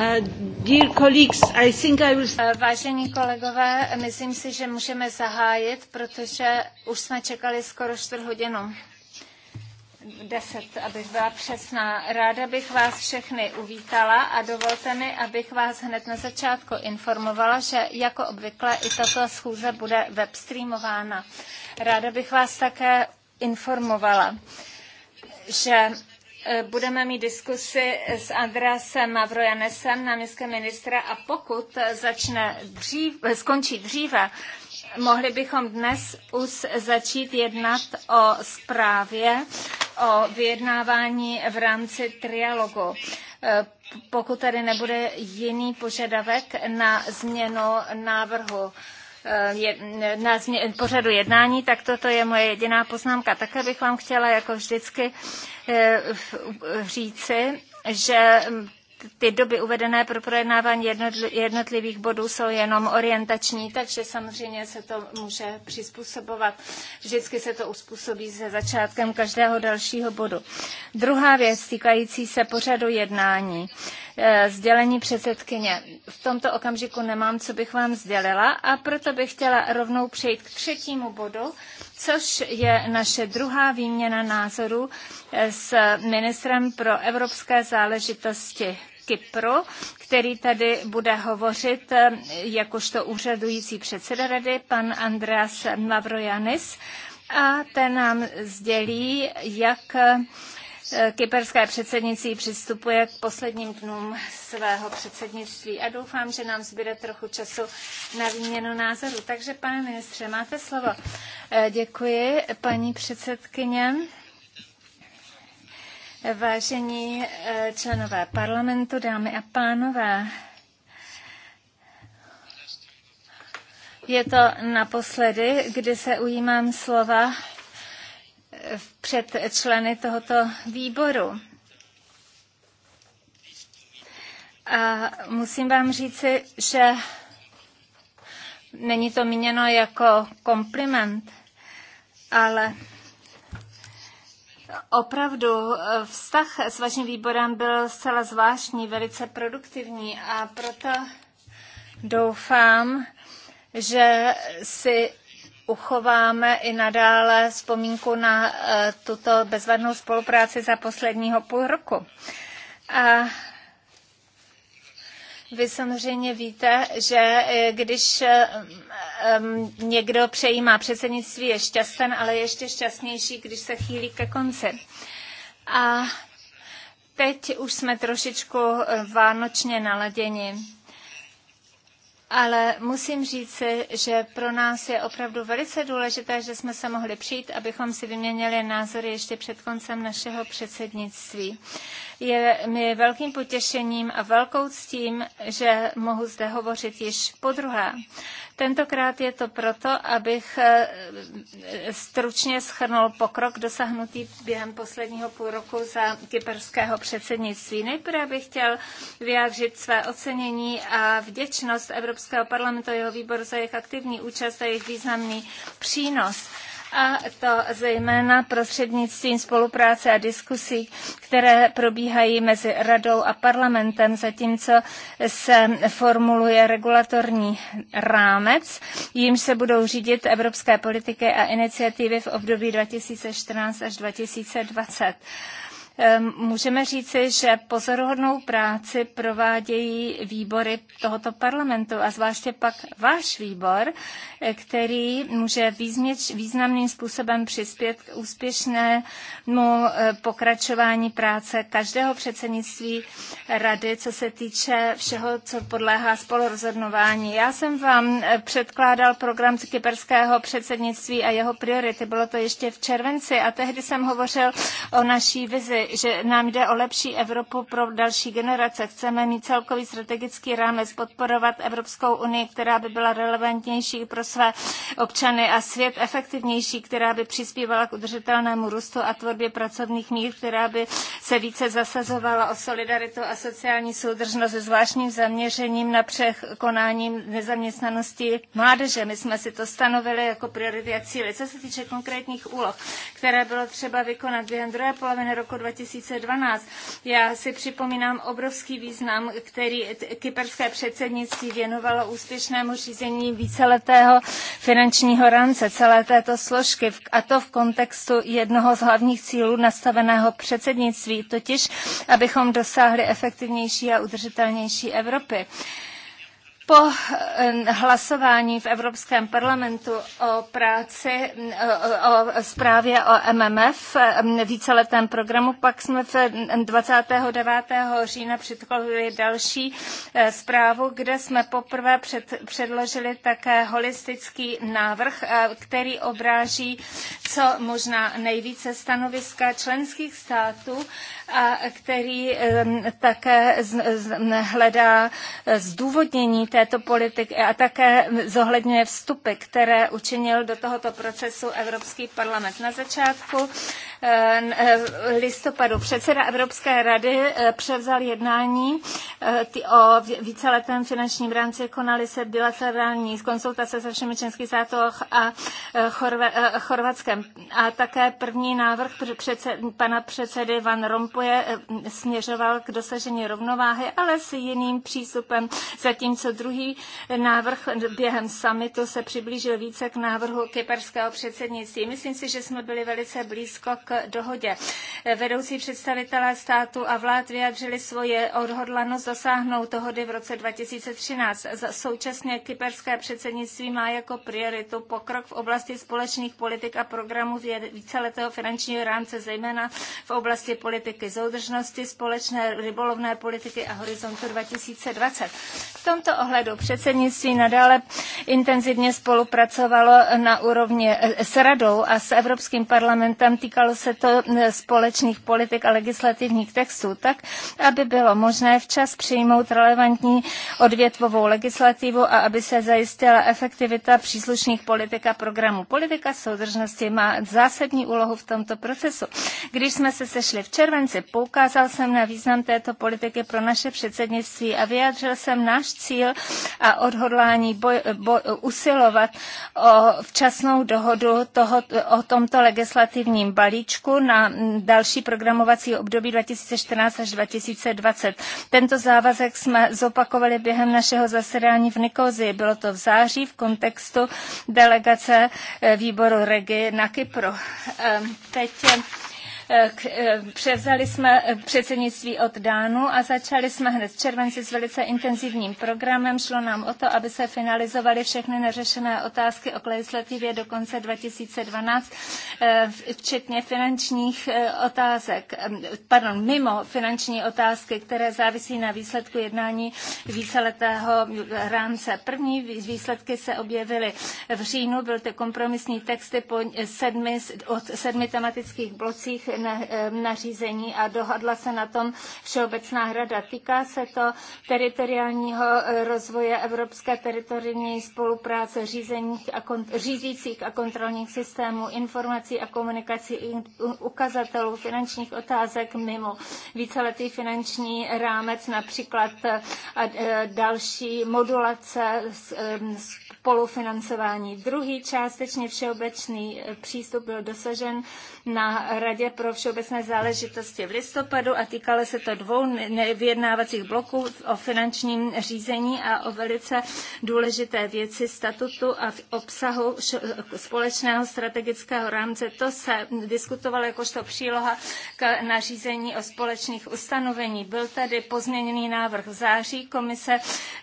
Uh, eh, vážení kolegové, myslím si, že můžeme zahájit, protože už jsme čekali skoro čtvrt hodinu. Deset, abych byla přesná. Ráda bych vás všechny uvítala a dovolte mi, abych vás hned na začátku informovala, že jako obvykle i tato schůze bude webstreamována. Ráda bych vás také informovala, že Eh, budeme mít diskusi s Andreasem Mavrojanesem, náměstkem ministra, a pokud začne dřív, eh, skončí dříve, mohli bychom dnes už začít jednat o zprávě o vyjednávání v rámci trialogu eh, pokud tady nebude jiný požadavek na změnu návrhu. Eh, je, na změ, pořadu jednání, tak toto je moje jediná poznámka. Také bych vám chtěla jako vždycky eh, říci, že ty doby uvedené pro projednávání jednotlivých bodů jsou jenom orientační, takže samozřejmě se to může přizpůsobovat. Vždycky se to uspůsobí se začátkem každého dalšího bodu. Druhá věc týkající se pořadu jednání. E, sdělení předsedkyně. V tomto okamžiku nemám, co bych vám sdělila a proto bych chtěla rovnou přejít k třetímu bodu, což je naše druhá výměna názorů e, s ministrem pro evropské záležitosti Kypru, který tady bude hovořit eh, jakožto úřadující předseda rady, pan Andreas Mavrojanis. A ten nám sdělí, jak eh, kyperské předsednictví přistupuje k posledním dnům svého předsednictví a doufám, že nám zbyde trochu času na výměnu názoru. Takže, pane ministře, máte slovo. Eh, děkuji, paní předsedkyně. Vážení eh, členové parlamentu, dámy a pánové, je to naposledy, kdy se ujímám slova eh, před členy tohoto výboru. A musím vám říci, že není to míněno jako kompliment, ale Opravdu eh, vztah s vaším výborem byl zcela zvláštní, velice produktivní a proto doufám, že si uchováme i nadále vzpomínku na eh, tuto bezvadnou spolupráci za posledního půl roku. A vy samozřejmě víte, že eh, když eh, někdo přejímá předsednictví, je šťasten, ale ještě šťastnější, když se chýlí ke konci. A teď už jsme trošičku eh, vánočně naladěni. Ale musím říci, že pro nás je opravdu velice důležité, že jsme se mohli přijít, abychom si vyměnili názory ještě před koncem našeho předsednictví. Je mi velkým potěšením a velkou ctím, že mohu zde hovořit již po druhé. Tentokrát je to proto, abych eh, stručně schrnul pokrok dosahnutý během posledního půl roku za kyperského předsednictví. Nejprve bych chtěl vyjádřit své ocenění a vděčnost Evropského parlamentu a jeho výboru za jejich aktivní účast a jejich významný přínos a to zejména prostřednictvím spolupráce a diskusí, které probíhají mezi radou a parlamentem, zatímco se formuluje regulatorní rámec, jímž se budou řídit evropské politiky a iniciativy v období 2014 až 2020. Ehm, můžeme říci, že pozoruhodnou práci provádějí výbory tohoto parlamentu a zvláště pak váš výbor, eh, který může významným způsobem přispět k úspěšnému eh, pokračování práce každého předsednictví rady, co se týče všeho, co podléhá spolurozhodnování. Já jsem vám eh, předkládal program kyperského předsednictví a jeho priority. Bylo to ještě v červenci a tehdy jsem hovořil o naší vizi že nám jde o lepší Evropu pro další generace. Chceme mít celkový strategický rámec, podporovat Evropskou unii, která by byla relevantnější pro své občany a svět efektivnější, která by přispívala k udržitelnému růstu a tvorbě pracovních míst, která by se více zasazovala o solidaritu a sociální soudržnost se zvláštním zaměřením na překonáním nezaměstnanosti mládeže. My jsme si to stanovili jako priority a cíly. Co se týče konkrétních úloh, které bylo třeba vykonat během druhé poloviny roku 2020, 2012. Já si připomínám obrovský význam, který kyperské předsednictví věnovalo úspěšnému řízení víceletého finančního rámce celé této složky, a to v kontextu jednoho z hlavních cílů nastaveného předsednictví, totiž abychom dosáhli efektivnější a udržitelnější Evropy po eh, hlasování v Evropském parlamentu o práci, eh, o, o zprávě o MMF, eh, víceletém programu, pak jsme v 29. října předkládali další zprávu, kde jsme poprvé před, předložili také holistický návrh, který obráží co možná nejvíce stanoviska členských států a který také hledá zdůvodnění této politiky a také zohledňuje vstupy, které učinil do tohoto procesu Evropský parlament na začátku Eh, listopadu předseda Evropské rady eh, převzal jednání eh, o víceletém finančním rámci. Konaly se bilaterální konzultace se všemi členských státy a Chorvatskem. A také první návrh pana předsedy Van Rompuje směřoval k dosažení rovnováhy, ale s jiným přístupem, zatímco druhý návrh během summitu se přiblížil více k návrhu kyperského předsednictví. Myslím si, že jsme byli velice blízko k dohodě. Vedoucí představitelé státu a vlád vyjadřili svoje odhodlanost dosáhnout dohody v roce 2013. Současně kyperské předsednictví má jako prioritu pokrok v oblasti společných politik a programů víceletého finančního rámce, zejména v oblasti politiky soudržnosti, společné rybolovné politiky a horizontu 2020. V tomto ohledu předsednictví nadále intenzivně spolupracovalo na úrovni eh, s radou a s Evropským parlamentem týkalo se to eh, společných politik a legislativních textů tak, aby bylo možné včas přijmout relevantní odvětvovou legislativu a aby se zajistila efektivita příslušných politik a programů. Politika soudržnosti má zásadní úlohu v tomto procesu. Když jsme se sešli v červenci, poukázal jsem na význam této politiky pro naše předsednictví a vyjádřil jsem náš cíl a odhodlání boj, eh, boj, eh, usilovat o včasnou dohodu toho, o tomto legislativním balíčku balíčku na další programovací období 2014 až 2020. Tento závazek jsme zopakovali během našeho zasedání v Nikozi. Bylo to v září v kontextu delegace eh, výboru Regi na Kypru. Teď eh, Eh, eh, převzali jsme předsednictví od Dánu a začali jsme hned v červenci s velice intenzivním programem. Šlo nám o to, aby se finalizovaly všechny neřešené otázky o legislativě do konce 2012, eh, včetně finančních otázek, pardon, mimo finanční otázky, které závisí na výsledku jednání víceletého rámce. První výsledky se objevily v říjnu, byl to kompromisní texty po sedmi, od sedmi tematických blocích Eh, nařízení a dohodla se na tom všeobecná rada. Týká se to teritoriálního eh, rozvoje evropské teritoriální spolupráce řízeních a kont- řídících a kontrolních systémů, informací a komunikací, ukazatelů, finančních otázek mimo víceletý finanční rámec, například eh, další modulace spolufinancování. Druhý částečně všeobecný přístup byl dosažen na Radě pro všeobecné záležitosti v listopadu a týkalo se to dvou vyjednávacích bloků o finančním řízení a o velice důležité věci statutu a v obsahu společného strategického rámce. To se diskutovalo jakožto příloha k nařízení o společných ustanovení. Byl tady pozměněný návrh v září. Komise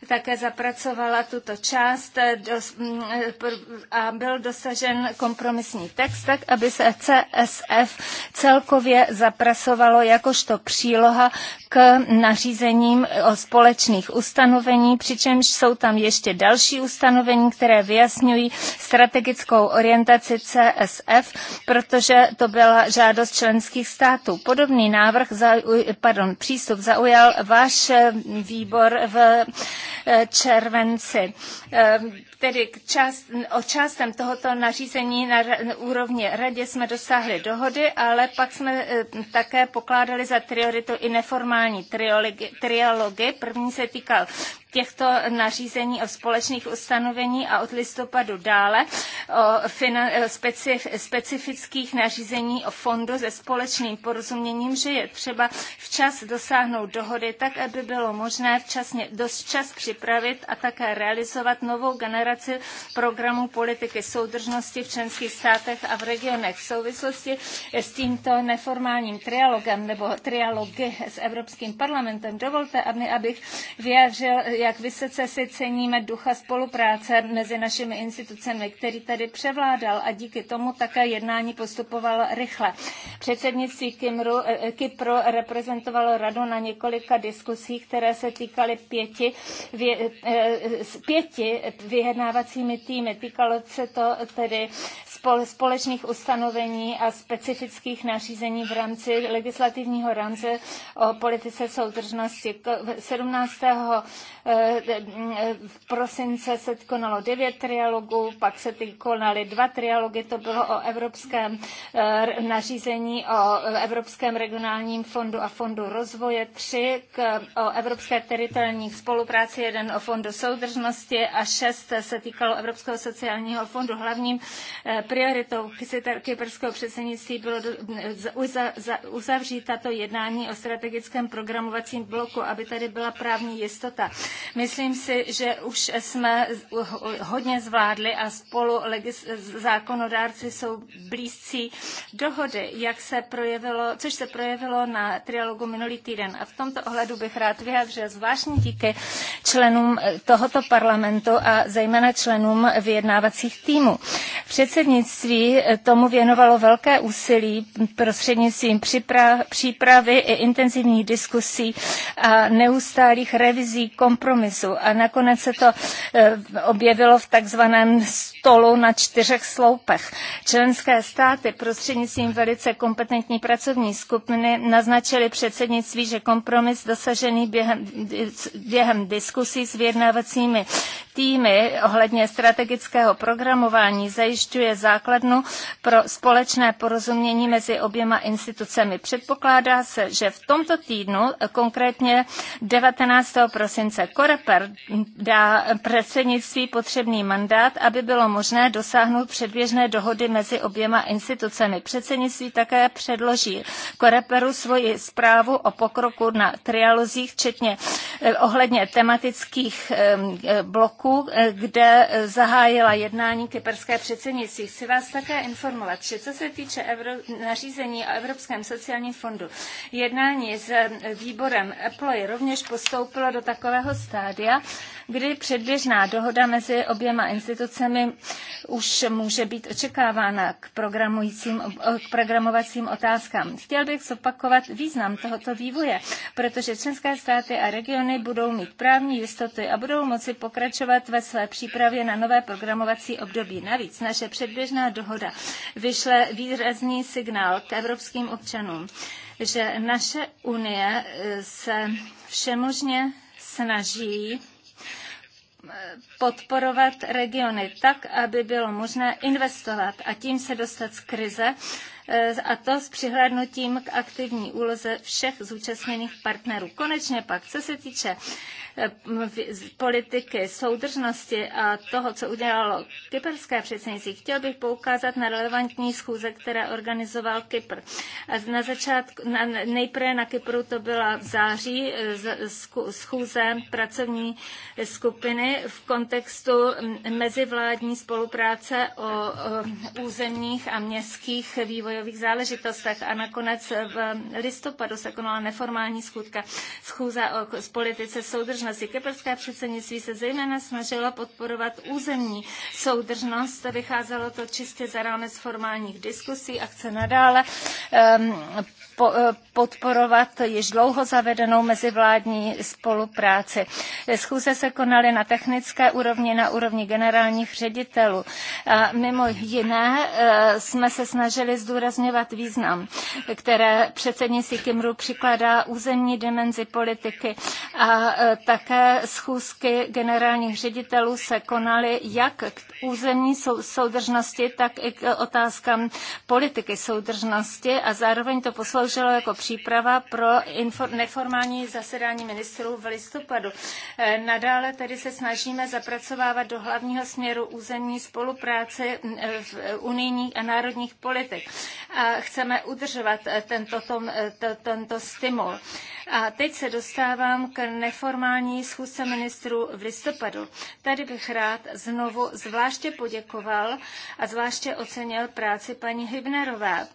také zapracovala tuto část eh, mm, eh, a byl dosažen kompromisní text, tak aby se CSF, celkově zapracovalo jakožto příloha k nařízením o společných ustanovení, přičemž jsou tam ještě další ustanovení, které vyjasňují strategickou orientaci CSF, protože to byla žádost členských států. Podobný návrh, pardon, přístup zaujal váš eh, výbor v eh, červenci. Eh, tedy k část, o částem tohoto nařízení na úrovni radě jsme dosáhli dohody, ale pak jsme e, také pokládali za prioritu i neformální triology. První se týkal těchto nařízení o společných ustanovení a od listopadu dále o specifických nařízení o fondu se společným porozuměním, že je třeba včas dosáhnout dohody tak, aby bylo možné včasně, dost čas připravit a také realizovat novou generaci programů politiky soudržnosti v členských státech a v regionech v souvislosti s tímto neformálním trialogem nebo trialogy s Evropským parlamentem. Dovolte, abych vyjádřil jak vysoce si ceníme ducha spolupráce mezi našimi institucemi, který tady převládal a díky tomu také jednání postupovalo rychle. Předsednictví Kimru, eh, eh, Kypru reprezentovalo radu na několika diskusích, které se týkaly pěti, vě, eh, pěti vyjednávacími týmy. Týkalo se to tedy společných ustanovení a specifických nařízení v rámci legislativního rámce o politice soudržnosti. 17 v prosince se konalo devět trialogů, pak se konaly dva trialogy, to bylo o evropském eh, nařízení, o Evropském regionálním fondu a fondu rozvoje, tři k, o evropské teritoriální spolupráci, jeden o fondu soudržnosti a šest se týkalo Evropského sociálního fondu. Hlavním eh, prioritou kyperského předsednictví bylo uzavřít tato jednání o strategickém programovacím bloku, aby tady byla právní jistota. Myslím si, že už jsme hodně zvládli a spolu zákonodárci jsou blízcí dohody, jak se projevilo, což se projevilo na trialogu minulý týden. A v tomto ohledu bych rád vyjádřil zvláštní díky členům eh, tohoto parlamentu a zejména členům vyjednávacích týmů. Předsednictví eh, tomu věnovalo velké úsilí prostřednictvím přípravy i intenzivních diskusí a neustálých revizí kompromisů Kompromisu a nakonec se to eh, objevilo v takzvaném stolu na čtyřech sloupech. Členské státy prostřednictvím velice kompetentní pracovní skupiny naznačily předsednictví, že kompromis dosažený během, během diskusí s vyjednávacími týmy ohledně strategického programování zajišťuje základnu pro společné porozumění mezi oběma institucemi. Předpokládá se, že v tomto týdnu, konkrétně 19. prosince, COREPER dá předsednictví potřebný mandát, aby bylo možné dosáhnout předběžné dohody mezi oběma institucemi. Předsednictví také předloží COREPERu svoji zprávu o pokroku na trialozích, včetně eh, ohledně tematických bloků, eh, kde zahájila jednání kyperské předsednictví. Chci vás také informovat, že co se týče Evro- nařízení o Evropském sociálním fondu, jednání s výborem EPLOI rovněž postoupilo do takového stádia, kdy předběžná dohoda mezi oběma institucemi už může být očekávána k, programujícím, k programovacím otázkám. Chtěl bych zopakovat význam tohoto vývoje, protože členské státy a regiony budou mít právní jistoty a budou moci pokračovat ve své přípravě na nové programovací období. Navíc naše předběžná dohoda vyšle výrazný signál k evropským občanům, že naše unie se všemožně snaží eh, podporovat regiony tak, aby bylo možné investovat a tím se dostat z krize, eh, a to s přihlédnutím k aktivní úloze všech zúčastněných partnerů. Konečně pak, co se týče politiky soudržnosti a toho, co udělalo kyperské předsednictví, chtěl bych poukázat na relevantní schůze, které organizoval Kypr. na začátku, na, nejprve na Kypru to byla v září schůze pracovní skupiny v kontextu mezivládní spolupráce o, o územních a městských vývojových záležitostech a nakonec v listopadu se konala neformální schůzka schůze o politice soudržnosti soudržnosti. Kyperské předsednictví se zejména snažilo podporovat územní soudržnost. Vycházelo to čistě za rámec formálních diskusí a chce nadále um, po, eh, podporovat již dlouho zavedenou mezivládní spolupráci. Schůze se konaly na technické úrovni, na úrovni generálních ředitelů. A mimo jiné e, jsme se snažili zdůrazňovat význam, které předsednictví Kimru přikládá územní dimenzi politiky a e, také schůzky generálních ředitelů se konaly jak k územní soudržnosti, tak i k otázkám politiky soudržnosti a zároveň to posloužilo jako příležitost příprava pro neformální zasedání ministrů v listopadu. E, nadále tedy se snažíme zapracovávat do hlavního směru územní spolupráce e, v e, unijních a národních politik. A chceme udržovat tento, tom, to, tento stimul. A teď se dostávám k neformální schůzce ministrů v listopadu. Tady bych rád znovu zvláště poděkoval a zvláště ocenil práci paní Hybnerové.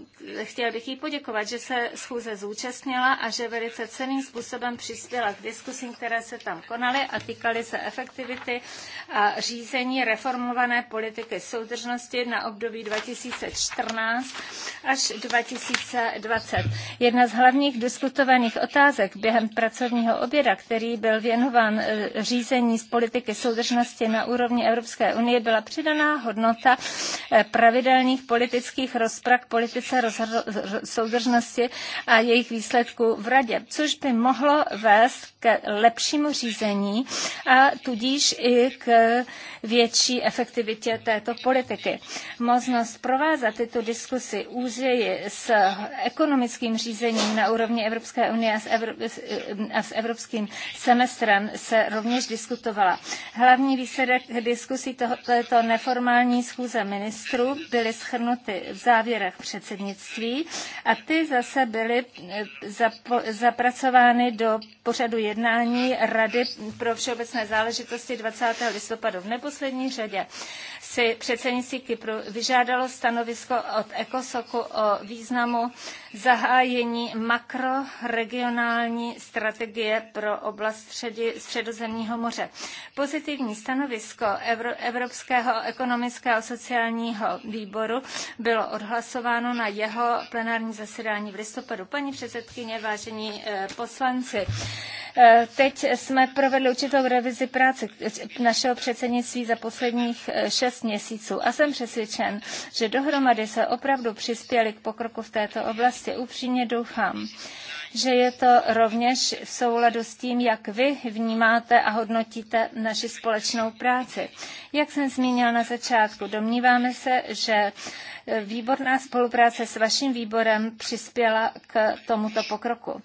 Chtěl bych jí poděkovat, že se schůze zúčastnila a že velice ceným způsobem přispěla k diskusím, které se tam konaly a týkaly se efektivity a řízení reformované politiky soudržnosti na období 2014 až 2020. Jedna z hlavních diskutovaných otázek během pracovního oběda, který byl věnován e, řízení z politiky soudržnosti na úrovni Evropské unie, byla přidaná hodnota e, pravidelných politických rozprak politice soudržnosti a jejich výsledku v radě, což by mohlo vést k lepšímu řízení a tudíž i k větší efektivitě této politiky. Možnost provázat tyto diskusy úžeji s ekonomickým řízením na úrovni Evropské unie a s, Evro- a s evropským semestrem se rovněž diskutovala. Hlavní výsledek diskusí tohoto neformální schůze ministrů byly schrnuty v závěrech předsednictví a ty zase byly zapracovány do pořadu jednání Rady pro všeobecné záležitosti 20. listopadu. V neposlední řadě si předsednictví Kypru vyžádalo stanovisko od ECOSOKu o významu zahájení makroregionální strategie pro oblast středi, Středozemního moře. Pozitivní stanovisko Evro, Evropského ekonomického a sociálního výboru bylo odhlasováno na jeho plenární zasedání v listopadu. Paní předsedkyně, vážení eh, poslanci, Eh, teď jsme provedli určitou revizi práce eh, našeho předsednictví za posledních eh, šest měsíců a jsem přesvědčen, že dohromady se opravdu přispěli k pokroku v této oblasti. Upřímně doufám, že je to rovněž v souladu s tím, jak vy vnímáte a hodnotíte naši společnou práci. Jak jsem zmínil na začátku, domníváme se, že výborná spolupráce s vaším výborem přispěla k tomuto pokroku.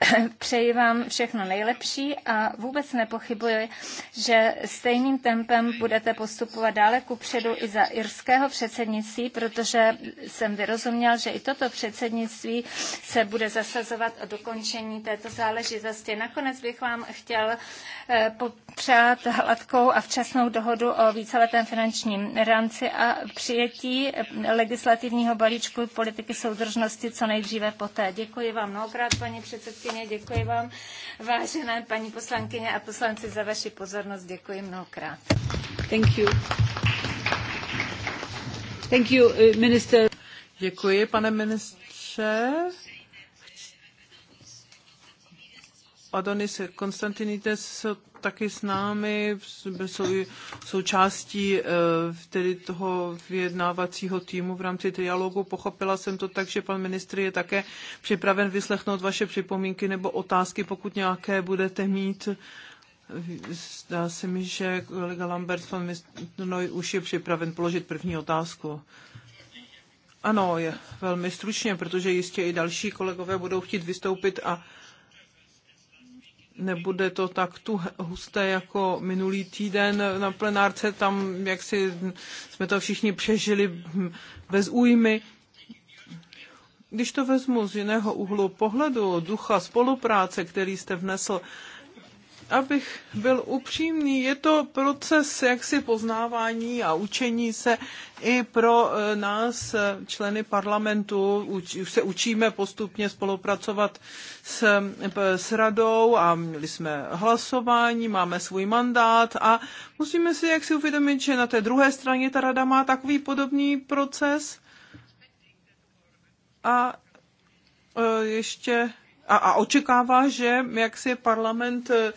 Přeji vám všechno nejlepší a vůbec nepochybuji, že stejným tempem budete postupovat dále ku předu i za irského předsednictví, protože jsem vyrozuměl, že i toto předsednictví se bude zasazovat o dokončení této záležitosti. Nakonec bych vám chtěl eh, popřát hladkou a včasnou dohodu o víceletém finančním rámci a přijetí legislativního balíčku politiky soudržnosti co nejdříve poté. Děkuji vám mnohokrát, paní předsednictví předsedkyně, děkuji vám, vážené paní poslankyně a poslanci, za vaši pozornost. Děkuji mnohokrát. Thank you. Thank you, eh, minister. Děkuji, pane ministře. Adonis Konstantinides taky s námi, jsou součástí eh, tedy toho vyjednávacího týmu v rámci dialogu. Pochopila jsem to tak, že pan ministr je také připraven vyslechnout vaše připomínky nebo otázky, pokud nějaké budete mít. Zdá se mi, že kolega Lambert van Mistnoj už je připraven položit první otázku. Ano, je velmi stručně, protože jistě i další kolegové budou chtít vystoupit a nebude to tak tu husté jako minulý týden na plenárce, tam jak si jsme to všichni přežili bez újmy. Když to vezmu z jiného úhlu pohledu, ducha spolupráce, který jste vnesl abych byl upřímný, je to proces jaksi poznávání a učení se i pro e, nás, e, členy parlamentu. Už se učíme postupně spolupracovat s, e, s radou a měli jsme hlasování, máme svůj mandát a musíme si jaksi uvědomit, že na té druhé straně ta rada má takový podobný proces a ještě a, a očekává, že jak si parlament eh,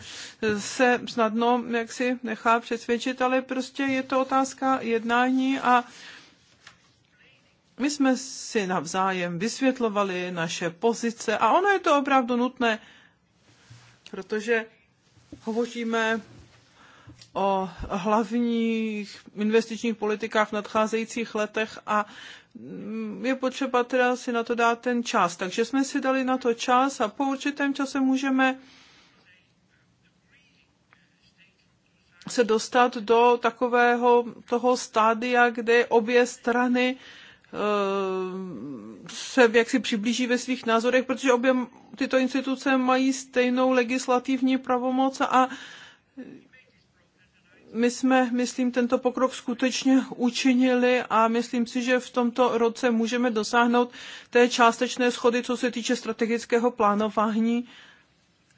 se snadno jak si nechá přesvědčit, ale prostě je to otázka jednání a my jsme si navzájem vysvětlovali naše pozice a ono je to opravdu nutné, protože hovoříme o hlavních investičních politikách v nadcházejících letech a Mm, je potřeba teda si na to dát ten čas. Takže jsme si dali na to čas a po určitém čase můžeme se dostat do takového toho stádia, kde obě strany eh, se jaksi přiblíží ve svých názorech, protože obě tyto instituce mají stejnou legislativní pravomoc a my jsme, myslím, tento pokrok skutečně učinili a myslím si, že v tomto roce můžeme dosáhnout té částečné schody, co se týče strategického plánování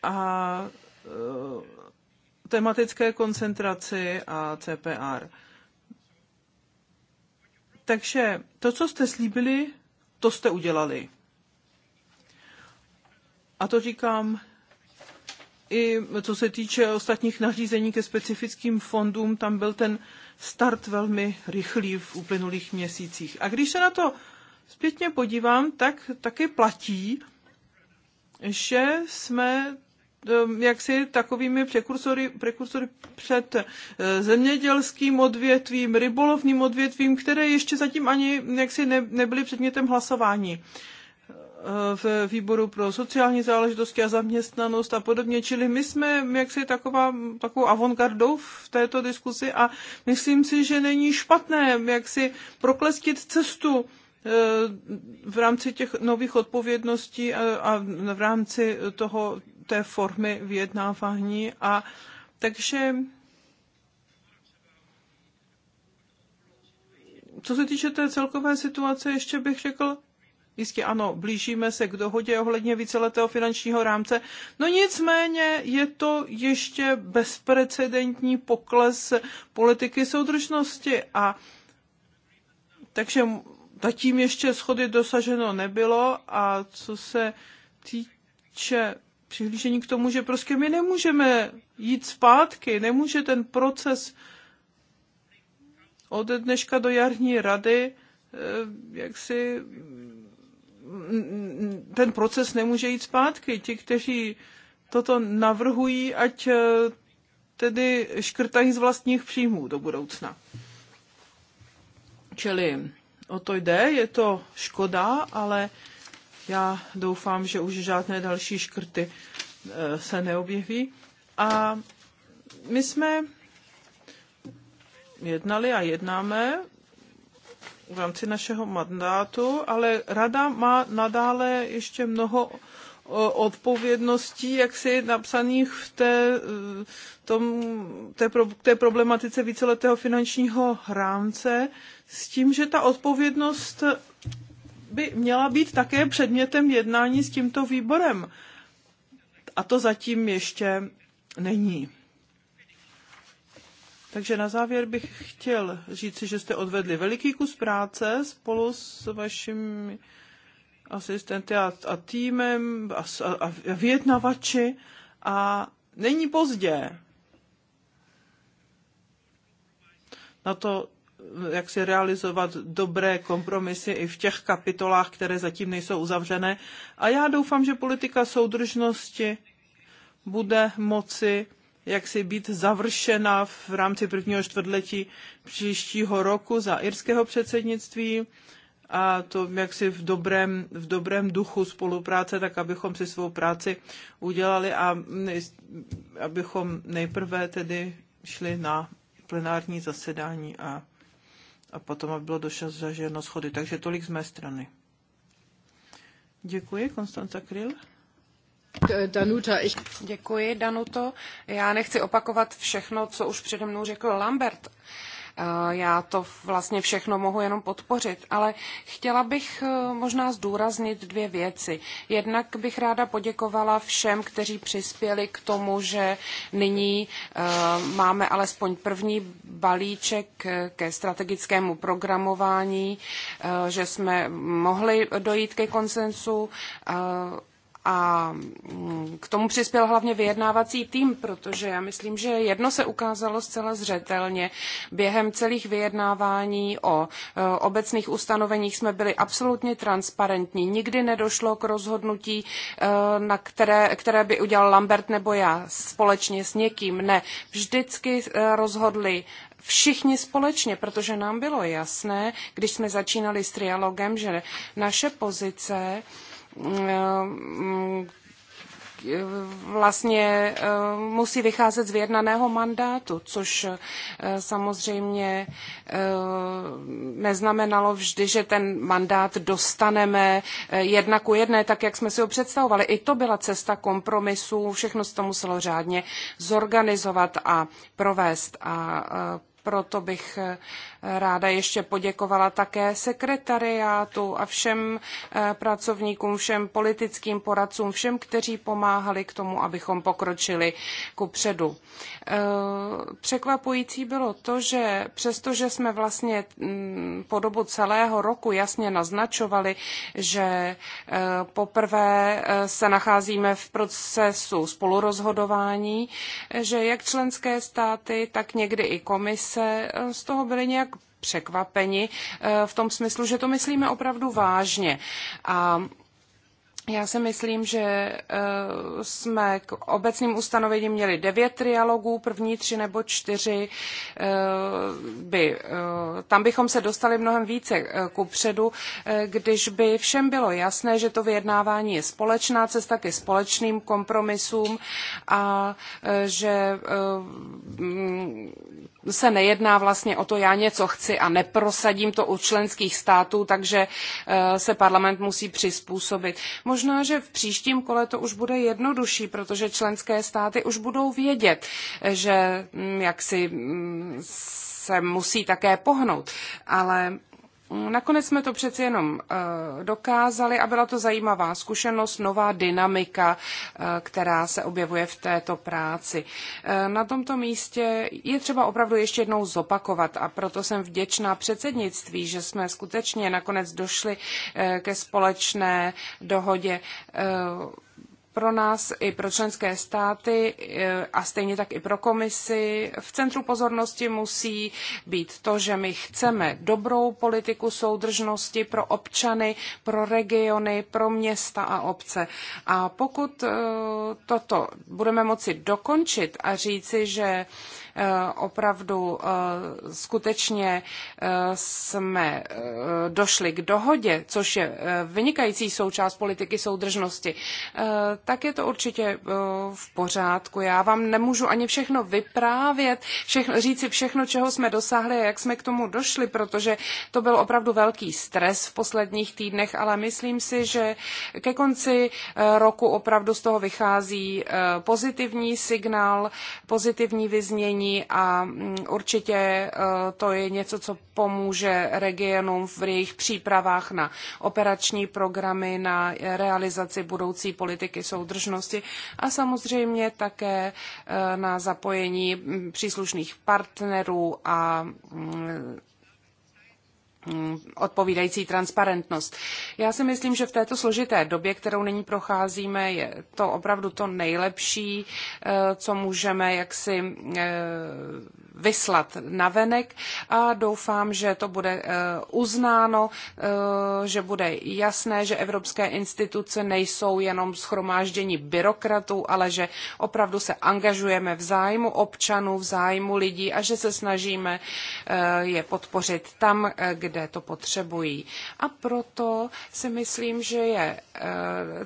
a e, tematické koncentraci a CPR. Takže to, co jste slíbili, to jste udělali. A to říkám i co se týče ostatních nařízení ke specifickým fondům, tam byl ten start velmi rychlý v uplynulých měsících. A když se na to zpětně podívám, tak taky platí, že jsme ehm, jaksi takovými prekursory, prekursory před eh, zemědělským odvětvím, rybolovním odvětvím, které ještě zatím ani jaksi ne, nebyly předmětem hlasování. Eh, v výboru pro sociální záležitosti a zaměstnanost a podobně. Čili my jsme jaksi taková, takovou avantgardou v této diskusi a myslím si, že není špatné jaksi proklestit cestu eh, v rámci těch nových odpovědností eh, a v rámci toho, té formy vyjednávání. A takže co se týče té celkové situace, ještě bych řekl Jistě ano, blížíme se k dohodě ohledně víceletého finančního rámce. No nicméně je to ještě bezprecedentní pokles politiky soudržnosti a takže zatím ještě schody dosaženo nebylo a co se týče přihlížení k tomu, že prostě my nemůžeme jít zpátky, nemůže ten proces ode dneška do jarní rady eh, jak si ten proces nemůže jít zpátky. Ti, kteří toto navrhují, ať eh, tedy škrtají z vlastních příjmů do budoucna. Čili o to jde, je to škoda, ale já doufám, že už žádné další škrty eh, se neobjeví. A my jsme jednali a jednáme v rámci našeho mandátu, ale rada má nadále ještě mnoho odpovědností, jak si napsaných v té, eh, tom, té, té problematice víceletého finančního rámce, s tím, že ta odpovědnost by měla být také předmětem jednání s tímto výborem. A to zatím ještě není. Takže na závěr bych chtěl říci, že jste odvedli veliký kus práce spolu s vašimi asistenty a, a týmem a, a, a vyjednavači a není pozdě na to, jak si realizovat dobré kompromisy i v těch kapitolách, které zatím nejsou uzavřené. A já doufám, že politika soudržnosti bude moci jak si být završena v rámci prvního čtvrtletí příštího roku za irského předsednictví a to jaksi v dobrém, v dobrém duchu spolupráce, tak abychom si svou práci udělali a nej, abychom nejprve tedy šli na plenární zasedání a, a potom, aby bylo dosaženo schody. Takže tolik z mé strany. Děkuji, Konstanta Kryl. Eh, Danuta, ich... Děkuji, Danuto. Já nechci opakovat všechno, co už přede mnou řekl Lambert. Eh, já to vlastně všechno mohu jenom podpořit, ale chtěla bych eh, možná zdůraznit dvě věci. Jednak bych ráda poděkovala všem, kteří přispěli k tomu, že nyní máme alespoň první balíček ke strategickému programování, že jsme mohli dojít ke konsensu a mm, k tomu přispěl hlavně vyjednávací tým, protože já myslím, že jedno se ukázalo zcela zřetelně. Během celých vyjednávání o e, obecných ustanoveních jsme byli absolutně transparentní. Nikdy nedošlo k rozhodnutí, e, na které, které by udělal Lambert nebo já společně s někým. Ne, vždycky e, rozhodli všichni společně, protože nám bylo jasné, když jsme začínali s trialogem, že naše pozice vlastně eh, musí vycházet z vyjednaného mandátu, což eh, samozřejmě eh, neznamenalo vždy, že ten mandát dostaneme jedna ku jedné, tak jak jsme si ho představovali. I to byla cesta kompromisů, všechno se to muselo řádně zorganizovat a provést. A proto bych eh, ráda ještě poděkovala také sekretariátu a všem eh, pracovníkům, všem politickým poradcům, všem, kteří pomáhali k tomu, abychom pokročili ku předu. Eh, překvapující bylo to, že přestože jsme vlastně mm, po dobu celého roku jasně naznačovali, že poprvé se nacházíme v procesu spolurozhodování, že jak členské státy, tak někdy i komise komise eh, z toho byli nějak překvapeni eh, v tom smyslu, že to myslíme opravdu vážně. A já si myslím, že eh, jsme k obecným ustanovením měli devět trialogů, první tři nebo čtyři. By, tam bychom se dostali mnohem více ku předu, když by všem bylo jasné, že to vyjednávání je společná cesta ke společným kompromisům a že se nejedná vlastně o to, já něco chci a neprosadím to u členských států, takže eh, se parlament musí přizpůsobit. Možná, že v příštím kole to už bude jednodušší, protože členské státy už budou vědět, eh, že mm, jak si mm, se musí také pohnout, ale Nakonec jsme to přeci jenom eh, dokázali a byla to zajímavá zkušenost, nová dynamika, eh, která se objevuje v této práci. Eh, na tomto místě je třeba opravdu ještě jednou zopakovat a proto jsem vděčná předsednictví, že jsme skutečně nakonec došli ke společné dohodě pro nás i pro členské státy eh, a stejně tak i pro komisi. V centru pozornosti musí být to, že my chceme dobrou politiku soudržnosti pro občany, pro regiony, pro města a obce. A pokud eh, toto budeme moci dokončit a říci, že Eh, opravdu eh, skutečně eh, jsme došli k dohodě, což je vynikající součást politiky soudržnosti, tak je to určitě v pořádku. Já vám nemůžu ani všechno vyprávět, všechno, říci všechno, čeho jsme dosáhli a jak jsme k tomu došli, protože to byl opravdu velký stres v posledních týdnech, ale myslím si, že ke konci roku opravdu z toho vychází pozitivní signál, pozitivní vyznění a mm, určitě e, to je něco, co pomůže regionům v jejich přípravách na operační programy, na realizaci budoucí politiky soudržnosti a samozřejmě také e, na zapojení příslušných partnerů a mm, Mm, odpovídající transparentnost. Já si myslím, že v této složité době, kterou nyní procházíme, je to opravdu to nejlepší, eh, co můžeme jaksi eh, vyslat navenek a doufám, že to bude eh, uznáno, eh, že bude jasné, že evropské instituce nejsou jenom schromáždění byrokratů, ale že opravdu se angažujeme v zájmu občanů, v zájmu lidí a že se snažíme eh, je podpořit tam, kde to potřebují. A proto si myslím, že je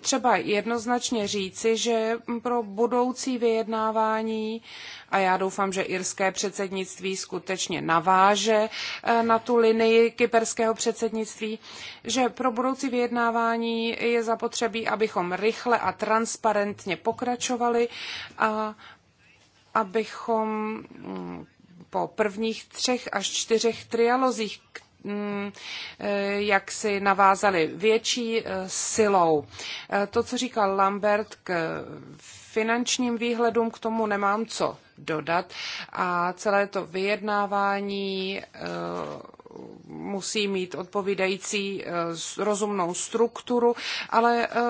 třeba jednoznačně říci, že pro budoucí vyjednávání a já doufám, že irské předsednictví předsednictví skutečně naváže eh, na tu linii kyperského předsednictví, že pro budoucí vyjednávání je zapotřebí, abychom rychle a transparentně pokračovali a abychom mm, po prvních třech až čtyřech trialozích, mm, eh, jak si navázali větší eh, silou. To, co říkal Lambert k finančním výhledům, k tomu nemám co dodat. A celé to vyjednávání eh, musí mít odpovídající eh, rozumnou strukturu, ale eh,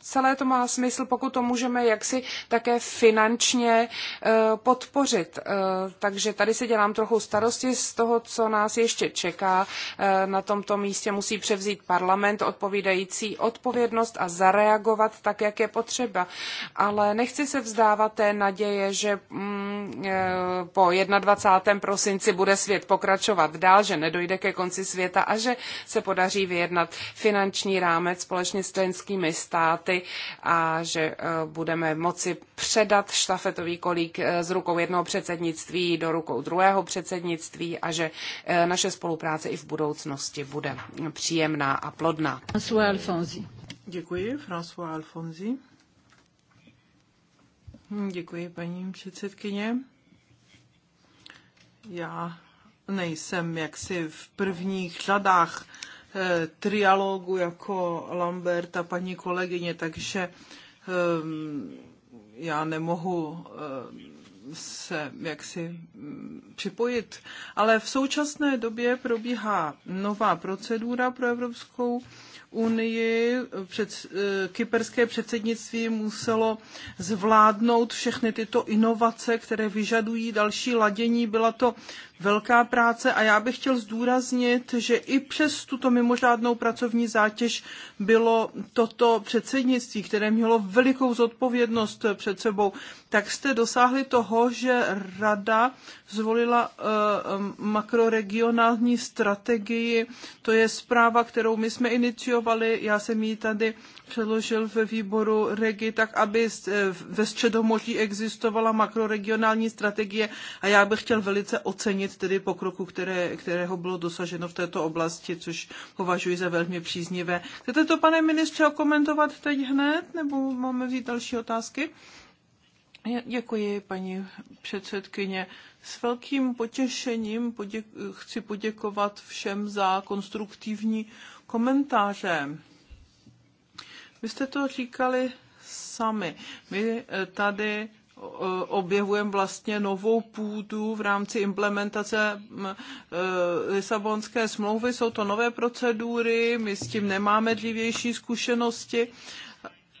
celé to má smysl, pokud to můžeme jaksi také finančně eh, podpořit. Takže tady si dělám trochu starosti z toho, co nás ještě čeká. Na tomto místě musí převzít parlament odpovídající odpovědnost a zareagovat tak, jak je potřeba. Ale nechci se vzdávat té naděje, že mm, po 21. prosinci bude svět pokračovat dál, že ne nedojde ke konci světa a že se podaří vyjednat finanční rámec společně s členskými státy a že eh, budeme moci předat štafetový kolík eh, z rukou jednoho předsednictví do rukou druhého předsednictví a že eh, naše spolupráce i v budoucnosti bude příjemná a plodná. François Alfonsi. Děkuji, François Alfonsi. Děkuji, paní předsedkyně. Já nejsem jaksi v prvních řadách e, trialogu jako Lambert a paní kolegyně, takže e, já nemohu e, se jaksi mm, připojit. Ale v současné době probíhá nová procedura pro Evropskou unii. Před, eh, kyperské předsednictví muselo zvládnout všechny tyto inovace, které vyžadují další ladění. Byla to velká práce a já bych chtěl zdůraznit, že i přes tuto mimořádnou pracovní zátěž bylo toto předsednictví, které mělo velikou zodpovědnost před sebou, tak jste dosáhli toho, že rada zvolila eh, makroregionální strategii. To je zpráva, kterou my jsme iniciovali. Já jsem ji tady předložil ve výboru Regi, tak aby eh, ve středomoří existovala makroregionální strategie a já bych chtěl velice ocenit ocenit tedy pokroku, které, kterého bylo dosaženo v této oblasti, což považuji za velmi příznivé. Chcete to, pane ministře, komentovat teď hned, nebo máme vzít další otázky? Děkuji, paní předsedkyně. S velkým potěšením chci poděkovat všem za konstruktivní komentáře. Vy jste to říkali sami. My eh, tady Eh, objevujeme vlastně novou půdu v rámci implementace mm, eh, Lisabonské smlouvy. Jsou to nové procedury, my s tím nemáme dřívější zkušenosti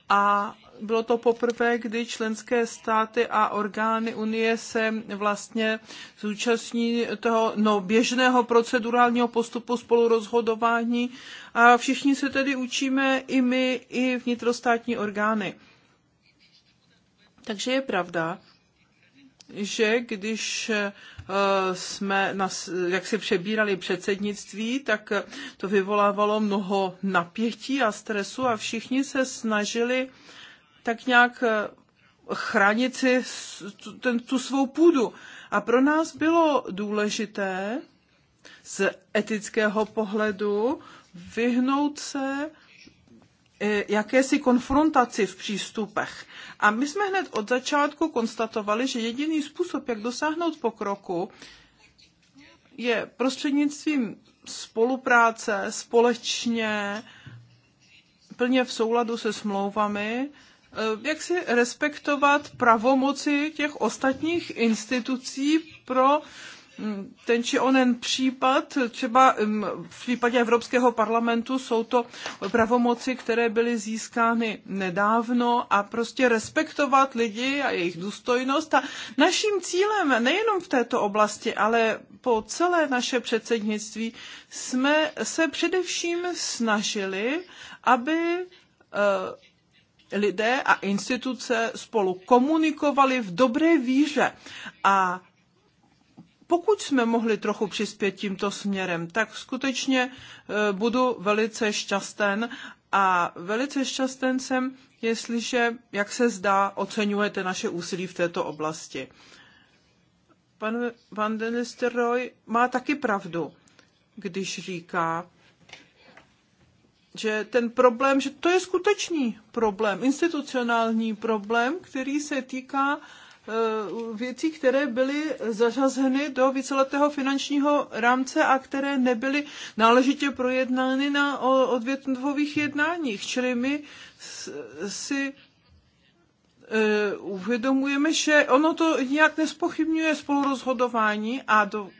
a bylo to poprvé, kdy členské státy a orgány Unie se vlastně zúčastní toho no, běžného procedurálního postupu spolurozhodování a všichni se tedy učíme i my, i vnitrostátní orgány. Takže je pravda, že když eh, jsme nas, jak se přebírali předsednictví, tak eh, to vyvolávalo mnoho napětí a stresu a všichni se snažili tak nějak eh, chránit si ten, tu svou půdu. A pro nás bylo důležité z etického pohledu vyhnout se Eh, jakési konfrontaci v přístupech. A my jsme hned od začátku konstatovali, že jediný způsob, jak dosáhnout pokroku, je prostřednictvím spolupráce společně, plně v souladu se smlouvami, eh, jak si respektovat pravomoci těch ostatních institucí pro Mm, ten či onen případ, třeba mm, v případě Evropského parlamentu jsou to pravomoci, které byly získány nedávno a prostě respektovat lidi a jejich důstojnost. A naším cílem nejenom v této oblasti, ale po celé naše předsednictví jsme se především snažili, aby eh, lidé a instituce spolu komunikovali v dobré víře a pokud jsme mohli trochu přispět tímto směrem, tak skutečně e, budu velice šťasten a velice šťasten jsem, jestliže, jak se zdá, oceňujete naše úsilí v této oblasti. Pan Van den Nistelrooy má taky pravdu, když říká, že ten problém, že to je skutečný problém, institucionální problém, který se týká uh, Eh, věcí, které byly zařazeny do víceletého finančního rámce a které nebyly náležitě projednány na odvětvových jednáních. Čili my si Eh, uvědomujeme, že ono to nějak nespochybňuje spolurozhodování a do,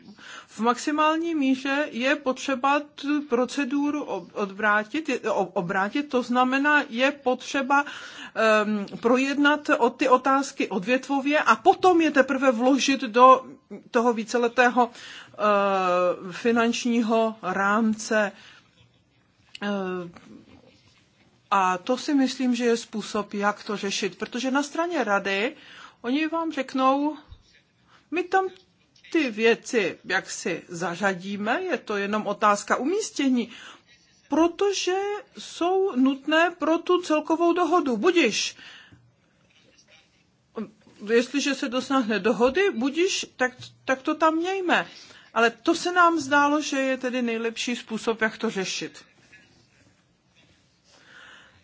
v maximální míře je potřeba tu proceduru odvrátit, obrátit, to znamená, je potřeba um, projednat o ty otázky odvětvově a potom je teprve vložit do toho víceletého uh, finančního rámce. Uh, a to si myslím, že je způsob, jak to řešit, protože na straně rady oni vám řeknou, my tam ty věci jak si zařadíme, je to jenom otázka umístění, protože jsou nutné pro tu celkovou dohodu. Budiš, jestliže se dosáhne dohody, budiš, tak, tak to tam mějme. Ale to se nám zdálo, že je tedy nejlepší způsob, jak to řešit.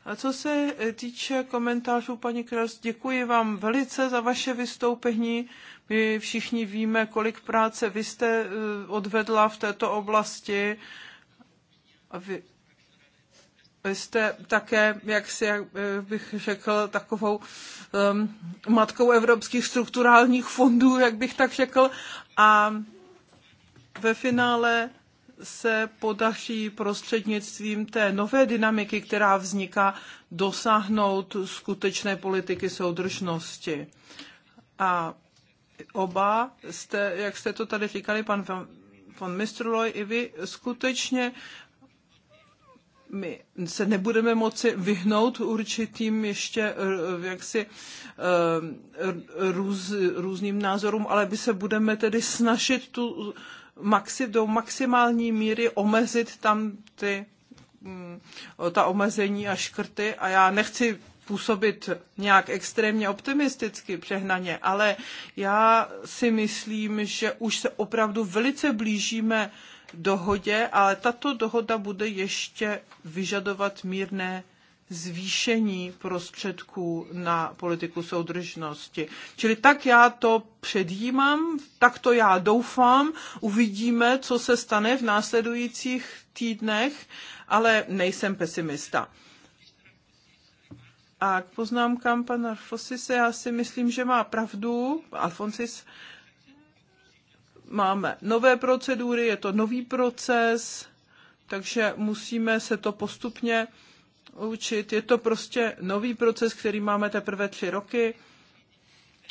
A co se eh, týče komentářů, paní Kras, děkuji vám velice za vaše vystoupení. My všichni víme, kolik práce vy jste eh, odvedla v této oblasti. A vy, jste také, jak si jak eh, bych řekl, takovou um, matkou evropských strukturálních fondů, jak bych tak řekl. A ve finále se podaří prostřednictvím té nové dynamiky, která vzniká, dosáhnout skutečné politiky soudržnosti. A oba jste, jak jste to tady říkali, pan von Mistroloj, i vy skutečně my se nebudeme moci vyhnout určitým ještě eh, jaksi eh, růz, různým názorům, ale my se budeme tedy snažit tu maxi, do maximální míry omezit tam ty, mm, ta omezení a škrty. A já nechci působit nějak extrémně optimisticky, přehnaně, ale já si myslím, že už se opravdu velice blížíme dohodě, ale tato dohoda bude ještě vyžadovat mírné zvýšení prostředků na politiku soudržnosti. Čili tak já to předjímám, tak to já doufám, uvidíme, co se stane v následujících týdnech, ale nejsem pesimista. A k poznámkám pana Alfonsise, já si myslím, že má pravdu. Alfonsis, máme nové procedury, je to nový proces, takže musíme se to postupně učit. Je to prostě nový proces, který máme teprve tři roky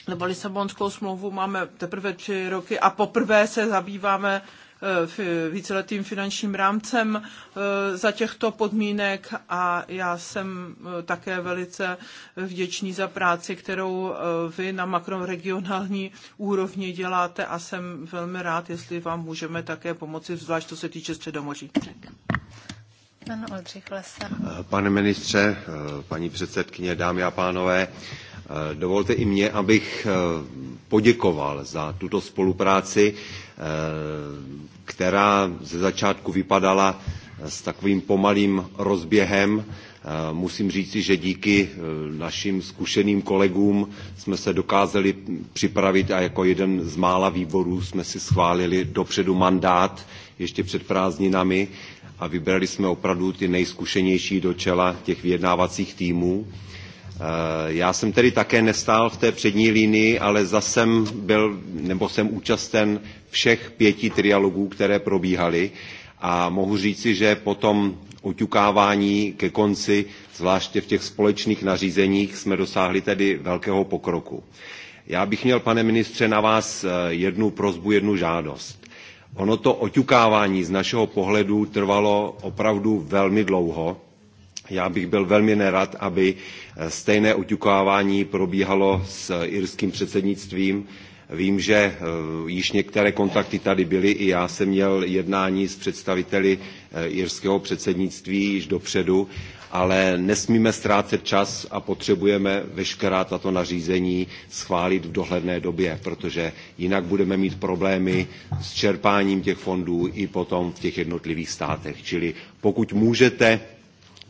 nebo Lisabonskou smlouvu máme teprve tři roky a poprvé se zabýváme eh, víceletým finančním rámcem eh, za těchto podmínek a já jsem eh, také velice vděčný za práci, kterou vy na makroregionální úrovni děláte a jsem velmi rád, jestli vám můžeme také pomoci, zvlášť co se týče Středomoří. Tak. Pan Oldřich Lesa. Eh, pane ministře, eh, paní předsedkyně, dámy a pánové, eh, Dovolte i mě, abych poděkoval za tuto spolupráci, která ze začátku vypadala s takovým pomalým rozběhem. Musím říci, že díky našim zkušeným kolegům jsme se dokázali připravit a jako jeden z mála výborů jsme si schválili dopředu mandát ještě před prázdninami a vybrali jsme opravdu ty nejzkušenější do čela těch vyjednávacích týmů. Eh, já jsem tedy také nestál v té přední linii, ale zase jsem byl, nebo jsem účasten všech pěti trialogů, které probíhaly a mohu říci, že po tom oťukávání ke konci, zvláště v těch společných nařízeních, jsme dosáhli tedy velkého pokroku. Já bych měl, pane ministře, na vás eh, jednu prozbu, jednu žádost. Ono to oťukávání z našeho pohledu trvalo opravdu velmi dlouho. Já bych byl velmi nerad, aby eh, stejné oťukávání probíhalo s irským předsednictvím. Vím, že eh, již některé kontakty tady byly, i já jsem měl jednání s představiteli eh, irského předsednictví již dopředu ale nesmíme ztrácet čas a potřebujeme veškerá tato nařízení schválit v dohledné době, protože jinak budeme mít problémy s čerpáním těch fondů i potom v těch jednotlivých státech. Čili pokud můžete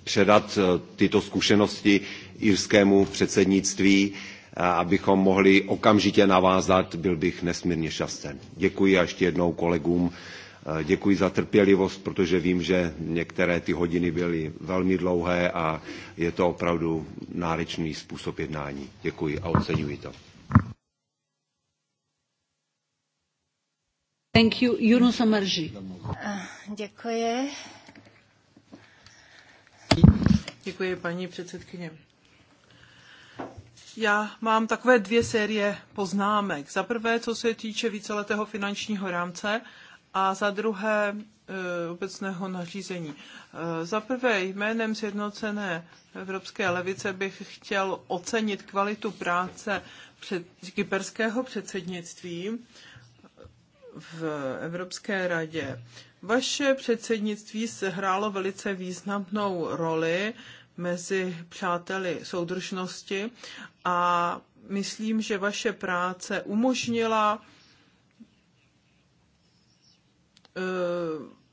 předat eh, tyto zkušenosti irskému předsednictví, eh, abychom mohli okamžitě navázat, byl bych nesmírně šťasten. Děkuji a ještě jednou kolegům Eh, děkuji za trpělivost, protože vím, že některé ty hodiny byly velmi dlouhé a je to opravdu náročný způsob jednání. Děkuji a oceňuji to. Thank you. Yunus Amarji. Eh, děkuji. Děkuji, paní předsedkyně. Já mám takové dvě série poznámek. Za prvé, co se týče víceletého finančního rámce, a za druhé e, obecného nařízení. E, za prvé jménem Sjednocené Evropské levice bych chtěl ocenit kvalitu práce před, kyperského předsednictví v Evropské radě. Vaše předsednictví sehrálo velice významnou roli mezi přáteli soudržnosti a myslím, že vaše práce umožnila Eh,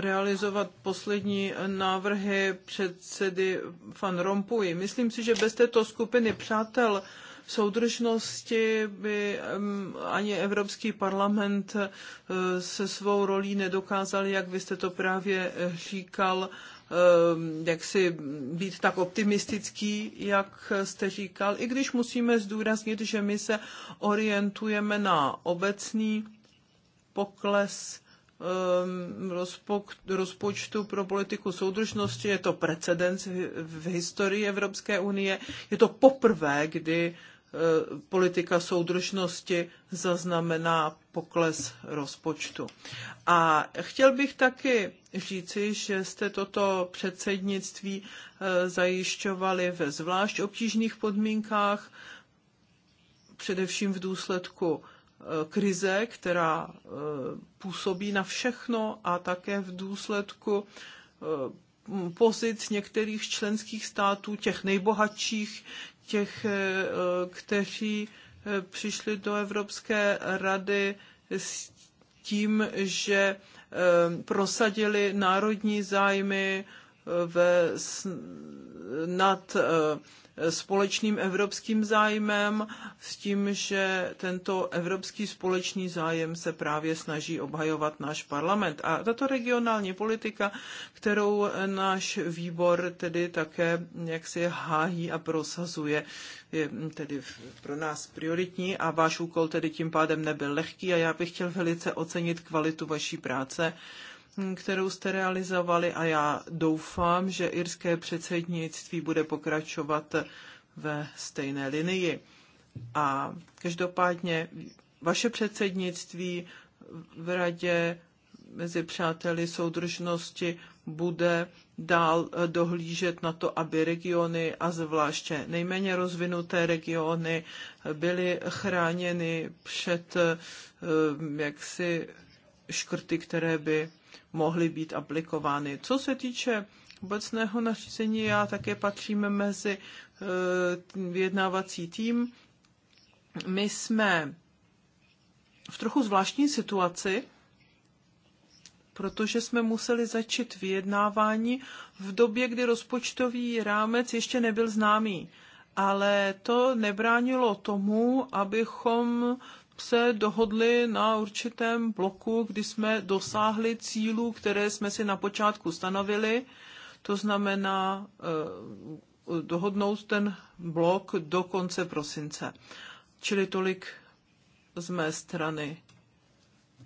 realizovat poslední návrhy předsedy Van Rompuy. Myslím si, že bez této skupiny přátel soudržnosti by ani Evropský parlament eh, se svou rolí nedokázal, jak vy jste to právě říkal, jak si být tak optimistický, jak jste říkal, i když musíme zdůraznit, že my se orientujeme na obecný pokles Um, rozpočtu pro politiku soudržnosti. Je to precedens v historii Evropské unie. Je to poprvé, kdy uh, politika soudržnosti zaznamená pokles rozpočtu. A chtěl bych taky říci, že jste toto předsednictví uh, zajišťovali ve zvlášť obtížných podmínkách, především v důsledku Eh, krize, která eh, působí na všechno a také v důsledku eh, pozic některých členských států, těch nejbohatších, těch, kteří přišli do Evropské rady s tím, že prosadili národní zájmy ve, nad společným evropským zájmem, s tím, že tento evropský společný zájem se právě snaží obhajovat náš parlament. A tato regionální politika, kterou náš výbor tedy také jak si hájí a prosazuje, je tedy pro nás prioritní a váš úkol tedy tím pádem nebyl lehký a já bych chtěl velice ocenit kvalitu vaší práce Hmm, kterou jste realizovali a já doufám, že irské předsednictví bude pokračovat ve stejné linii. A každopádně vaše předsednictví v radě mezi přáteli soudržnosti bude dál eh, dohlížet na to, aby regiony a zvláště nejméně rozvinuté regiony eh, byly chráněny před eh, jaksi škrty, které by mohly být aplikovány. Co se týče obecného nařízení, já také patřím mezi eh, vyjednávací tým. My jsme v trochu zvláštní situaci, protože jsme museli začít vyjednávání v době, kdy rozpočtový rámec ještě nebyl známý. Ale to nebránilo tomu, abychom se dohodli na určitém bloku, kdy jsme dosáhli cílů, které jsme si na počátku stanovili. To znamená eh, dohodnout ten blok do konce prosince. Čili tolik z mé strany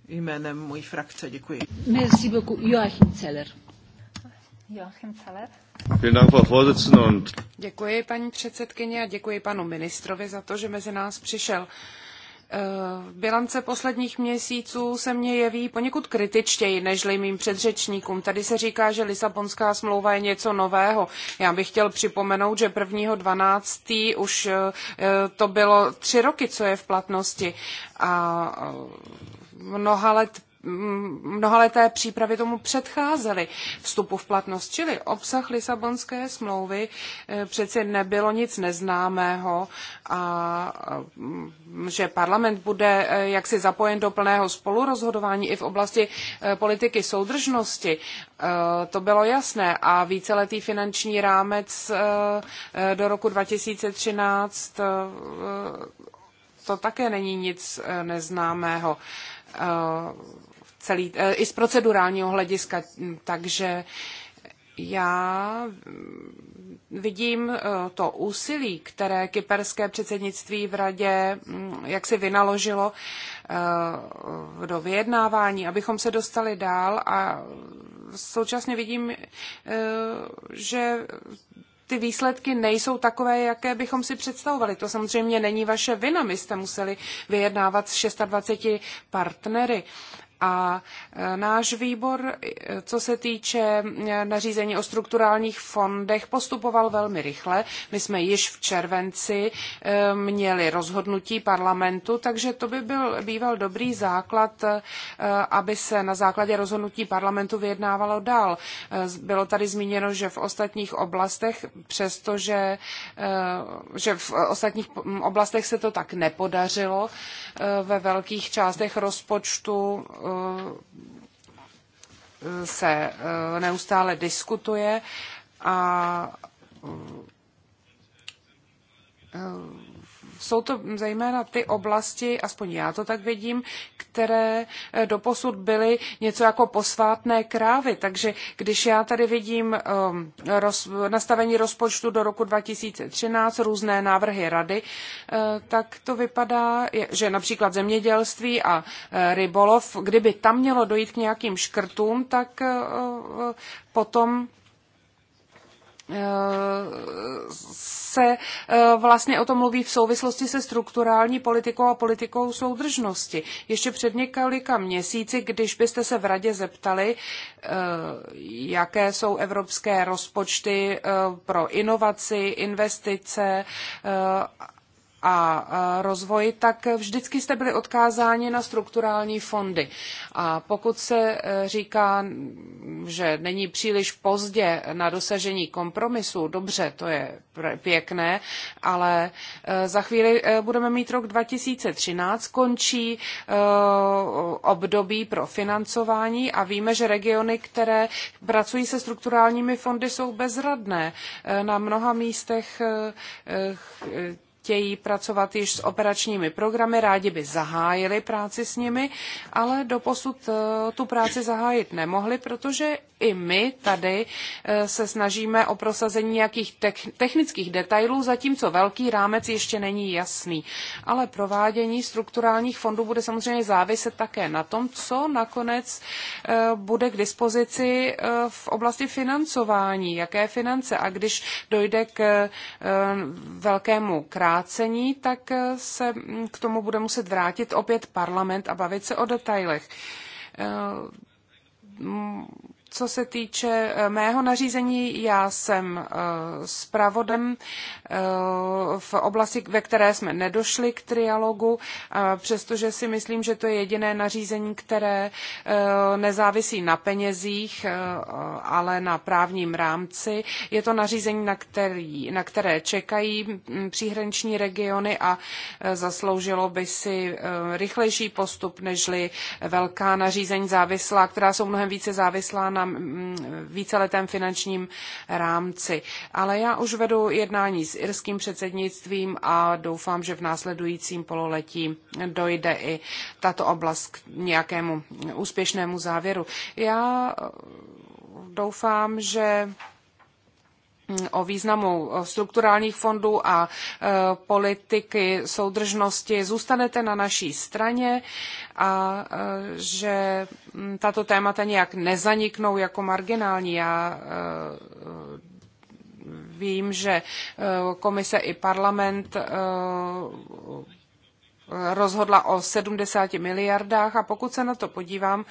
jménem mojí frakce. Děkuji. Merci beaucoup. Joachim Zeller. Joachim Zeller. Děkuji paní předsedkyně a děkuji panu ministrovi za to, že mezi nás přišel. Eh, bilance posledních měsíců se mně jeví poněkud kritičtěji než mým předřečníkům. Tady se říká, že Lisabonská smlouva je něco nového. Já bych chtěl připomenout, že 1.12. už eh, eh, to bylo tři roky, co je v platnosti. A mnoha let mnohaleté přípravy tomu předcházely vstupu v platnost. Čili obsah Lisabonské smlouvy e, přeci nebylo nic neznámého a že parlament bude e, jaksi zapojen do plného spolurozhodování i v oblasti e, politiky soudržnosti, to bylo jasné a víceletý finanční rámec do roku 2013 to také není nic neznámého celý, eh, i z procedurálního hlediska. Hm, takže já vidím eh, to úsilí, které kyperské předsednictví v radě hm, jak si vynaložilo eh, do vyjednávání, abychom se dostali dál a současně vidím, že ty výsledky nejsou takové, jaké bychom si představovali. To samozřejmě není vaše vina, my jste museli vyjednávat s 26 partnery a e, náš výbor, e, co se týče e, nařízení o strukturálních fondech, postupoval velmi rychle. My jsme již v červenci měli rozhodnutí parlamentu, takže to by byl býval dobrý základ, aby se na základě rozhodnutí parlamentu vyjednávalo dál. Bylo tady zmíněno, že v ostatních oblastech, přestože že v ostatních oblastech se to tak nepodařilo, ve velkých částech rozpočtu Eh, se eh, neustále diskutuje a eh, jsou to zejména ty oblasti, aspoň já to tak vidím, které eh, doposud byly něco jako posvátné krávy. Takže když já tady vidím ehm, roz, nastavení rozpočtu do roku 2013, různé návrhy rady, eh, tak to vypadá, že například zemědělství a eh, rybolov, kdyby tam mělo dojít k nějakým škrtům, tak potom se eh, vlastně o tom mluví v souvislosti se strukturální politikou a politikou soudržnosti. Ještě před několika měsíci, když byste se v radě zeptali, eh, jaké jsou evropské rozpočty eh, pro inovaci, investice a rozvoj, tak vždycky jste byli odkázáni na strukturální fondy. A pokud se e, říká, že není příliš pozdě na dosažení kompromisu, dobře, to je pěkné, ale e, za chvíli e, budeme mít rok 2013, končí období pro financování a víme, že regiony, které pracují se strukturálními fondy, jsou bezradné. Na mnoha místech chtějí pracovat již s operačními programy, rádi by zahájili práci s nimi, ale doposud eh, tu práci zahájit nemohli, protože i my tady eh, se snažíme o prosazení nějakých technických detailů, zatímco velký rámec ještě není jasný. Ale provádění strukturálních fondů bude samozřejmě záviset také na tom, co nakonec eh, bude k dispozici v oblasti financování, jaké finance. A když dojde k velkému krásnému vrácení, tak eh, se mm, k tomu bude muset vrátit opět parlament a bavit se o detailech eh, co se týče eh, mého nařízení, já jsem s eh, pravodem eh, v oblasti, ve které jsme nedošli k trialogu, přestože si myslím, že to je jediné nařízení, které nezávisí na penězích, ale na právním rámci. Je to nařízení, na, který, na které čekají mm, příhraniční regiony a zasloužilo by si rychlejší postup, nežli velká nařízení závislá, která jsou mnohem více závislá na na mm, víceletém finančním rámci. Ale já už vedu jednání s irským předsednictvím a doufám, že v následujícím pololetí dojde i tato oblast k nějakému úspěšnému závěru. Já eh, doufám, že Mm, o významu eh, strukturálních fondů a eh, politiky soudržnosti zůstanete na naší straně a eh, že mm, tato témata nějak nezaniknou jako marginální. Já vím, že komise i parlament rozhodla o 70 miliardách a pokud se na to podívám,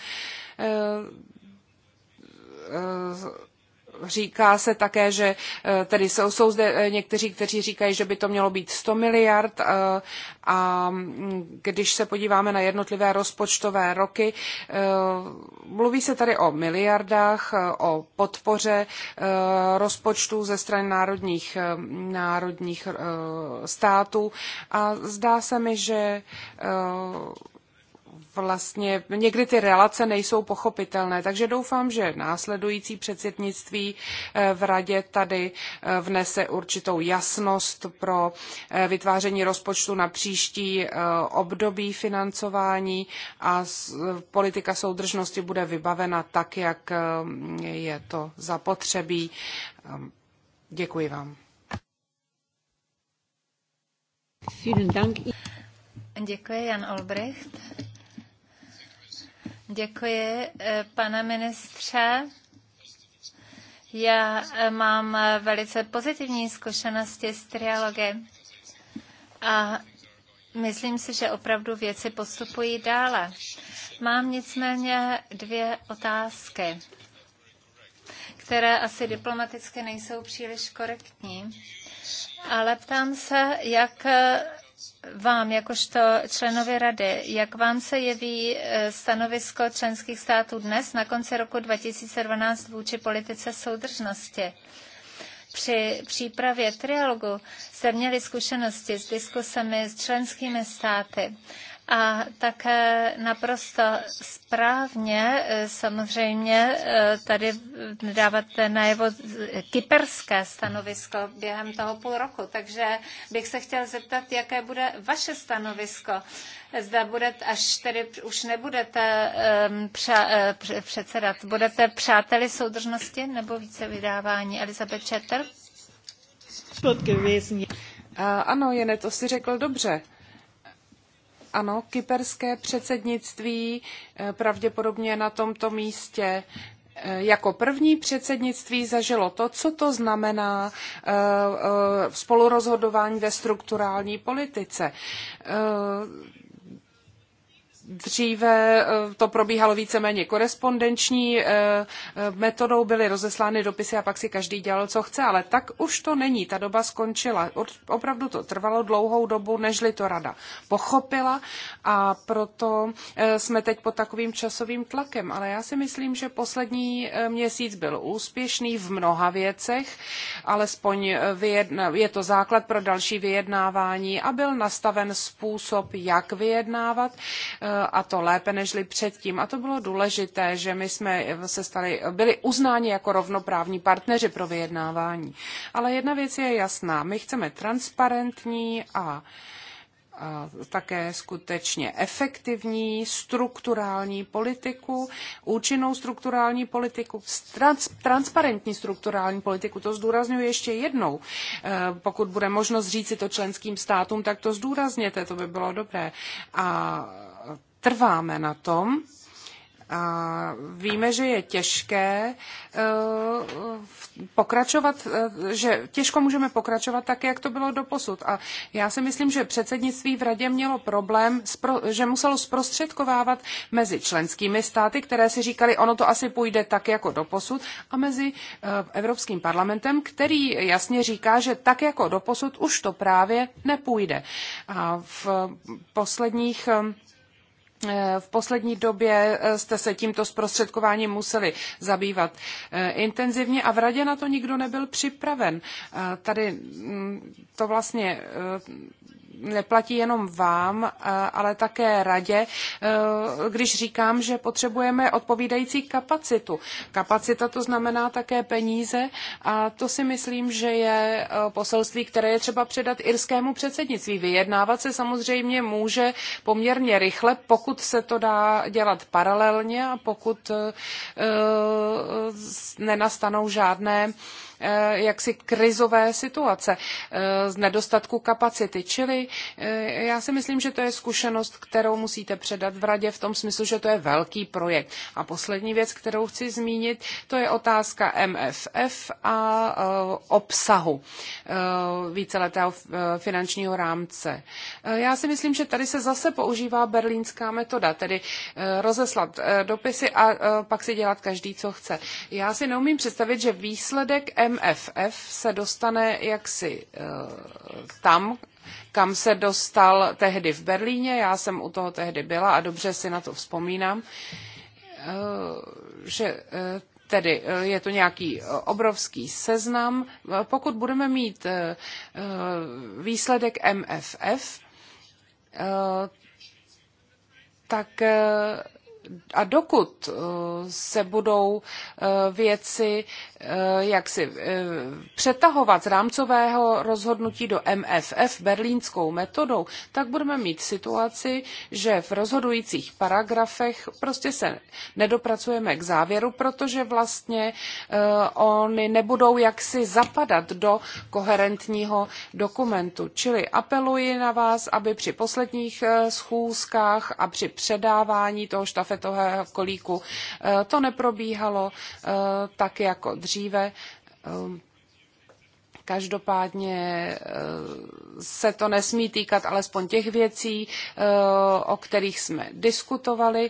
Říká se také, že eh, tedy jsou, jsou zde eh, někteří, kteří říkají, že by to mělo být 100 miliard eh, a mm, když se podíváme na jednotlivé rozpočtové roky, mluví se tady o miliardách, o podpoře rozpočtu ze strany národních, národních států a zdá se mi, že vlastně někdy ty relace nejsou pochopitelné. Takže doufám, že následující předsednictví eh, v radě tady eh, vnese určitou jasnost pro eh, vytváření rozpočtu na příští období financování a politika soudržnosti bude vybavena tak, jak je to zapotřebí. Děkuji vám. Vielen Dank. Děkuji, Jan Olbrecht. Děkuji, eh, pane ministře. Já eh, mám eh, velice pozitivní zkušenosti s trialogy a myslím si, že opravdu věci postupují dále. Mám nicméně dvě otázky, které asi diplomaticky nejsou příliš korektní, ale ptám se, jak vám, jakožto členovi rady, jak vám se jeví eh, stanovisko členských států dnes na konci roku 2012 vůči politice soudržnosti? Při přípravě trialogu jste měli zkušenosti s diskusemi s členskými státy. A také naprosto správně e, samozřejmě e, tady dáváte najevo kyperské stanovisko během toho půl roku, takže bych se chtěl zeptat, jaké bude vaše stanovisko. Zda budete, až tedy už nebudete um, pře, pře, předsedat, budete přáteli soudržnosti nebo více vydávání? Elizabeth Četer? Uh, ano, Jene, to si řekl dobře. Uh, ano, kyperské předsednictví eh, pravděpodobně na tomto místě eh, jako první předsednictví zažilo to, co to znamená eh, spolurozhodování ve strukturální politice. Dříve eh, to probíhalo víceméně korespondenční eh, eh, metodou, byly rozeslány dopisy a pak si každý dělal, co chce, ale tak už to není. Ta doba skončila. Opravdu to trvalo dlouhou dobu, nežli to rada pochopila a proto jsme teď pod takovým časovým tlakem. Ale já si myslím, že poslední měsíc byl úspěšný v mnoha věcech, alespoň je to základ pro další vyjednávání a byl nastaven způsob, jak vyjednávat a to lépe nežli předtím. A to bylo důležité, že my jsme se stali, byli uznáni jako rovnoprávní partneři pro vyjednávání. Ale jedna věc je jasná. My chceme transparentní a a také skutečně efektivní strukturální politiku, účinnou strukturální politiku, trans, transparentní strukturální politiku. To zdůraznuju ještě jednou. E, pokud bude možnost si to členským státům, tak to zdůrazněte, to by bylo dobré. A trváme na tom, a víme, že je těžké eh, pokračovat, eh, že těžko můžeme pokračovat tak, jak to bylo doposud. A já si myslím, že předsednictví v radě mělo problém, že muselo zprostředkovávat mezi členskými státy, které si říkali, ono to asi půjde tak, jako doposud, a mezi eh, Evropským parlamentem, který jasně říká, že tak, jako doposud, už to právě nepůjde. A v posledních Eh, v poslední době eh, jste se tímto zprostředkováním museli zabývat eh, intenzivně a v radě na to nikdo nebyl připraven. Tady mm, to vlastně neplatí jenom vám, eh, ale také radě, eh, když říkám, že potřebujeme odpovídající kapacitu. Kapacita to znamená také peníze a to si myslím, že je eh, poselství, které je třeba předat irskému předsednictví. Vyjednávat se samozřejmě může poměrně rychle, pokud se to dá dělat paralelně a pokud nenastanou žádné uh, Eh, jaksi krizové situace, eh, z nedostatku kapacity. Čili eh, já si myslím, že to je zkušenost, kterou musíte předat v radě v tom smyslu, že to je velký projekt. A poslední věc, kterou chci zmínit, to je otázka MFF a obsahu víceletého finančního rámce. Já si myslím, že tady se zase používá berlínská metoda, tedy rozeslat dopisy a pak si dělat každý, co chce. Já si neumím představit, že výsledek MFF se dostane jaksi eh, tam, kam se dostal tehdy v Berlíně. Já jsem u toho tehdy byla a dobře si na to vzpomínám, eh, že eh, Tedy je to nějaký obrovský seznam. Pokud budeme mít výsledek MFF, tak a dokud eh, se budou eh, věci eh, jaksi přetahovat z rámcového rozhodnutí do MFF berlínskou metodou, tak budeme mít situaci, že v rozhodujících paragrafech prostě se nedopracujeme k závěru, protože vlastně oni nebudou jaksi zapadat do koherentního dokumentu. Čili apeluji na vás, aby při posledních schůzkách a při předávání toho štafet světového kolíku. Eh, to neprobíhalo eh, tak jako dříve. Eh, každopádně se to nesmí týkat alespoň těch věcí, o kterých jsme diskutovali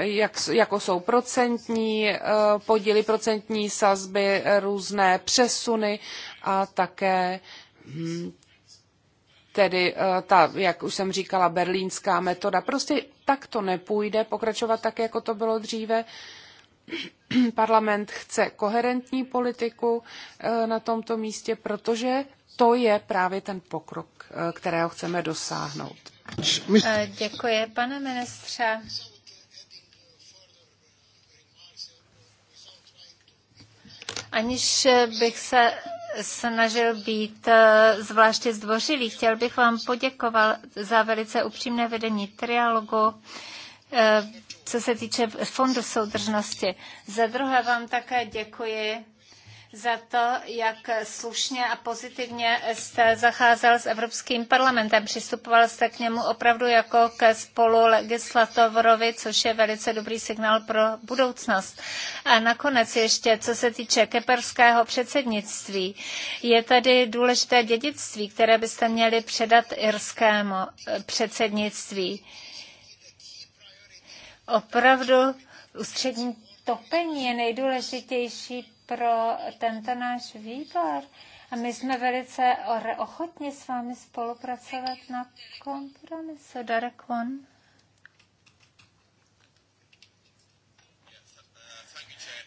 jak, jako jsou procentní podíly, procentní sazby, různé přesuny a také hm, tedy eh, ta, jak už jsem říkala, berlínská metoda. Prostě tak to nepůjde pokračovat tak, jako to bylo dříve. Parlament chce koherentní politiku eh, na tomto místě, protože to je právě ten pokrok, eh, kterého chceme dosáhnout. Děkuji, pane ministře. Aniž bych se snažil být eh, zvláště zdvořilý. Chtěl bych vám poděkovat za velice upřímné vedení trialogu eh, co se týče fondu soudržnosti. Za druhé vám také děkuji za to, jak slušně a pozitivně jste zacházel s Evropským parlamentem. Přistupoval jste k němu opravdu jako ke spolu legislatorovi, což je velice dobrý signál pro budoucnost. A nakonec ještě, co se týče keperského předsednictví, je tady důležité dědictví, které byste měli předat irskému eh, předsednictví. Opravdu ústřední topení je nejdůležitější pro tento náš výbor. A my jsme velice ochotni s vámi spolupracovat na kompromisu. Darek one.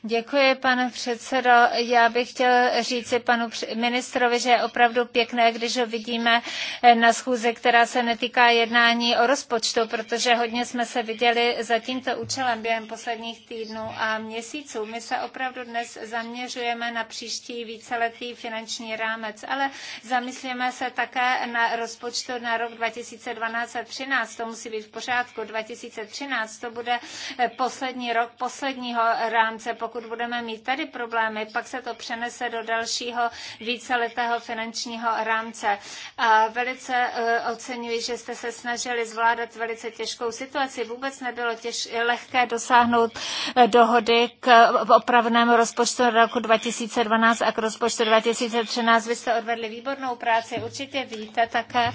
Děkuji, pane předsedo. Já bych chtěl říci panu ministrovi, že je opravdu pěkné, když ho vidíme eh, na schůzi, která se netýká jednání o rozpočtu, protože hodně jsme se viděli za tímto účelem během posledních týdnů a měsíců. My se opravdu dnes zaměřujeme na příští víceletý finanční rámec, ale zamyslíme se také na rozpočtu na rok 2012 a 2013. To musí být v pořádku. 2013 to bude eh, poslední rok posledního rámce, pokud budeme mít tady problémy, pak se to přenese do dalšího víceletého finančního rámce. A velice e, oceňuji, že jste se snažili zvládat velice těžkou situaci. Vůbec nebylo těž, lehké dosáhnout e, dohody k opravnému rozpočtu roku 2012 a k rozpočtu 2013. Vy jste odvedli výbornou práci. Určitě víte také,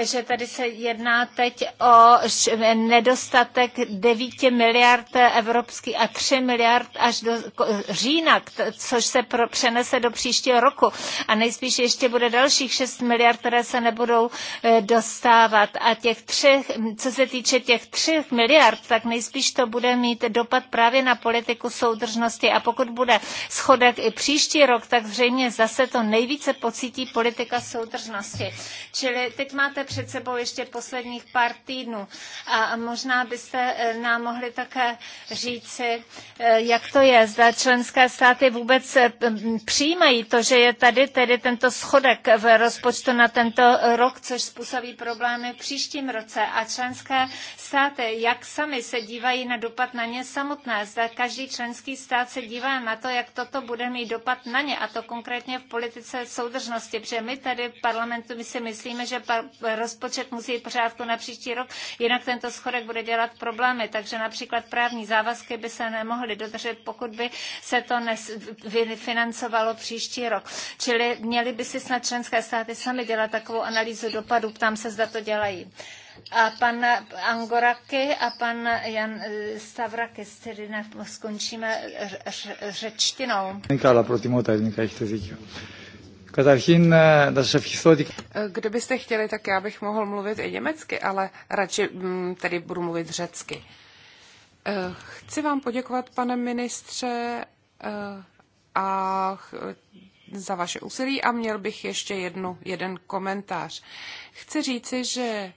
že tady se jedná teď o nedostatek 9 miliard evropských a 3 miliard až do října, což se pro, přenese do příštího roku. A nejspíš ještě bude dalších 6 miliard, které se nebudou e, dostávat. A těch třech, co se týče těch 3 miliard, tak nejspíš to bude mít dopad právě na politiku soudržnosti. A pokud bude schodek i příští rok, tak zřejmě zase to nejvíce pocítí politika soudržnosti. Čili teď máte před sebou ještě posledních pár týdnů a možná byste e, nám mohli také říci, e, jak to je zda členské státy vůbec eh, přijímají to, že je tady tedy tento schodek v rozpočtu na tento rok, což způsobí problémy v příštím roce. A členské státy, jak sami se dívají na dopad na ně samotné, zda každý členský stát se dívá na to, jak toto bude mít dopad na ně, a to konkrétně v politice soudržnosti, protože my tady v parlamentu my si myslíme, že rozpočet musí být pořádku na příští rok, jinak tento schodek bude dělat problémy, takže například právní závazky by se nemohly dodržet, pokud by se to vyfinancovalo příští rok. Čili měli by si snad členské státy sami dělat takovou analýzu dopadů, ptám se, zda to dělají. A pan Angoraky a pan Jan eh, Stavrakis, tedy ne, skončíme řečtinou. Καλά προτιμώ eh, eh, Kdybyste chtěli, tak já bych mohl mluvit i německy, ale radši mm, tedy budu mluvit řecky. Eh, chci vám poděkovat, pane ministře, eh, a za vaše úsilí a měl bych ještě jednu, jeden komentář. Chci říci, že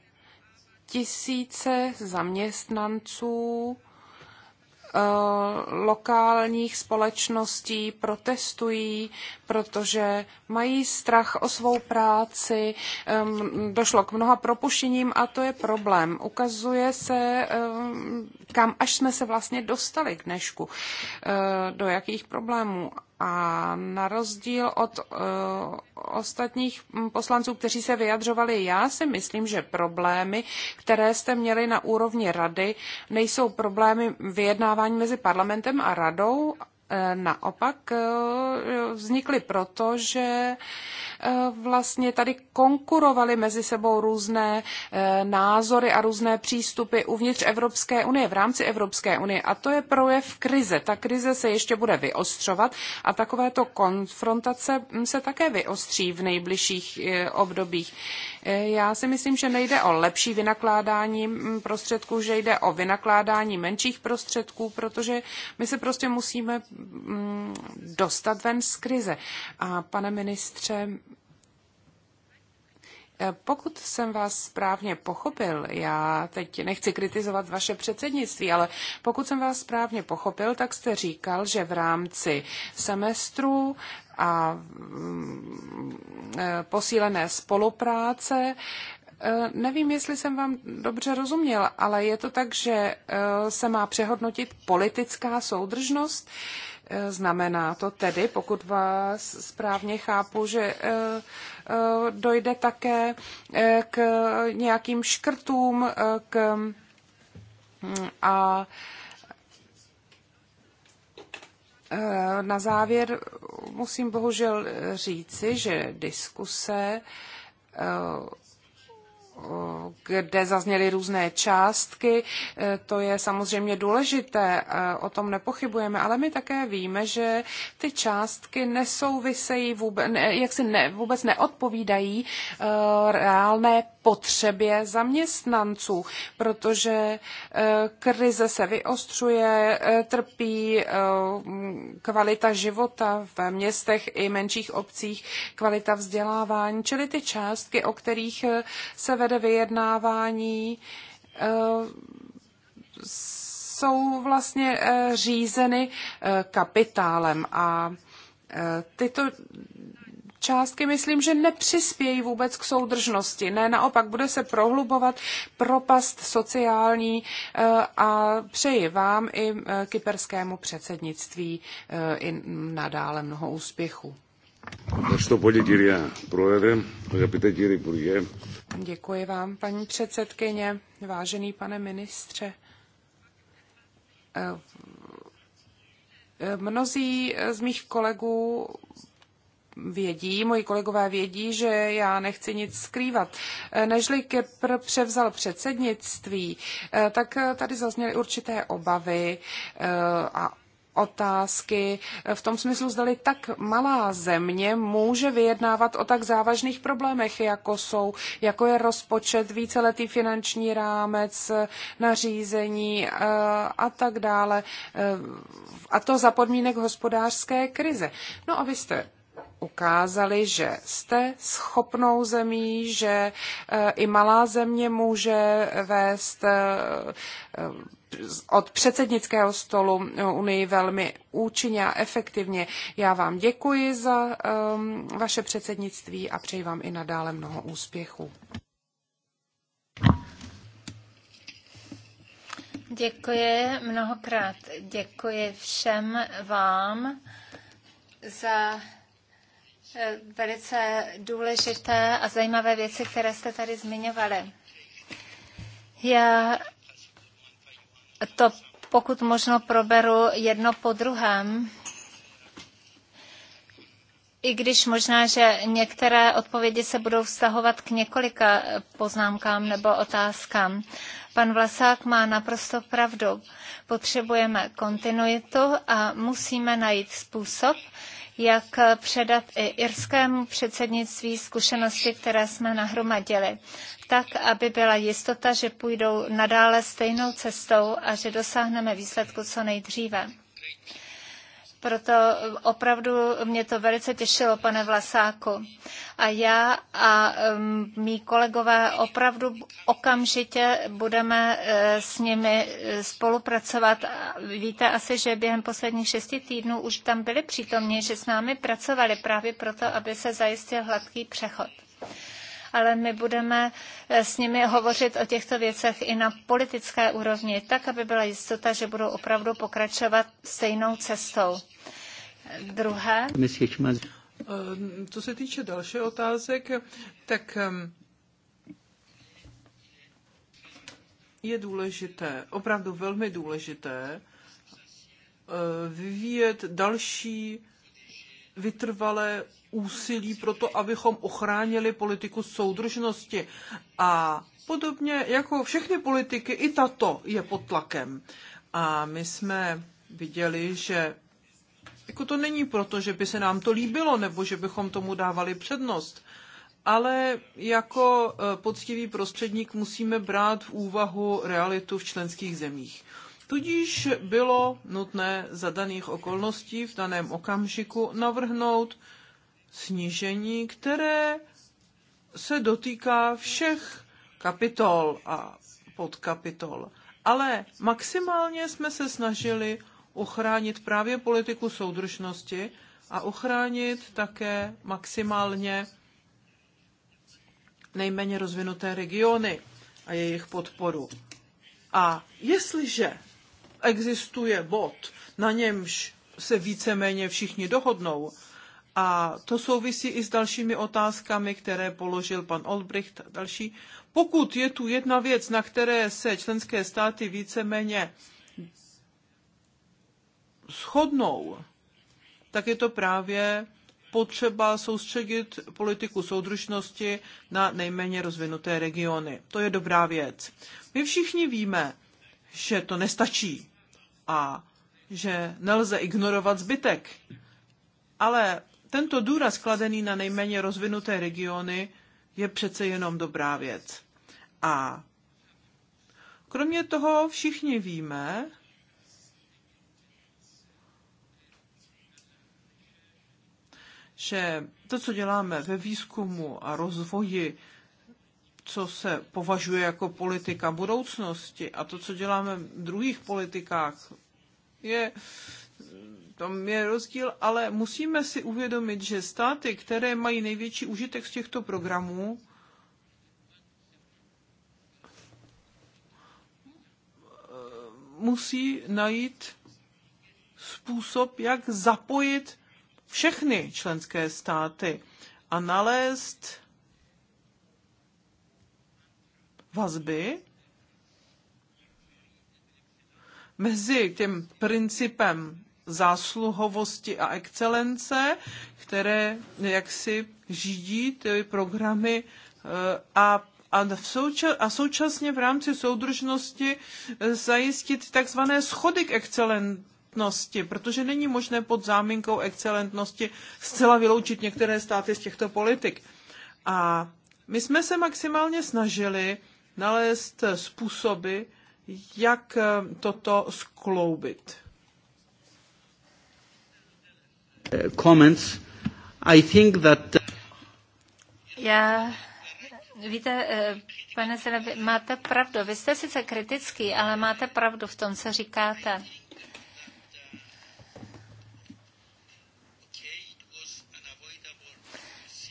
tisíce zaměstnanců Eh, lokálních společností protestují, protože mají strach o svou práci, došlo k mnoha propuštěním a to je problém. Ukazuje se, kam až jsme se vlastně dostali k dnešku, eh, do jakých problémů. A na rozdíl od uh, ostatních poslanců, kteří se vyjadřovali, já si myslím, že problémy, které jste měli na úrovni rady, nejsou problémy vyjednávání mezi parlamentem a radou. Eh, naopak eh, vznikly proto, že uh, Eh, vlastně tady konkurovaly mezi sebou různé eh, názory a různé přístupy uvnitř Evropské unie, v rámci Evropské unie. A to je projev krize. Ta krize se ještě bude vyostřovat a takovéto konfrontace mm, se také vyostří v nejbližších eh, obdobích. Já si myslím, že nejde o lepší vynakládání mm, prostředků, že jde o vynakládání menších prostředků, protože my se prostě musíme mm, dostat ven z krize. A pane ministře, pokud jsem vás správně pochopil, já teď nechci kritizovat vaše předsednictví, ale pokud jsem vás správně pochopil, tak jste říkal, že v rámci semestru a mm, e, posílené spolupráce e, Nevím, jestli jsem vám dobře rozuměl, ale je to tak, že e, se má přehodnotit politická soudržnost. Eh, znamená to tedy, pokud vás správně chápu, že eh, eh, dojde také k nějakým škrtům k hm, a na závěr musím bohužel říci, že diskuse kde zazněly různé částky. E, to je samozřejmě důležité, e, o tom nepochybujeme, ale my také víme, že ty částky nesouvisejí vůbec, jak si ne, vůbec neodpovídají e, reálné potřebě zaměstnanců, protože eh, krize se vyostřuje, eh, trpí eh, kvalita života v městech i menších obcích, kvalita vzdělávání, čili ty částky, o kterých se vede vyjednávání, jsou vlastně řízeny kapitálem a tyto částky, myslím, že nepřispějí vůbec k soudržnosti. Ne, naopak bude se prohlubovat propast sociální eh, a přeji vám i eh, kyperskému předsednictví eh, i nadále mnoho úspěchu. Děkuji vám, paní předsedkyně, vážený pane ministře. Mnozí z mých kolegů vědí, moji kolegové vědí, že já nechci nic skrývat. Eh, nežli Kepr převzal předsednictví, eh, tak eh, tady zazněly určité obavy a otázky v tom smyslu, zdali tak malá země může vyjednávat o tak závažných problémech, jako jsou, jako je rozpočet, víceletý finanční rámec, nařízení a tak dále. A to za podmínek hospodářské krize. No a vy jste ukázali, že jste schopnou zemí, že e, i malá země může vést e, e, od předsednického stolu Unii velmi účinně a efektivně. Já vám děkuji za vaše předsednictví a přeji vám i nadále mnoho úspěchů. Děkuji mnohokrát. Děkuji všem vám za Eh, velice důležité a zajímavé věci, které jste tady zmiňovali. Já to pokud možno proberu jedno po druhém, i když možná, že některé odpovědi se budou vztahovat k několika poznámkám nebo otázkám. Pan Vlasák má naprosto pravdu. Potřebujeme kontinuitu a musíme najít způsob, jak předat i irskému předsednictví zkušenosti, které jsme nahromadili, tak, aby byla jistota, že půjdou nadále stejnou cestou a že dosáhneme výsledku co nejdříve. Proto opravdu mě to velice těšilo, pane Vlasáku. A já a mý kolegové opravdu okamžitě budeme e, s nimi e, spolupracovat. Víte asi, že během posledních šesti týdnů už tam byli přítomní, že s námi pracovali právě proto, aby se zajistil hladký přechod ale my budeme eh, s nimi hovořit o těchto věcech i na politické úrovni, tak, aby byla jistota, že budou opravdu pokračovat stejnou cestou. Druhé. Ehm, co se týče další otázek, tak ehm, je důležité, opravdu velmi důležité, eh, vyvíjet další vytrvalé úsilí pro to, abychom ochránili politiku soudržnosti. A podobně jako všechny politiky, i tato je pod tlakem. A my jsme viděli, že jako to není proto, že by se nám to líbilo, nebo že bychom tomu dávali přednost, ale jako e, poctivý prostředník musíme brát v úvahu realitu v členských zemích. Tudíž bylo nutné za daných okolností v daném okamžiku navrhnout snížení, které se dotýká všech kapitol a podkapitol. Ale maximálně jsme se snažili ochránit právě politiku soudržnosti a ochránit také maximálně nejméně rozvinuté regiony a jejich podporu. A jestliže existuje bod, na němž se víceméně všichni dohodnou, a to souvisí i s dalšími otázkami, které položil pan Olbricht a další. Pokud je tu jedna věc, na které se členské státy víceméně shodnou, tak je to právě potřeba soustředit politiku soudržnosti na nejméně rozvinuté regiony. To je dobrá věc. My všichni víme, že to nestačí a že nelze ignorovat zbytek. Ale tento důraz kladený na nejméně rozvinuté regiony je přece jenom dobrá věc. A kromě toho všichni víme, že to, co děláme ve výzkumu a rozvoji, co se považuje jako politika budoucnosti a to, co děláme v druhých politikách, je tom je rozdíl, ale musíme si uvědomit, že státy, které mají největší užitek z těchto programů, musí najít způsob, jak zapojit všechny členské státy a nalézt vazby mezi tím principem zásluhovosti a excelence, které jaksi řídí ty programy eh, a a, v souča- a současně v rámci soudržnosti eh, zajistit takzvané schody k excelentnosti, protože není možné pod záminkou excelentnosti zcela vyloučit některé státy z těchto politik. A my jsme se maximálně snažili nalézt způsoby, jak eh, toto skloubit. Uh, comments, I think that uh, já Víte, eh, pane Zelevi, máte pravdu. Vy jste sice kritický, ale máte pravdu v tom, co říkáte.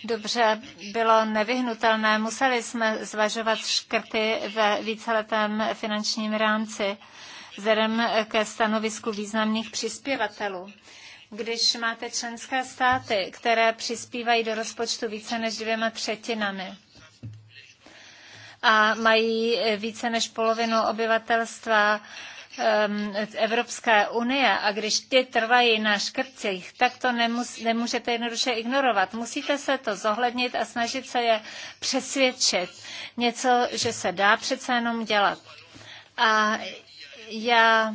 Dobře, bylo nevyhnutelné. Museli jsme zvažovat škrty ve víceletém finančním rámci vzhledem ke stanovisku významných přispěvatelů. Když máte členské státy, které přispívají do rozpočtu více než dvěma třetinami, a mají eh, více než polovinu obyvatelstva ehm, Evropské unie a když ty trvají na škrtcích, tak to nemus, nemůžete jednoduše ignorovat. Musíte se to zohlednit a snažit se je přesvědčit. Něco, že se dá přece jenom dělat. A já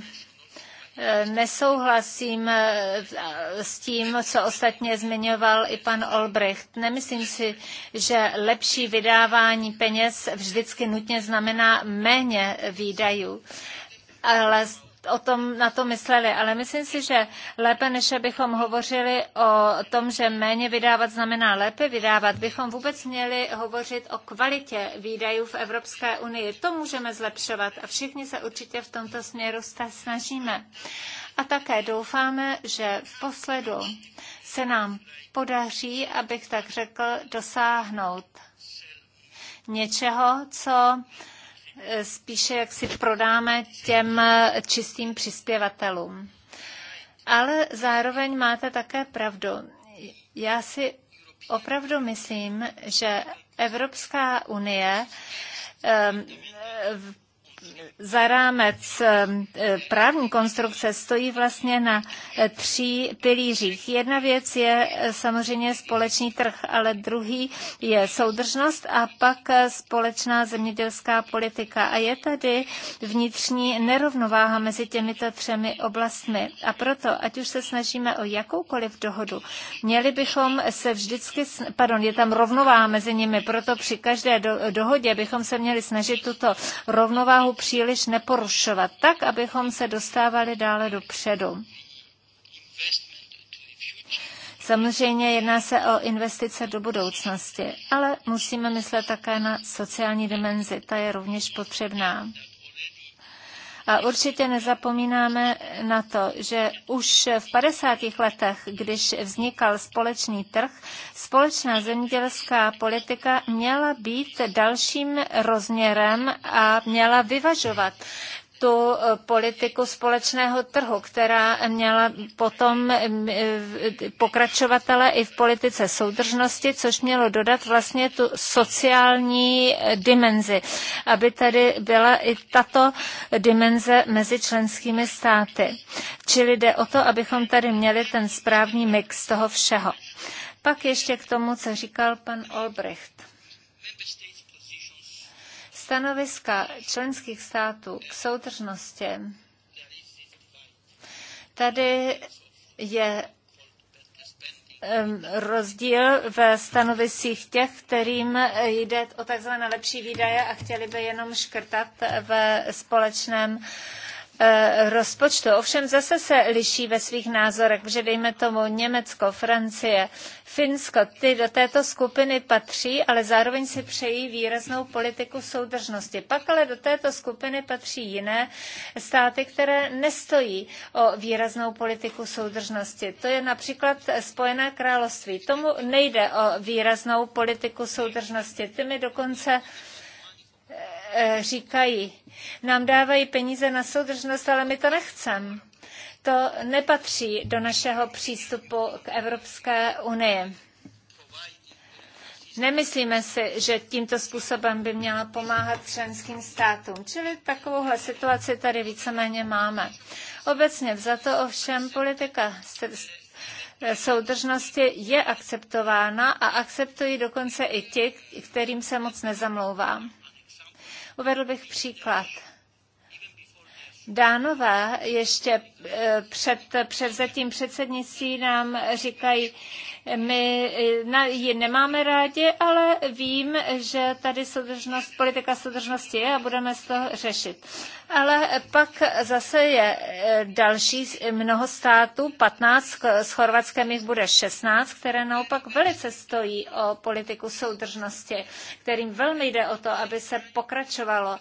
nesouhlasím eh, s tím, co ostatně zmiňoval i pan Olbricht. Nemyslím si, že lepší vydávání peněz vždycky nutně znamená méně výdajů ale o tom, na to mysleli, ale myslím si, že lépe, než abychom hovořili o tom, že méně vydávat znamená lépe vydávat, bychom vůbec měli hovořit o kvalitě výdajů v Evropské unii. To můžeme zlepšovat a všichni se určitě v tomto směru snažíme. A také doufáme, že v posledu se nám podaří, abych tak řekl, dosáhnout něčeho, co spíše jak si prodáme těm čistým přispěvatelům. Ale zároveň máte také pravdu. Já si opravdu myslím, že Evropská unie za rámec eh, eh, právní konstrukce stojí vlastně na eh, tří pilířích. Jedna věc je samozřejmě společný trh, ale druhý je soudržnost a pak společná zemědělská politika. A je tady vnitřní nerovnováha mezi těmito třemi oblastmi. A proto, ať už se snažíme o jakoukoliv dohodu, měli bychom se vždycky, pardon, je tam rovnováha mezi nimi, proto při každé dohodě bychom se měli snažit tuto rovnováhu příliš neporušovat, tak, abychom se dostávali dále dopředu. Samozřejmě jedná se o investice do budoucnosti, ale musíme myslet také na sociální dimenzi, ta je rovněž potřebná. A určitě nezapomínáme na to, že už v 50. letech, když vznikal společný trh, společná zemědělská politika měla být dalším rozměrem a měla vyvažovat tu eh, politiku společného trhu, která měla potom mm, eh, pokračovatele i v politice soudržnosti, což mělo dodat vlastně tu sociální eh, dimenzi, aby tady byla i tato dimenze mezi členskými státy. Čili jde o to, abychom tady měli ten správný mix toho všeho. Pak ještě k tomu, co říkal pan Olbrecht stanoviska členských států k soudržnosti, tady je rozdíl ve stanovisích těch, kterým jde o takzvané lepší výdaje a chtěli by jenom škrtat ve společném Eh, rozpočtu. Ovšem zase se liší ve svých názorech, že dejme tomu Německo, Francie, Finsko, ty do této skupiny patří, ale zároveň si přejí výraznou politiku soudržnosti. Pak ale do této skupiny patří jiné státy, které nestojí o výraznou politiku soudržnosti. To je například Spojené království. Tomu nejde o výraznou politiku soudržnosti. Ty mi dokonce Eh, říkají, nám dávají peníze na soudržnost, ale my to nechceme. To nepatří do našeho přístupu k Evropské unii. Nemyslíme si, že tímto způsobem by měla pomáhat členským státům, čili takovouhle situaci tady víceméně máme. Obecně vzato ovšem politika soudržnosti je akceptována a akceptují dokonce i ti, kterým se moc nezamlouvá. Uvedl bych příklad. Dánové ještě eh, před převzetím předsednictví nám říkají, my eh, ji nemáme rádi, ale vím, že tady soudržnost, politika soudržnosti je a budeme z toho řešit. Ale pak zase je eh, další eh, mnoho států, 15, s Chorvatskem jich bude 16, které naopak velice stojí o politiku soudržnosti, kterým velmi jde o to, aby se pokračovalo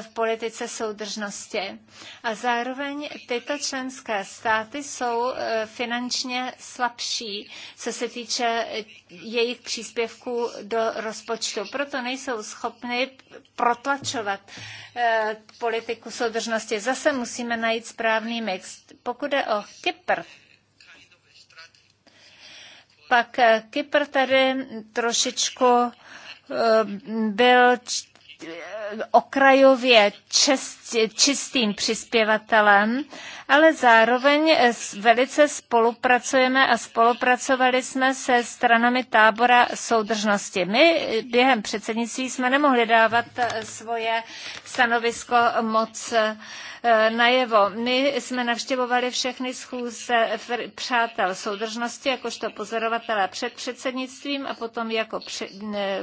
v politice soudržnosti. A zároveň tyto členské státy jsou finančně slabší, co se týče eh, jejich příspěvků do rozpočtu. Proto nejsou schopny protlačovat eh, politiku soudržnosti. Zase musíme najít správný mix. Pokud je o Kypr, pak eh, Kypr tady trošičku byl okrajově čest, čistým přispěvatelem, ale zároveň velice spolupracujeme a spolupracovali jsme se stranami tábora soudržnosti. My během předsednictví jsme nemohli dávat eh, svoje stanovisko moc eh, najevo. My jsme navštěvovali všechny schůze přátel soudržnosti, jakožto pozorovatelé před předsednictvím a potom jako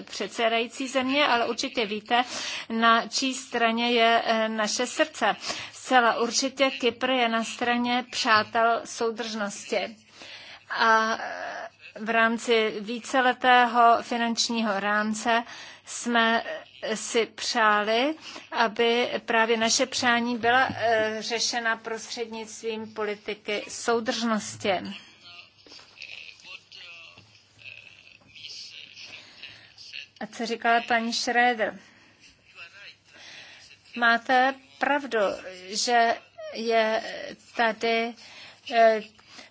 předsedající země, ale určitě víte, na čí straně je eh, naše srdce. Zcela určitě Kypr je na straně přátel soudržnosti. A eh, v rámci víceletého finančního rámce jsme eh, si přáli, aby právě naše přání byla řešena prostřednictvím politiky soudržnosti. A co říkala paní Schroeder? máte pravdu, že je tady eh,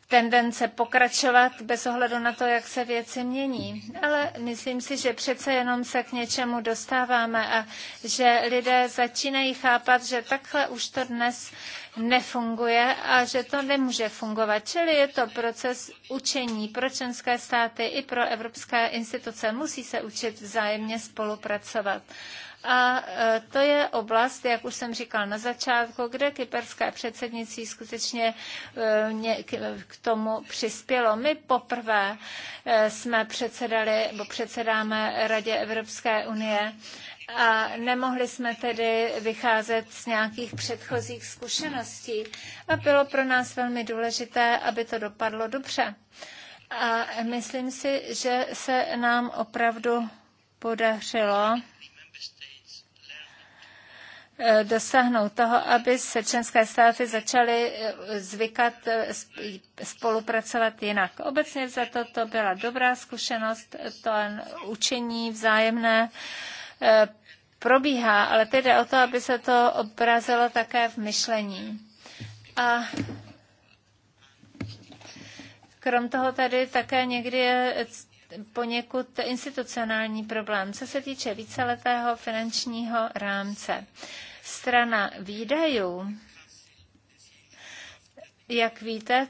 tendence pokračovat bez ohledu na to, jak se věci mění. Ale myslím si, že přece jenom se k něčemu dostáváme a že lidé začínají chápat, že takhle už to dnes nefunguje a že to nemůže fungovat. Čili je to proces učení pro členské státy i pro evropské instituce. Musí se učit vzájemně spolupracovat. A e, to je oblast, jak už jsem říkal na začátku, kde kyperské předsednictví skutečně e, k tomu přispělo. My poprvé e, jsme předsedali, nebo předsedáme Radě Evropské unie a nemohli jsme tedy vycházet z nějakých předchozích zkušeností. A bylo pro nás velmi důležité, aby to dopadlo dobře. A myslím si, že se nám opravdu podařilo Eh, dosáhnout toho, aby se členské státy začaly eh, zvykat eh, spolupracovat jinak. Obecně za to to byla dobrá zkušenost, to učení vzájemné probíhá, ale teď jde o to, aby se to obrazilo také v myšlení. A krom toho tady také někdy je poněkud institucionální problém, co se týče víceletého finančního rámce. Strana výdajů, jak víte,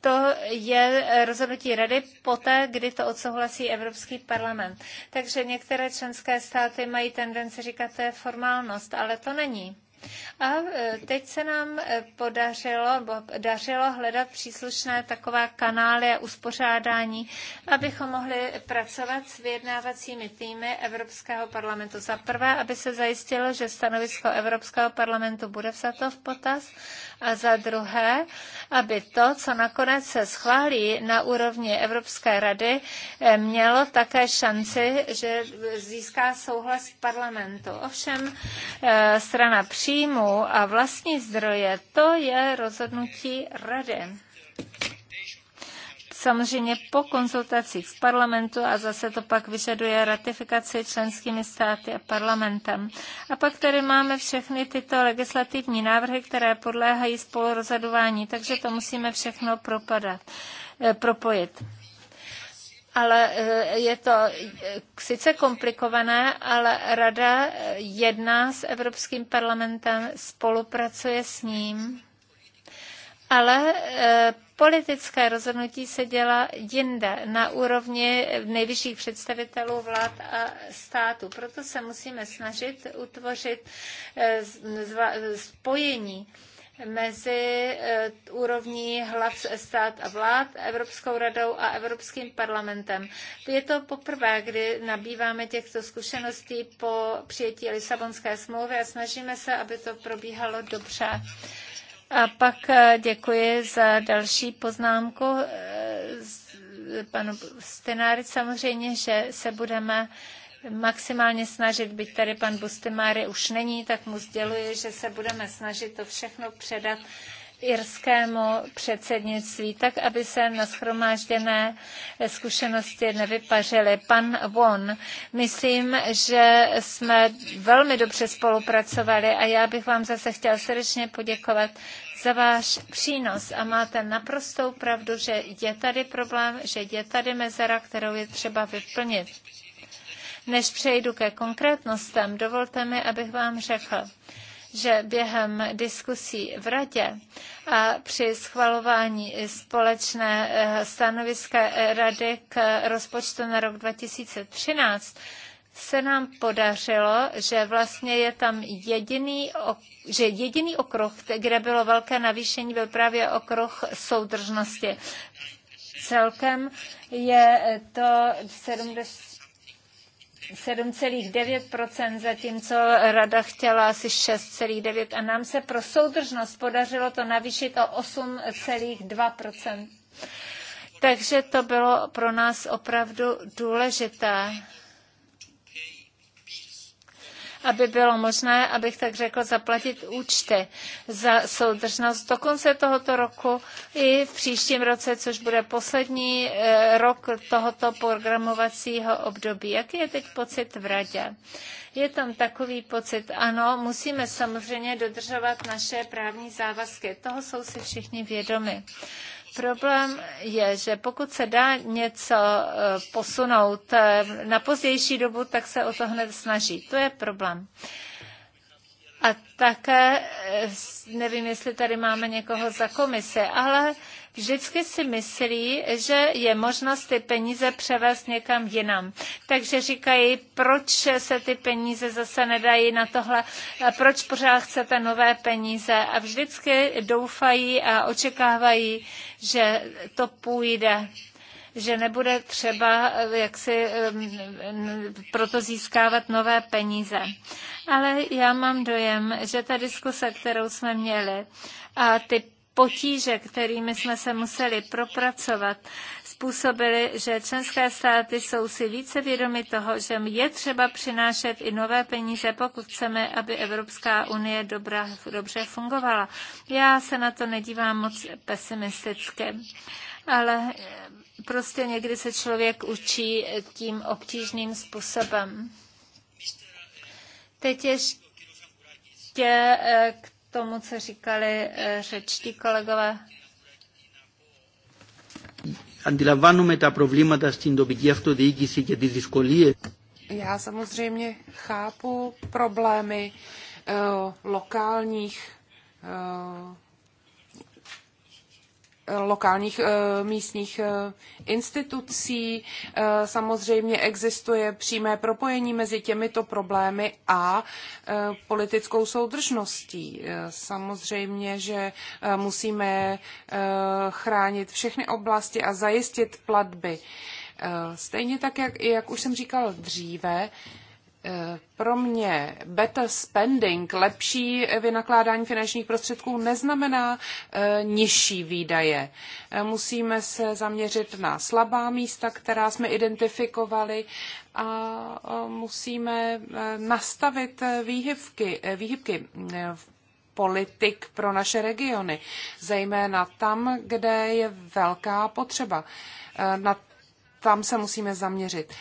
to je rozhodnutí rady poté, kdy to odsouhlasí Evropský parlament. Takže některé členské státy mají tendenci říkat, to je formálnost, ale to není. A e, teď se nám e, podařilo, bo dařilo hledat příslušné takové kanály a uspořádání, abychom mohli pracovat s vyjednávacími týmy Evropského parlamentu. Za prvé, aby se zajistilo, že stanovisko Evropského parlamentu bude vzato v potaz a za druhé, aby to, co nakonec se schválí na úrovni Evropské rady, e, mělo také šanci, že získá souhlas parlamentu. Ovšem strana přijde příjmů a vlastní zdroje, to je rozhodnutí rady samozřejmě po konzultacích v parlamentu a zase to pak vyžaduje ratifikaci členskými státy a parlamentem. A pak tady máme všechny tyto legislativní návrhy, které podléhají spolurozhodování, takže to musíme všechno propadat, eh, propojit ale eh, je to eh, sice komplikované, ale rada eh, jedná s Evropským parlamentem, spolupracuje s ním, ale politické rozhodnutí se dělá jinde, na úrovni nejvyšších představitelů vlád a států. Proto se musíme snažit utvořit spojení mezi e, úrovní hlav stát a vlád, Evropskou radou a Evropským parlamentem. Je to poprvé, kdy nabýváme těchto zkušeností po přijetí Lisabonské smlouvy a snažíme se, aby to probíhalo dobře. A pak e, děkuji za další poznámku e, panu Stenár samozřejmě, že se budeme maximálně snažit, byť tady pan Bustemáry už není, tak mu sděluji, že se budeme snažit to všechno předat irskému předsednictví, tak aby se na schromážděné zkušenosti nevypařily. Pan Won, myslím, že jsme velmi dobře spolupracovali a já bych vám zase chtěl srdečně poděkovat za váš přínos a máte naprostou pravdu, že je tady problém, že je tady mezera, kterou je třeba vyplnit. Než přejdu ke konkrétnostem, dovolte mi, abych vám řekl, že během diskusí v Radě a při schvalování společné eh, stanoviska Rady k rozpočtu na rok 2013 se nám podařilo, že vlastně je tam jediný, že jediný okruh, kde bylo velké navýšení, byl právě okruh soudržnosti. Celkem je to 70 7,9%, zatímco rada chtěla asi 6,9% a nám se pro soudržnost podařilo to navýšit o 8,2%. Takže to bylo pro nás opravdu důležité aby bylo možné, abych tak řekl, zaplatit účty za soudržnost do konce tohoto roku i v příštím roce, což bude poslední eh, rok tohoto programovacího období. Jaký je teď pocit v radě? Je tam takový pocit, ano, musíme samozřejmě dodržovat naše právní závazky. Toho jsou si všichni vědomi. Problém je, že pokud se dá něco e, posunout e, na pozdější dobu, tak se o to hned snaží. To je problém. A také, eh, nevím, jestli tady máme někoho za komise, ale vždycky si myslí, že je možnost ty peníze převést někam jinam. Takže říkají, proč se ty peníze zase nedají na tohle, proč pořád chcete nové peníze a vždycky doufají a očekávají, že to půjde že nebude třeba eh, jaksi eh, proto získávat nové peníze. Ale já mám dojem, že ta diskuse, kterou jsme měli a ty potíže, kterými jsme se museli propracovat, způsobily, že členské státy jsou si více vědomi toho, že je třeba přinášet i nové peníze, pokud chceme, aby Evropská unie dobra, dobře fungovala. Já se na to nedívám moc pesimisticky, ale prostě někdy se člověk učí tím obtížným způsobem. Teď ještě eh, k tomu, co říkali eh, řečtí kolegové. Αντιλαμβάνουμε τα προβλήματα στην τοπική αυτοδιοίκηση και τις δυσκολίες. Já samozřejmě chápu problémy uh, lokálních uh, lokálních eh, místních eh, institucí. Eh, samozřejmě existuje přímé propojení mezi těmito problémy a politickou soudržností. Samozřejmě, že musíme chránit všechny oblasti a zajistit platby. Stejně tak, jak, jak už jsem říkal dříve, Eh, pro mě better spending, lepší vynakládání finančních prostředků neznamená eh, nižší výdaje. Eh, musíme se zaměřit na slabá místa, která jsme identifikovali a musíme nastavit výhybky, výhybky politik pro naše regiony, zejména tam, kde je velká potřeba. Na, tam se musíme zaměřit.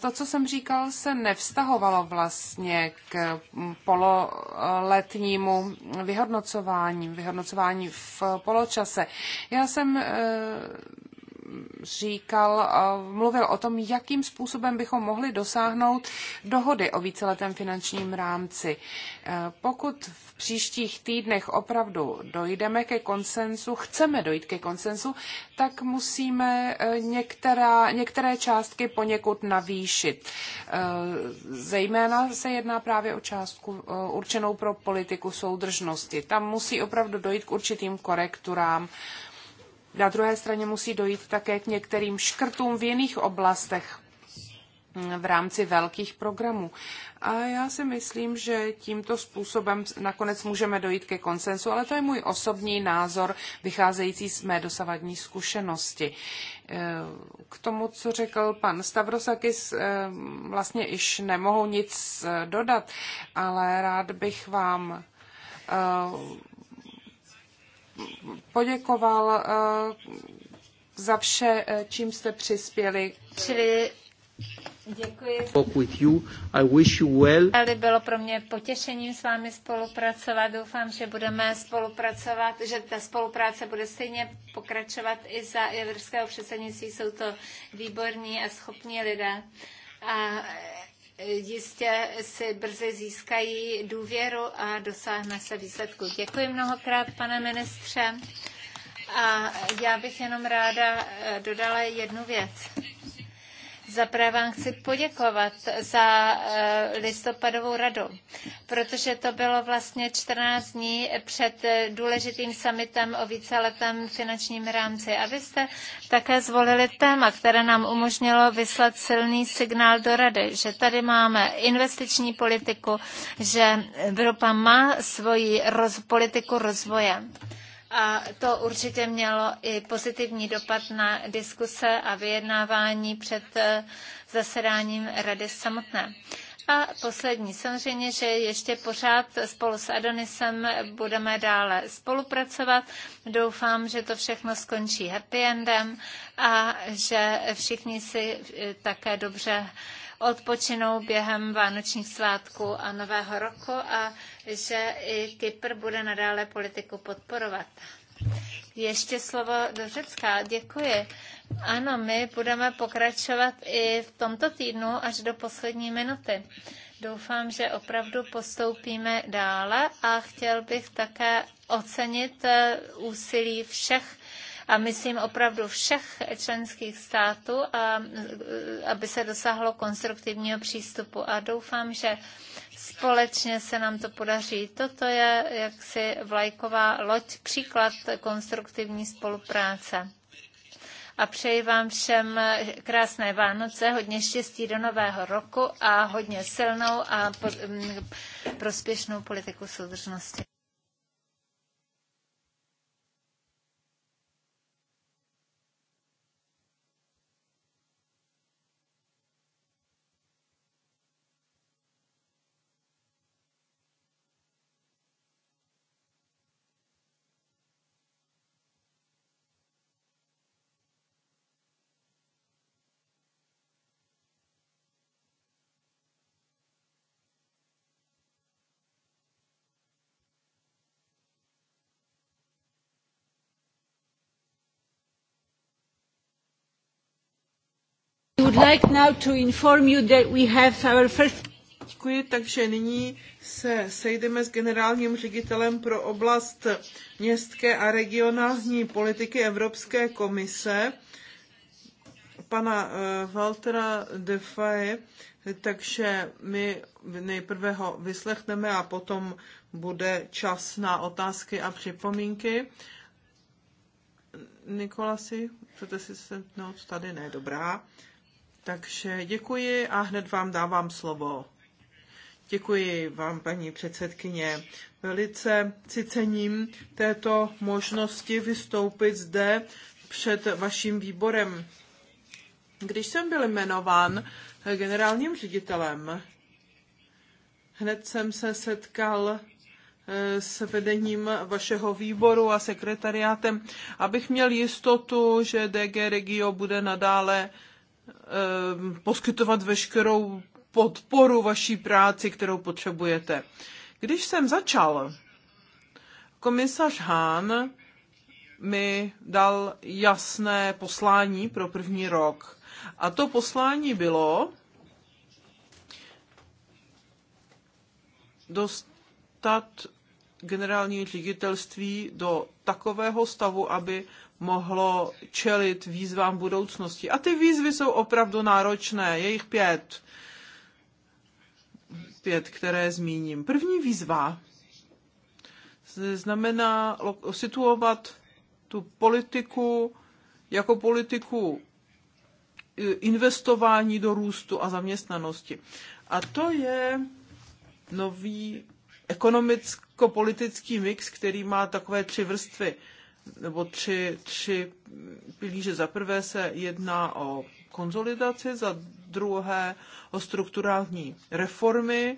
To, co jsem říkal, se nevztahovalo vlastně k pololetnímu vyhodnocování, vyhodnocování v poločase. Já jsem eh, říkal, mluvil o tom, jakým způsobem bychom mohli dosáhnout dohody o víceletém finančním rámci. E, pokud v příštích týdnech opravdu dojdeme ke konsensu, chceme dojít ke konsensu, tak musíme e, některá, některé částky poněkud navýšit. E, zejména se jedná právě o částku určenou pro politiku soudržnosti. Tam musí opravdu dojít k určitým korekturám. Na druhé straně musí dojít také k některým škrtům v jiných oblastech mm, v rámci velkých programů. A já si myslím, že tímto způsobem nakonec můžeme dojít ke konsensu, ale to je můj osobní názor, vycházející z mé dosavadní zkušenosti. E, k tomu, co řekl pan Stavrosakis, e, vlastně již nemohu nic e, dodat, ale rád bych vám poděkoval eh, za vše, eh, čím jste přispěli. Čili Děkuji. With you. I wish you well. Bylo pro mě potěšením s vámi spolupracovat. Doufám, že budeme spolupracovat, že ta spolupráce bude stejně pokračovat i za evropského předsednictví. Jsou to výborní a schopní lidé. A jistě si brzy získají důvěru a dosáhne se výsledku. Děkuji mnohokrát, pane ministře. A já bych jenom ráda eh, dodala jednu věc. Zaprvé vám chci poděkovat za eh, listopadovou radu, protože to bylo vlastně 14 dní před eh, důležitým summitem o víceletém finančním rámci. A vy jste také zvolili téma, které nám umožnilo vyslat silný signál do rady, že tady máme investiční politiku, že Evropa má svoji roz, politiku rozvoje a to určitě mělo i pozitivní dopad na diskuse a vyjednávání před eh, zasedáním rady samotné. A poslední, samozřejmě, že ještě pořád spolu s Adonisem budeme dále spolupracovat. Doufám, že to všechno skončí happy endem a že všichni si eh, také dobře odpočinou během vánočních svátků a nového roku a že i Kypr bude nadále politiku podporovat. Ještě slovo do Řecka. Děkuji. Ano, my budeme pokračovat i v tomto týdnu až do poslední minuty. Doufám, že opravdu postoupíme dále a chtěl bych také ocenit eh, úsilí všech a myslím opravdu všech členských států, a, aby se dosáhlo konstruktivního přístupu. A doufám, že společně se nám to podaří. Toto je jaksi vlajková loď, příklad konstruktivní spolupráce a přeji vám všem krásné Vánoce, hodně štěstí do nového roku a hodně silnou a prospěšnou politiku soudržnosti. takže nyní se sejdeme s generálním ředitelem pro oblast městské a regionální politiky Evropské komise, pana eh, Waltera Defaye, takže my nejprve ho vyslechneme a potom bude čas na otázky a připomínky. Nikolasi, chcete si sednout? Tady ne, dobrá. Takže děkuji a hned vám dávám slovo. Děkuji vám, paní předsedkyně. Velice si cením této možnosti vystoupit zde před vaším výborem. Když jsem byl jmenován generálním ředitelem, hned jsem se setkal eh, s vedením vašeho výboru a sekretariátem, abych měl jistotu, že DG Regio bude nadále Ehm, poskytovat veškerou podporu vaší práci, kterou potřebujete. Když jsem začal, komisař Hahn mi dal jasné poslání pro první rok. A to poslání bylo dostat generální ředitelství do takového stavu, aby mohlo čelit výzvám budoucnosti. A ty výzvy jsou opravdu náročné, je jich pět. Pět, které zmíním. První výzva znamená situovat tu politiku jako politiku investování do růstu a zaměstnanosti. A to je nový ekonomicko-politický mix, který má takové tři vrstvy nebo tři, tři pilíře. Za prvé se jedná o konzolidaci, za druhé o strukturální reformy.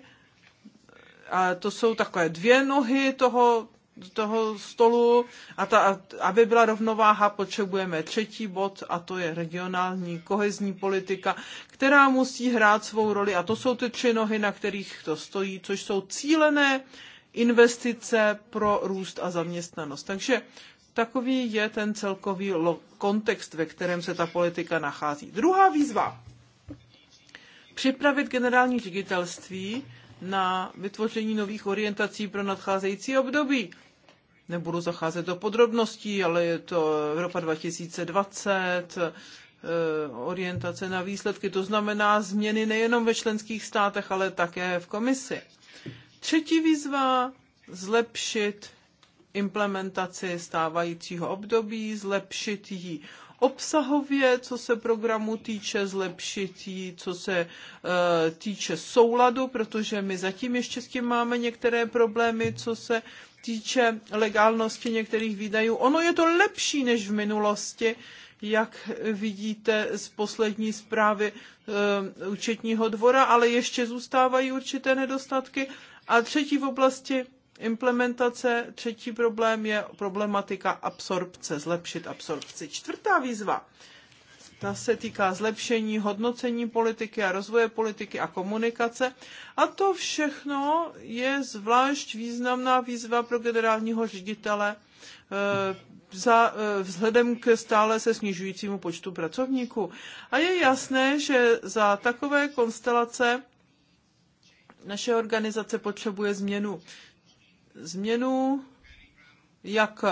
A to jsou takové dvě nohy toho, toho stolu a ta, aby byla rovnováha, potřebujeme třetí bod a to je regionální kohezní politika, která musí hrát svou roli a to jsou ty tři nohy, na kterých to stojí, což jsou cílené investice pro růst a zaměstnanost. Takže Takový je ten celkový kontext, ve kterém se ta politika nachází. Druhá výzva. Připravit generální ředitelství na vytvoření nových orientací pro nadcházející období. Nebudu zacházet do podrobností, ale je to Evropa 2020, eh, orientace na výsledky, to znamená změny nejenom ve členských státech, ale také v komisi. Třetí výzva zlepšit implementaci stávajícího období, zlepšit ji obsahově, co se programu týče, zlepšit ji, co se uh, týče souladu, protože my zatím ještě s tím máme některé problémy, co se týče legálnosti některých výdajů. Ono je to lepší než v minulosti, jak vidíte z poslední zprávy e, účetního dvora, ale ještě zůstávají určité nedostatky. A třetí v oblasti implementace. Třetí problém je problematika absorpce, zlepšit absorpci. Čtvrtá výzva, ta se týká zlepšení hodnocení politiky a rozvoje politiky a komunikace. A to všechno je zvlášť významná výzva pro generálního ředitele e, za, e, vzhledem k stále se snižujícímu počtu pracovníků. A je jasné, že za takové konstelace naše organizace potřebuje změnu změnu, jak eh,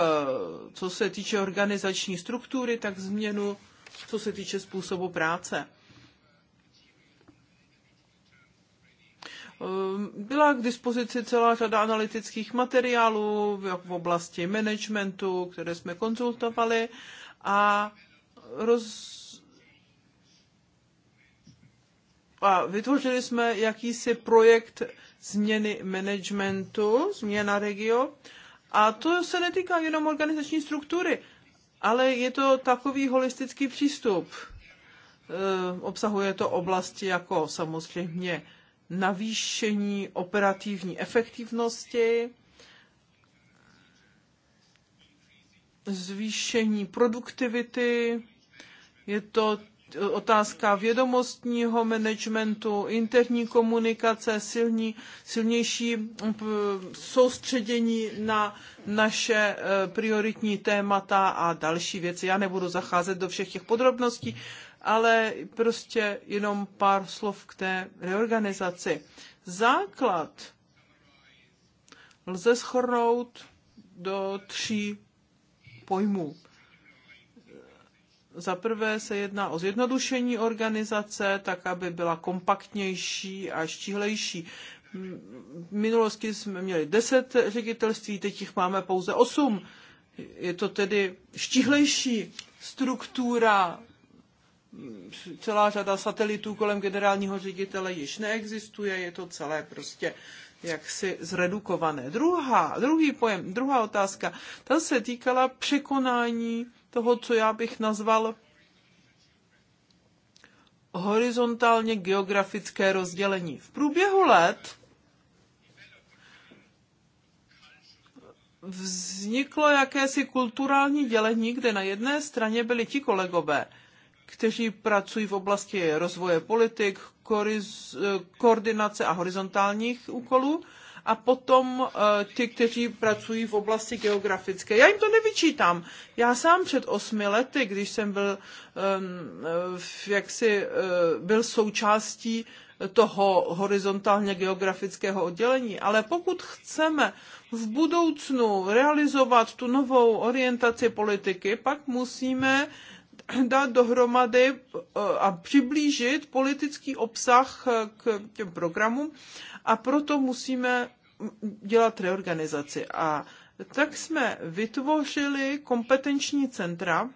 co se týče organizační struktury, tak změnu, co se týče způsobu práce. Eh, byla k dispozici celá řada analytických materiálů jak v oblasti managementu, které jsme konzultovali a, roz... a vytvořili jsme jakýsi projekt změny managementu, změna regio. A to se netýká jenom organizační struktury, ale je to takový holistický přístup. Eh, obsahuje to oblasti jako samozřejmě navýšení operativní efektivnosti, zvýšení produktivity, je to otázka vědomostního managementu, interní komunikace, silní, silnější mm, soustředění na naše e, prioritní témata a další věci. Já nebudu zacházet do všech těch podrobností, ale prostě jenom pár slov k té reorganizaci. Základ lze schornout do tří pojmů. Za prvé se jedná o zjednodušení organizace, tak aby byla kompaktnější a štíhlejší. V minulosti jsme měli 10 ředitelství, teď jich máme pouze 8. Je to tedy štíhlejší struktura. Celá řada satelitů kolem generálního ředitele již neexistuje, je to celé prostě jaksi zredukované. Druhá, druhý pojem, druhá otázka, ta se týkala překonání toho, co já bych nazval horizontálně geografické rozdělení. V průběhu let vzniklo jakési kulturální dělení, kde na jedné straně byli ti kolegové, kteří pracují v oblasti rozvoje politik, eh, koordinace a horizontálních úkolů, a potom eh, ty, kteří pracují v oblasti geografické. Já jim to nevyčítám. Já sám před osmi lety, když jsem byl, jaksi, eh, byl součástí toho horizontálně geografického oddělení, ale pokud chceme v budoucnu realizovat tu novou orientaci politiky, pak musíme dát dohromady e, a přiblížit politický obsah e, k těm programům a proto musíme dělat reorganizaci. A tak jsme vytvořili kompetenční centra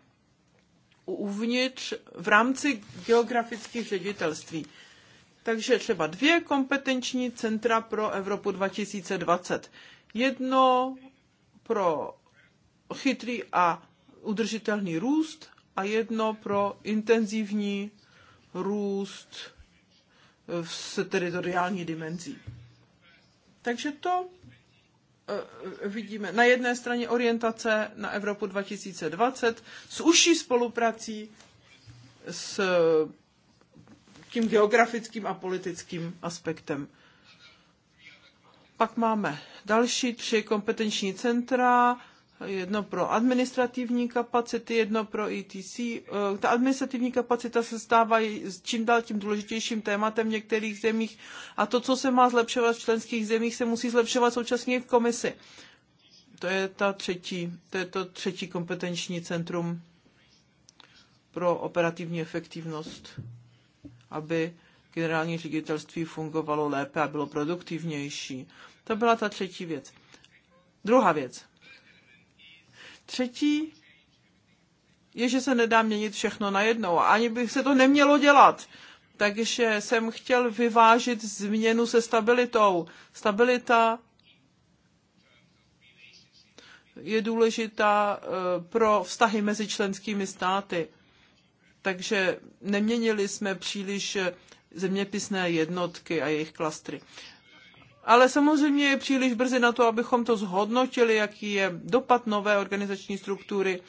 uvnitř v rámci geografických ředitelství. Takže třeba dvě kompetenční centra pro Evropu 2020. Jedno pro chytrý a udržitelný růst a jedno pro intenzivní růst s teritoriální dimenzí. Takže to eh, vidíme na jedné straně orientace na Evropu 2020 s užší spoluprací s tím geografickým a politickým aspektem. Pak máme další tři kompetenční centra, jedno pro administrativní kapacity, jedno pro ETC. Eh, ta administrativní kapacita se stává čím dál tím důležitějším tématem v některých zemích a to, co se má zlepšovat v členských zemích, se musí zlepšovat současně v komisi. To je, ta třetí, to je to třetí kompetenční centrum pro operativní efektivnost, aby generální ředitelství fungovalo lépe a bylo produktivnější. To byla ta třetí věc. Druhá věc. Třetí je, že se nedá měnit všechno najednou. Ani bych se to nemělo dělat. Takže jsem chtěl vyvážit změnu se stabilitou. Stabilita je důležitá eh, pro vztahy mezi členskými státy. Takže neměnili jsme příliš eh, zeměpisné jednotky a jejich klastry. Ale samozřejmě je příliš brzy na to, abychom to zhodnotili, jaký je dopad nové organizační struktury.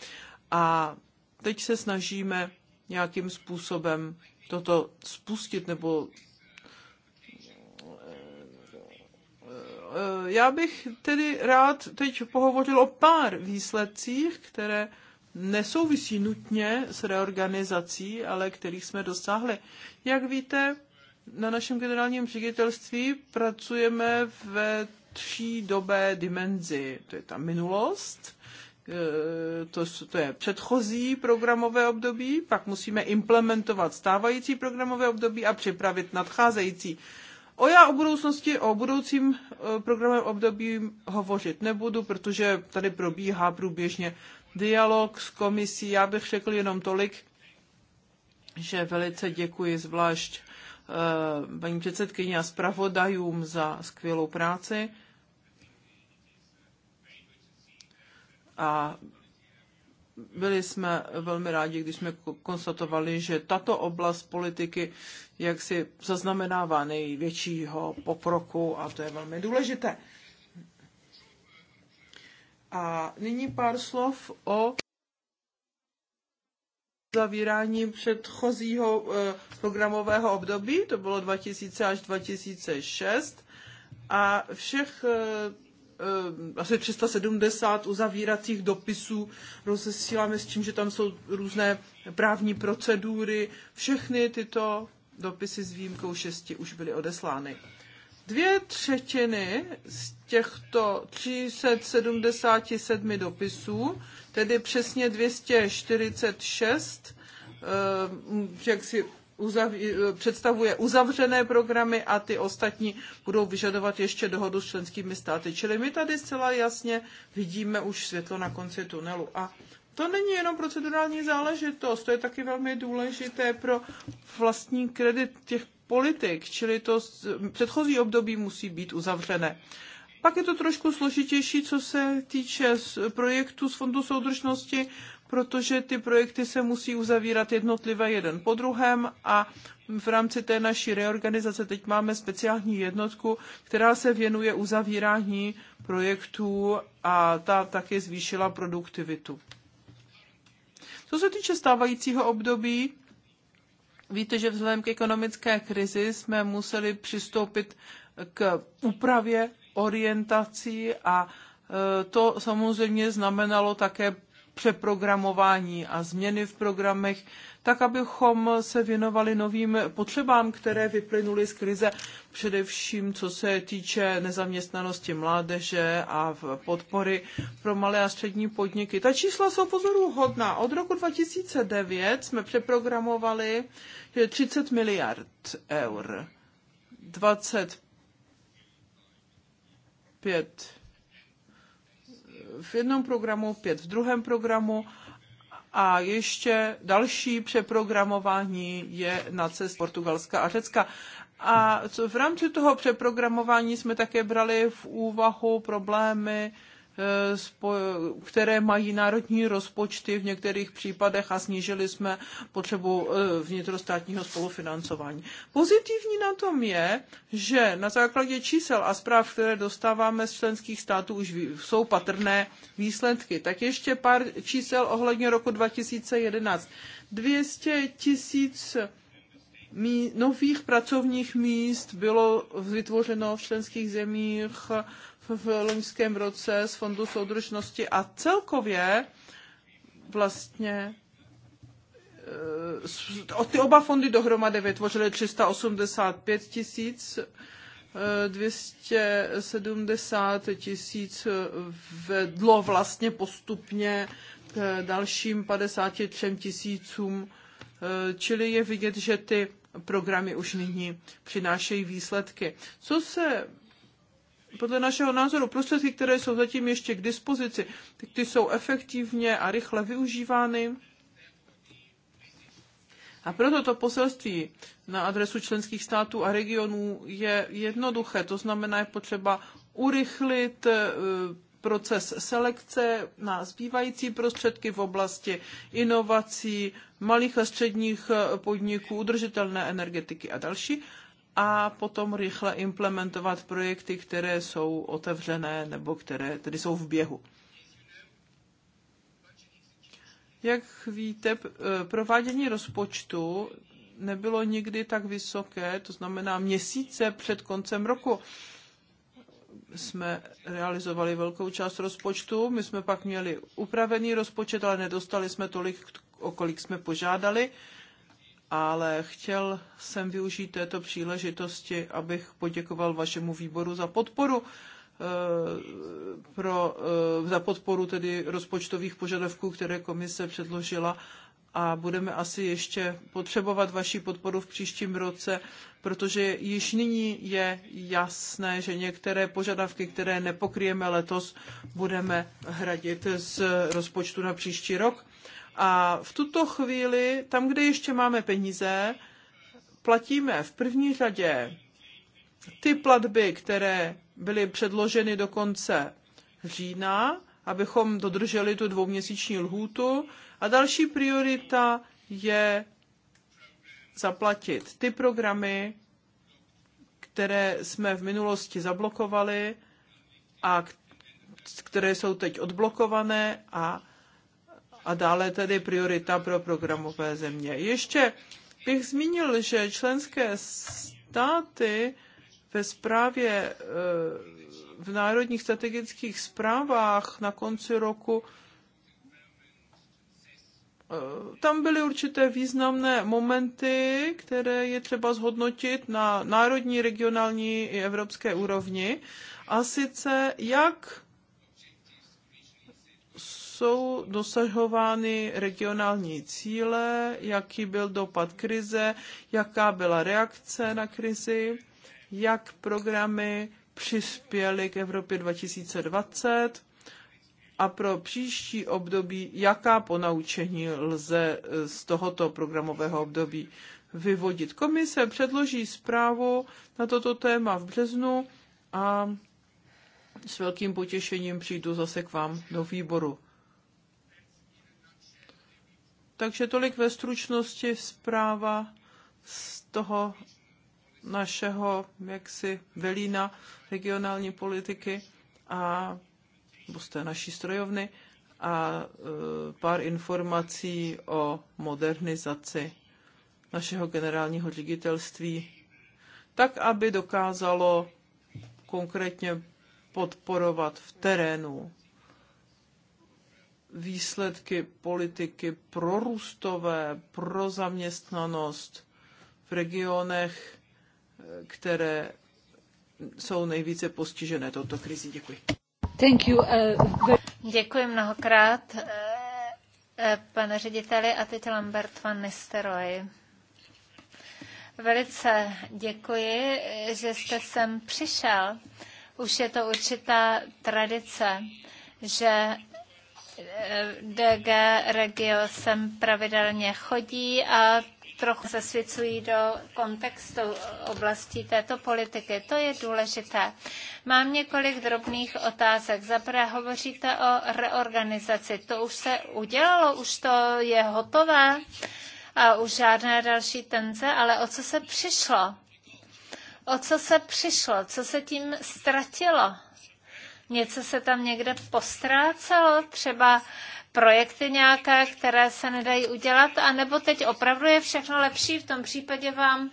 A teď se snažíme nějakým způsobem toto spustit nebo eh, já bych tedy rád teď pohovořil o pár výsledcích, které nesouvisí nutně s reorganizací, ale kterých jsme dosáhli. Jak víte, na našem generálním ředitelství pracujeme ve tří dobé dimenzi. To je ta minulost, e, to, to je předchozí programové období, pak musíme implementovat stávající programové období a připravit nadcházející. O já o budoucnosti, o budoucím e, programovém období hovořit nebudu, protože tady probíhá průběžně dialog s komisí. Já bych řekl jenom tolik, že velice děkuji zvlášť Eh, paní předsedkyni a zpravodajům za skvělou práci. A byli jsme velmi rádi, když jsme konstatovali, že tato oblast politiky jak si zaznamenává největšího pokroku a to je velmi důležité. A nyní pár slov o zavíráním předchozího eh, programového období, to bylo 2000 až 2006, a všech eh, eh, asi 370 uzavíracích dopisů rozesíláme s tím, že tam jsou různé právní procedury. Všechny tyto dopisy s výjimkou šesti už byly odeslány. Dvě třetiny z těchto 377 dopisů tedy přesně 246, eh, jak si uzav, představuje uzavřené programy a ty ostatní budou vyžadovat ještě dohodu s členskými státy. Čili my tady zcela jasně vidíme už světlo na konci tunelu. A to není jenom procedurální záležitost, to je taky velmi důležité pro vlastní kredit těch politik, čili to předchozí období musí být uzavřené. Pak je to trošku složitější, co se týče projektu z Fondu soudržnosti, protože ty projekty se musí uzavírat jednotlivé jeden po druhém a v rámci té naší reorganizace teď máme speciální jednotku, která se věnuje uzavírání projektů a ta taky zvýšila produktivitu. Co se týče stávajícího období, víte, že vzhledem k ekonomické krizi jsme museli přistoupit k úpravě orientací a e, to samozřejmě znamenalo také přeprogramování a změny v programech, tak abychom se věnovali novým potřebám, které vyplynuly z krize, především co se týče nezaměstnanosti mládeže a podpory pro malé a střední podniky. Ta čísla jsou pozoruhodná. Od roku 2009 jsme přeprogramovali 30 miliard eur. 20 pět v jednom programu, pět v druhém programu a ještě další přeprogramování je na cestě Portugalska a Řecka. A v rámci toho přeprogramování jsme také brali v úvahu problémy Eh, které mají národní rozpočty v některých případech a snížili jsme potřebu eh, vnitrostátního spolufinancování. Pozitivní na tom je, že na základě čísel a zpráv, které dostáváme z členských států, už jsou patrné výsledky. Tak ještě pár čísel ohledně roku 2011. 200 tisíc 000 nových pracovních míst bylo vytvořeno v členských zemích v, v loňském roce z Fondu soudržnosti a celkově vlastně eh, ty oba fondy dohromady vytvořily 385 tisíc 270 eh, tisíc vedlo vlastně postupně k dalším 53 tisícům, eh, čili je vidět, že ty programy už nyní přinášejí výsledky. Co se podle našeho názoru prostředky, které jsou zatím ještě k dispozici, tak ty jsou efektivně a rychle využívány. A proto to poselství na adresu členských států a regionů je jednoduché. To znamená, je potřeba urychlit eh, proces selekce na zbývající prostředky v oblasti inovací, malých a středních eh, podniků, udržitelné energetiky a další a potom rychle implementovat projekty, které jsou otevřené nebo které tedy jsou v běhu. Jak víte, eh, provádění rozpočtu nebylo nikdy tak vysoké, to znamená měsíce před koncem roku jsme realizovali velkou část rozpočtu. My jsme pak měli upravený rozpočet, ale nedostali jsme tolik, o kolik jsme požádali. Ale chtěl jsem využít této příležitosti, abych poděkoval vašemu výboru za podporu eh, pro, eh, za podporu tedy rozpočtových požadavků, které komise předložila a budeme asi ještě potřebovat vaši podporu v příštím roce, protože již nyní je jasné, že některé požadavky, které nepokryjeme letos, budeme hradit z rozpočtu na příští rok. A v tuto chvíli, tam, kde ještě máme peníze, platíme v první řadě ty platby, které byly předloženy do konce října, abychom dodrželi tu dvouměsíční lhůtu. A další priorita je zaplatit ty programy, které jsme v minulosti zablokovali a které jsou teď odblokované a, a dále tedy priorita pro programové země. Ještě bych zmínil, že členské státy ve zprávě eh, v národních strategických zprávách na konci roku eh, tam byly určité významné momenty, které je třeba zhodnotit na národní, regionální i evropské úrovni. A sice jak jsou dosahovány regionální cíle, jaký byl dopad krize, jaká byla reakce na krizi, jak programy přispěli k Evropě 2020 a pro příští období, jaká ponaučení lze eh, z tohoto programového období vyvodit. Komise předloží zprávu na toto téma v březnu a s velkým potěšením přijdu zase k vám do výboru. Takže tolik ve stručnosti zpráva z toho našeho jaksi velína regionální politiky a z té naší strojovny a e, pár informací o modernizaci našeho generálního ředitelství, tak aby dokázalo konkrétně podporovat v terénu výsledky politiky prorůstové, pro zaměstnanost v regionech, které jsou nejvíce postižené touto krizí. Děkuji. Thank you, uh, Děkuji mnohokrát, uh, uh, pane řediteli, a teď Lambert van Nisteroy. Velice děkuji, že jste sem přišel. Už je to určitá tradice, že uh, DG Regio sem pravidelně chodí a trochu zasvěcují do kontextu oblastí této politiky. To je důležité. Mám několik drobných otázek. Zaprvé hovoříte o reorganizaci. To už se udělalo, už to je hotové a už žádné další tenze, ale o co se přišlo? O co se přišlo? Co se tím ztratilo? Něco se tam někde postrácelo, třeba projekty nějaké, které se nedají udělat, anebo teď opravdu je všechno lepší, v tom případě vám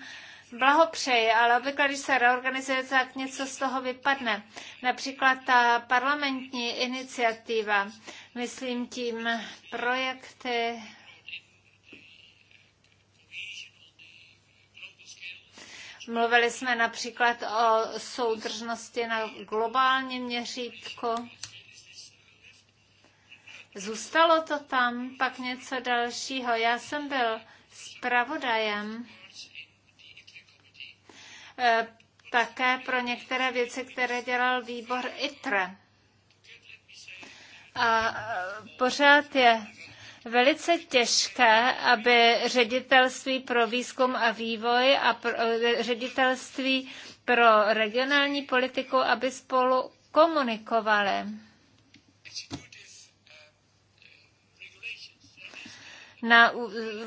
blahopřeji, ale obvykle, když se reorganizuje, tak něco z toho vypadne. Například ta parlamentní iniciativa, myslím tím projekty, Mluvili jsme například o soudržnosti na globálním měřítku. Zůstalo to tam, pak něco dalšího. Já jsem byl zpravodajem eh, také pro některé věci, které dělal výbor ITRE. A eh, pořád je velice těžké, aby ředitelství pro výzkum a vývoj a pro, eh, ředitelství pro regionální politiku, aby spolu komunikovali. na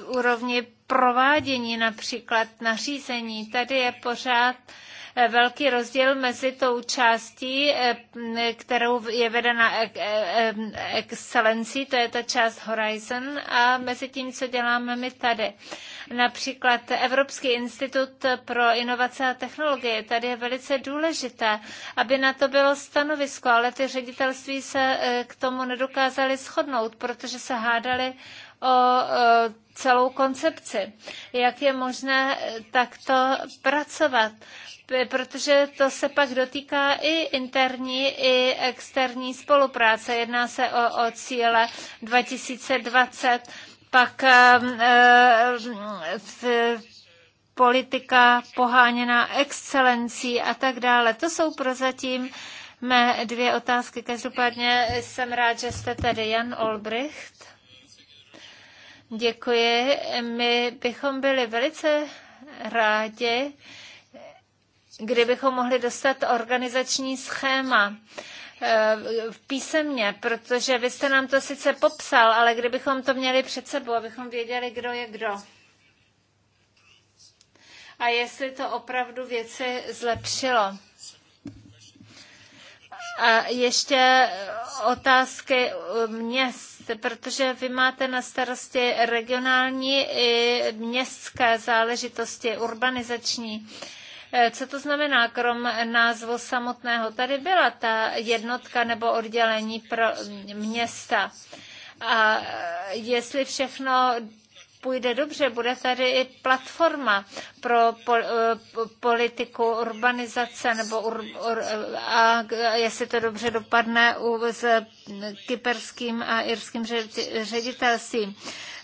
úrovni provádění například nařízení. Tady je pořád eh, velký rozdíl mezi tou částí, eh, kterou je vedena e, e, e, excelencí, to je ta část Horizon, a mezi tím, co děláme my tady. Například Evropský institut pro inovace a technologie. Tady je velice důležité, aby na to bylo stanovisko, ale ty ředitelství se eh, k tomu nedokázali shodnout, protože se hádali o celou koncepci. Jak je možné takto pracovat? protože to se pak dotýká i interní, i externí spolupráce. Jedná se o, o cíle 2020, pak e, e politika poháněná excelencí a tak dále. To jsou prozatím mé dvě otázky. Každopádně jsem rád, že jste tady, Jan Olbricht. Děkuji. My bychom byli velice rádi, kdybychom mohli dostat organizační schéma eh, v písemně, protože vy jste nám to sice popsal, ale kdybychom to měli před sebou, abychom věděli, kdo je kdo. A jestli to opravdu věci zlepšilo. A ještě eh, otázky eh, měst, protože vy máte na starosti regionální i městské záležitosti, urbanizační. Eh, co to znamená, krom názvu samotného? Tady byla ta jednotka nebo oddělení pro města. A jestli všechno půjde dobře, bude tady i platforma pro eh, politiku urbanizace nebo ur, ur, a jestli to dobře dopadne u, s kyperským a irským ředitelstvím.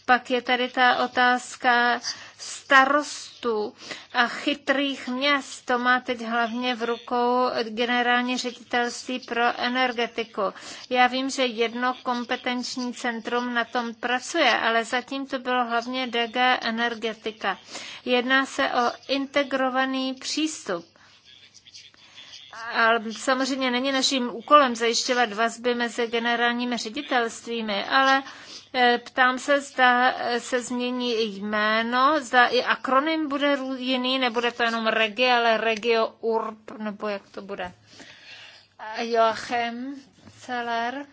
Pak je tady ta otázka starostů a chytrých měst. To má teď hlavně v rukou generální ředitelství pro energetiku. Já vím, že jedno kompetenční centrum na tom pracuje, ale zatím to bylo hlavně DG Energetika. Jedná se o integrovaný přístup. Ale samozřejmě není naším úkolem zajišťovat vazby mezi generálními ředitelstvími, ale Eh, ptám se, zda eh, se změní i jméno, zda i akronym bude jiný, nebude to jenom Regi, ale Regio Urb, nebo jak to bude. Eh, Joachim Celer.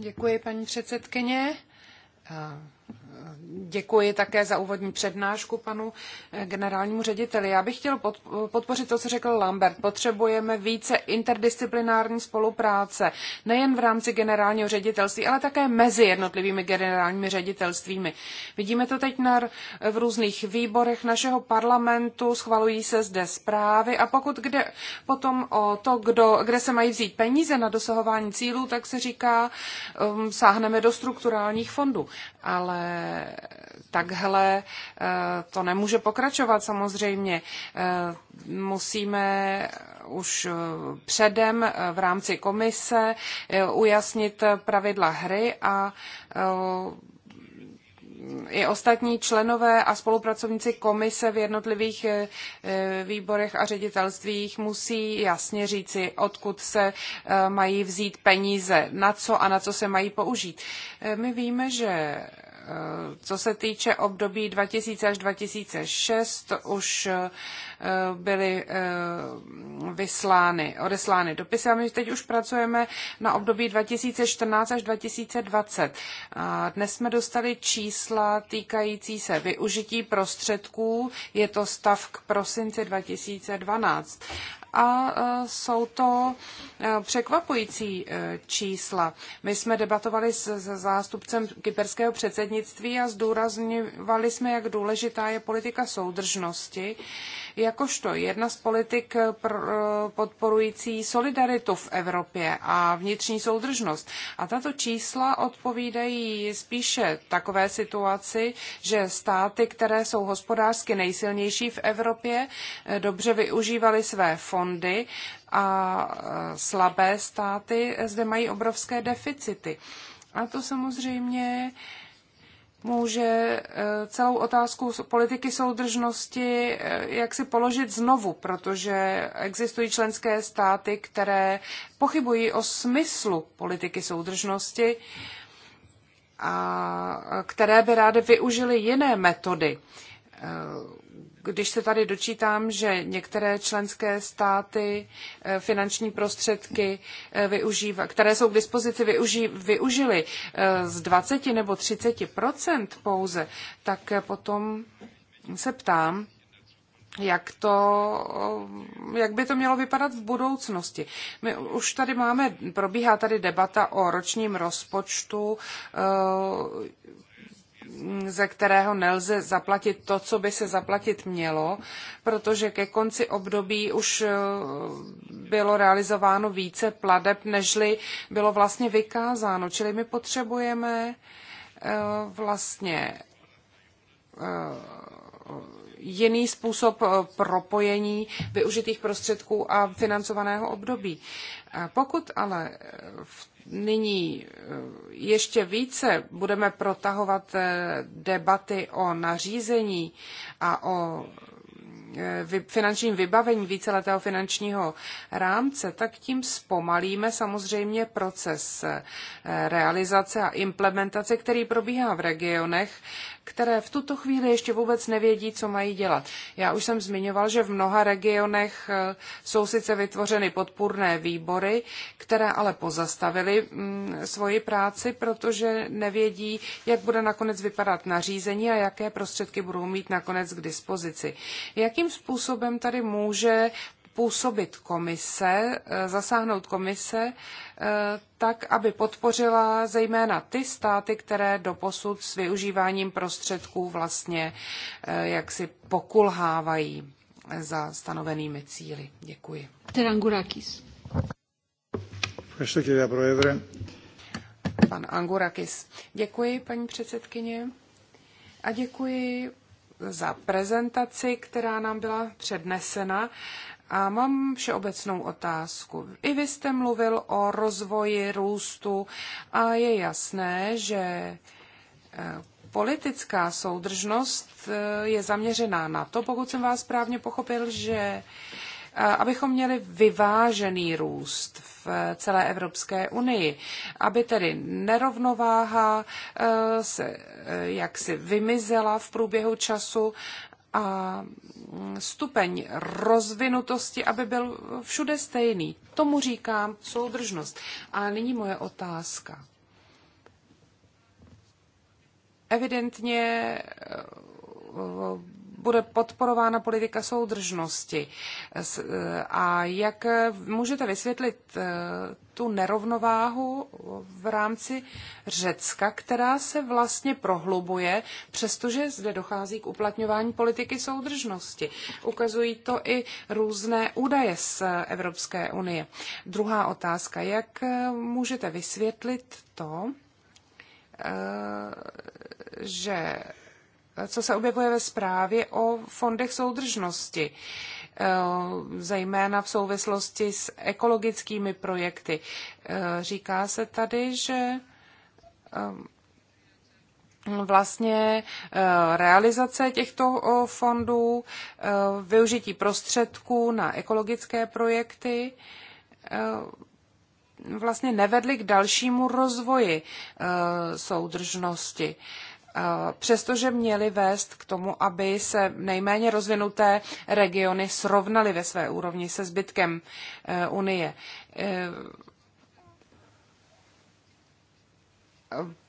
Děkuji, paní předsedkyně. Děkuji také za úvodní přednášku panu eh, generálnímu řediteli. Já bych chtěl eh, podpořit to, co řekl Lambert. Potřebujeme více interdisciplinární spolupráce, nejen v rámci generálního ředitelství, ale také mezi jednotlivými generálními ředitelstvími. Vidíme to teď na, v různých výborech našeho parlamentu, schvalují se zde zprávy a pokud kde potom o to, kdo, kde se mají vzít peníze na dosahování cílů, tak se říká, um, sáhneme do strukturálních fondů. Ale takhle eh, to nemůže pokračovat samozřejmě. Eh, musíme už eh, předem v rámci komise ujasnit pravidla hry a i ostatní členové a spolupracovníci komise v jednotlivých výborech a ředitelstvích musí jasně říci, odkud se mají vzít peníze, na co a na co se mají použít. My víme, že Eh, co se týče období 2000 až 2006, už eh, byly eh, vyslány, odeslány dopisy a my teď už pracujeme na období 2014 až 2020. Dnes jsme dostali čísla týkající se využití prostředků, je to stav k prosinci 2012 a e, jsou to e, překvapující e, čísla. My jsme debatovali s zástupcem kyperského předsednictví a zdůrazňovali jsme, jak důležitá je politika soudržnosti, jakožto jedna z politik podporující solidaritu v Evropě a vnitřní soudržnost. A tato čísla odpovídají spíše takové situaci, že státy, které jsou hospodářsky nejsilnější v Evropě, dobře využívaly své fondy fondy a e, slabé státy zde mají obrovské deficity. A to samozřejmě může e, celou otázku politiky soudržnosti e, jak si položit znovu, protože existují členské státy, které pochybují o smyslu politiky soudržnosti a které by rády využili jiné metody když se tady dočítám, že některé členské státy eh, finanční prostředky, eh, využíva, které jsou k dispozici, využí, využili eh, z 20 nebo 30 pouze, tak potom se ptám, jak, to, jak by to mělo vypadat v budoucnosti. My už tady máme, probíhá tady debata o ročním rozpočtu ze kterého nelze zaplatit to, co by se zaplatit mělo, protože ke konci období už eh, bylo realizováno více pladeb, nežli bylo vlastně vykázáno. Čili my potřebujeme eh, vlastně eh, jiný způsob propojení využitých prostředků a financovaného období. Pokud ale v nyní eh, ještě více budeme protahovat eh, debaty o nařízení a o eh, finančním vybavení víceletého finančního rámce, tak tím zpomalíme samozřejmě proces realizace a implementace, který probíhá v regionech, které v tuto chvíli ještě vůbec nevědí, co mají dělat. Já už jsem zmiňoval, že v mnoha regionech eh, jsou sice vytvořeny podpůrné výbory, které ale pozastavily mm, svoji práci, protože nevědí, jak bude nakonec vypadat nařízení a jaké prostředky budou mít nakonec k dispozici. Jakým způsobem tady může působit komise, eh, zasáhnout komise, eh, tak, aby podpořila zejména ty státy, které doposud s využíváním prostředků vlastně eh, jaksi pokulhávají za stanovenými cíly. Děkuji. Terangurakis. Pan Angurakis. Děkuji, paní předsedkyně. A děkuji za prezentaci, která nám byla přednesena. A mám všeobecnou otázku. I vy jste mluvil o rozvoji, růstu a je jasné, že eh, politická soudržnost eh, je zaměřená na to, pokud jsem vás správně pochopil, že eh, abychom měli vyvážený růst v celé Evropské unii, aby tedy nerovnováha se jaksi vymizela v průběhu času a stupeň rozvinutosti, aby byl všude stejný. Tomu říkám soudržnost. A nyní moje otázka. Evidentně eh, bude podporována politika soudržnosti. Eh, a jak můžete vysvětlit eh, tu nerovnováhu v rámci Řecka, která se vlastně prohlubuje, přestože zde dochází k uplatňování politiky soudržnosti. Ukazují to i různé údaje z Evropské unie. Druhá otázka, jak eh, můžete vysvětlit to, že Eh, co se objevuje ve zprávě o fondech soudržnosti, eh, zejména v souvislosti s ekologickými projekty. Eh, říká se tady, že vlastně realizace těchto fondů, využití prostředků na ekologické projekty vlastně nevedly k dalšímu rozvoji soudržnosti. Eh, přestože měly vést k tomu, aby se nejméně rozvinuté regiony srovnaly ve své úrovni se zbytkem eh, Unie. Eh,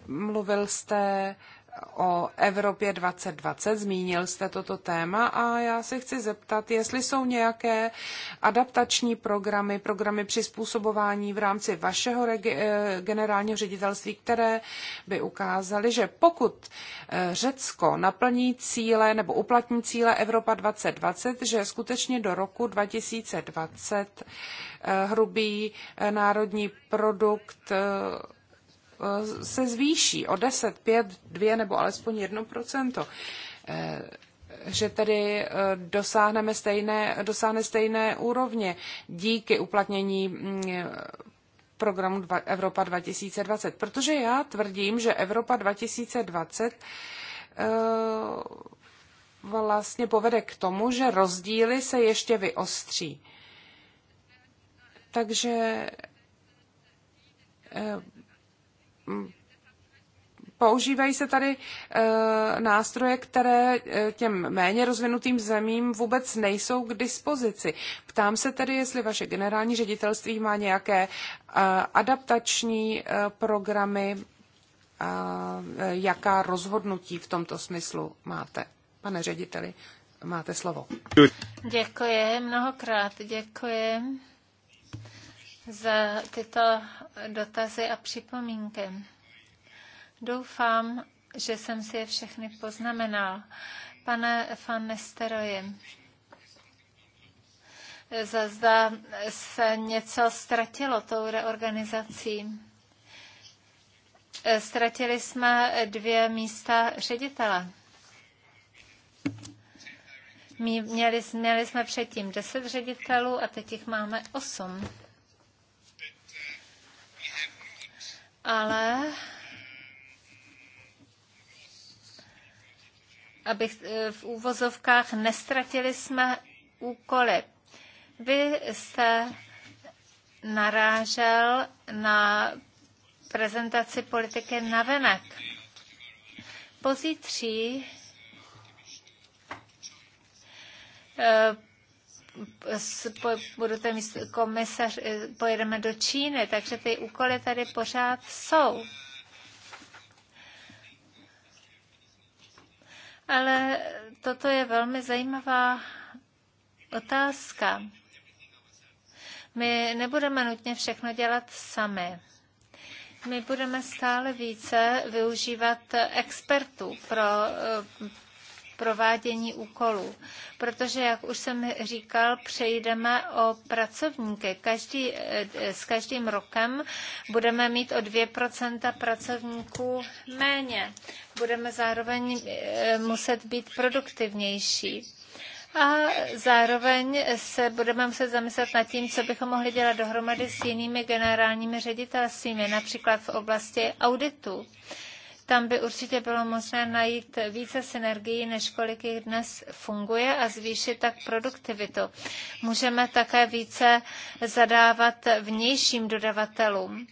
mluvil jste o Evropě 2020. Zmínil jste toto téma a já se chci zeptat, jestli jsou nějaké adaptační programy, programy přizpůsobování v rámci vašeho eh, generálního ředitelství, které by ukázaly, že pokud eh, Řecko naplní cíle nebo uplatní cíle Evropa 2020, že skutečně do roku 2020 eh, hrubý národní produkt Eh, se zvýší o 10, 5, 2 nebo alespoň 1%. Eh, že tedy eh, dosáhneme stejné, dosáhne stejné úrovně díky uplatnění mm, programu Evropa 2020. Protože já tvrdím, že Evropa 2020 vlastně povede k tomu, že rozdíly se ještě vyostří. Takže používají se tady e, nástroje, které e, těm méně rozvinutým zemím vůbec nejsou k dispozici. Ptám se tedy, jestli vaše generální ředitelství má nějaké e, adaptační e, programy a e, jaká rozhodnutí v tomto smyslu máte. Pane řediteli, máte slovo. Děkuji mnohokrát, děkuji za tyto dotazy a připomínky. Doufám, že jsem si je všechny poznamenal. Pane Van Nesteroji, zazda se něco ztratilo tou reorganizací. Ztratili jsme dvě místa ředitele. Měli, měli jsme předtím deset ředitelů a teď jich máme osm. ale abych eh, v úvozovkách nestratili jsme úkoly. Vy jste narážel na prezentaci politiky navenek. Pozítří eh, budete mít komisař, eh, pojedeme do Číny, takže ty úkoly tady pořád jsou. Ale toto je velmi zajímavá otázka. My nebudeme nutně všechno dělat sami. My budeme stále více využívat expertů pro eh, provádění úkolů. Protože, jak už jsem říkal, přejdeme o pracovníky. Každý, eh, s každým rokem budeme mít o 2% pracovníků méně. Budeme zároveň eh, muset být produktivnější. A zároveň se budeme muset zamyslet nad tím, co bychom mohli dělat dohromady s jinými generálními ředitelstvími, například v oblasti auditu tam by určitě bylo možné najít více synergií, než kolik jich dnes funguje a zvýšit tak produktivitu. Můžeme také více zadávat vnějším dodavatelům.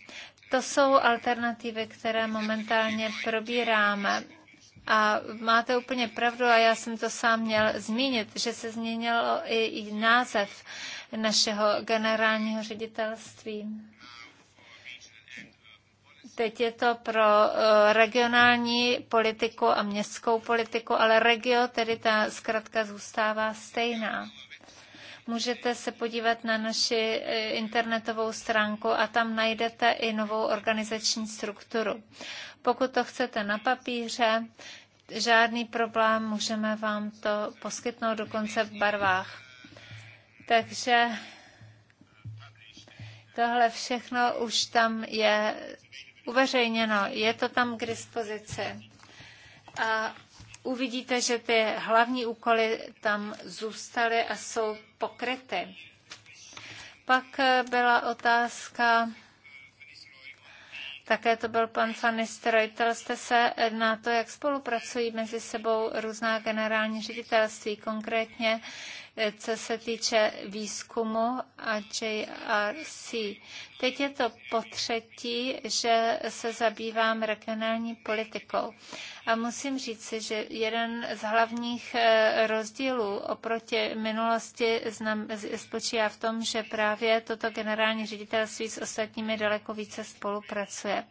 To jsou alternativy, které momentálně probíráme. A máte úplně pravdu, a já jsem to sám měl zmínit, že se změnil i, i název našeho generálního ředitelství. Teď je to pro eh, regionální politiku a městskou politiku, ale regio, tedy ta zkratka zůstává stejná. Můžete se podívat na naši eh, internetovou stránku a tam najdete i novou organizační strukturu. Pokud to chcete na papíře, žádný problém, můžeme vám to poskytnout dokonce v barvách. Takže tohle všechno už tam je uveřejněno, je to tam k dispozici. A uvidíte, že ty hlavní úkoly tam zůstaly a jsou pokryty. Pak byla otázka, také to byl pan Fanistroj, ptal jste se na to, jak spolupracují mezi sebou různá generální ředitelství, konkrétně co se týče výzkumu a JRC. Teď je to po třetí, že se zabývám regionální politikou. A musím říci, že jeden z hlavních eh, rozdílů oproti minulosti spočívá v tom, že právě toto generální ředitelství s ostatními daleko více spolupracuje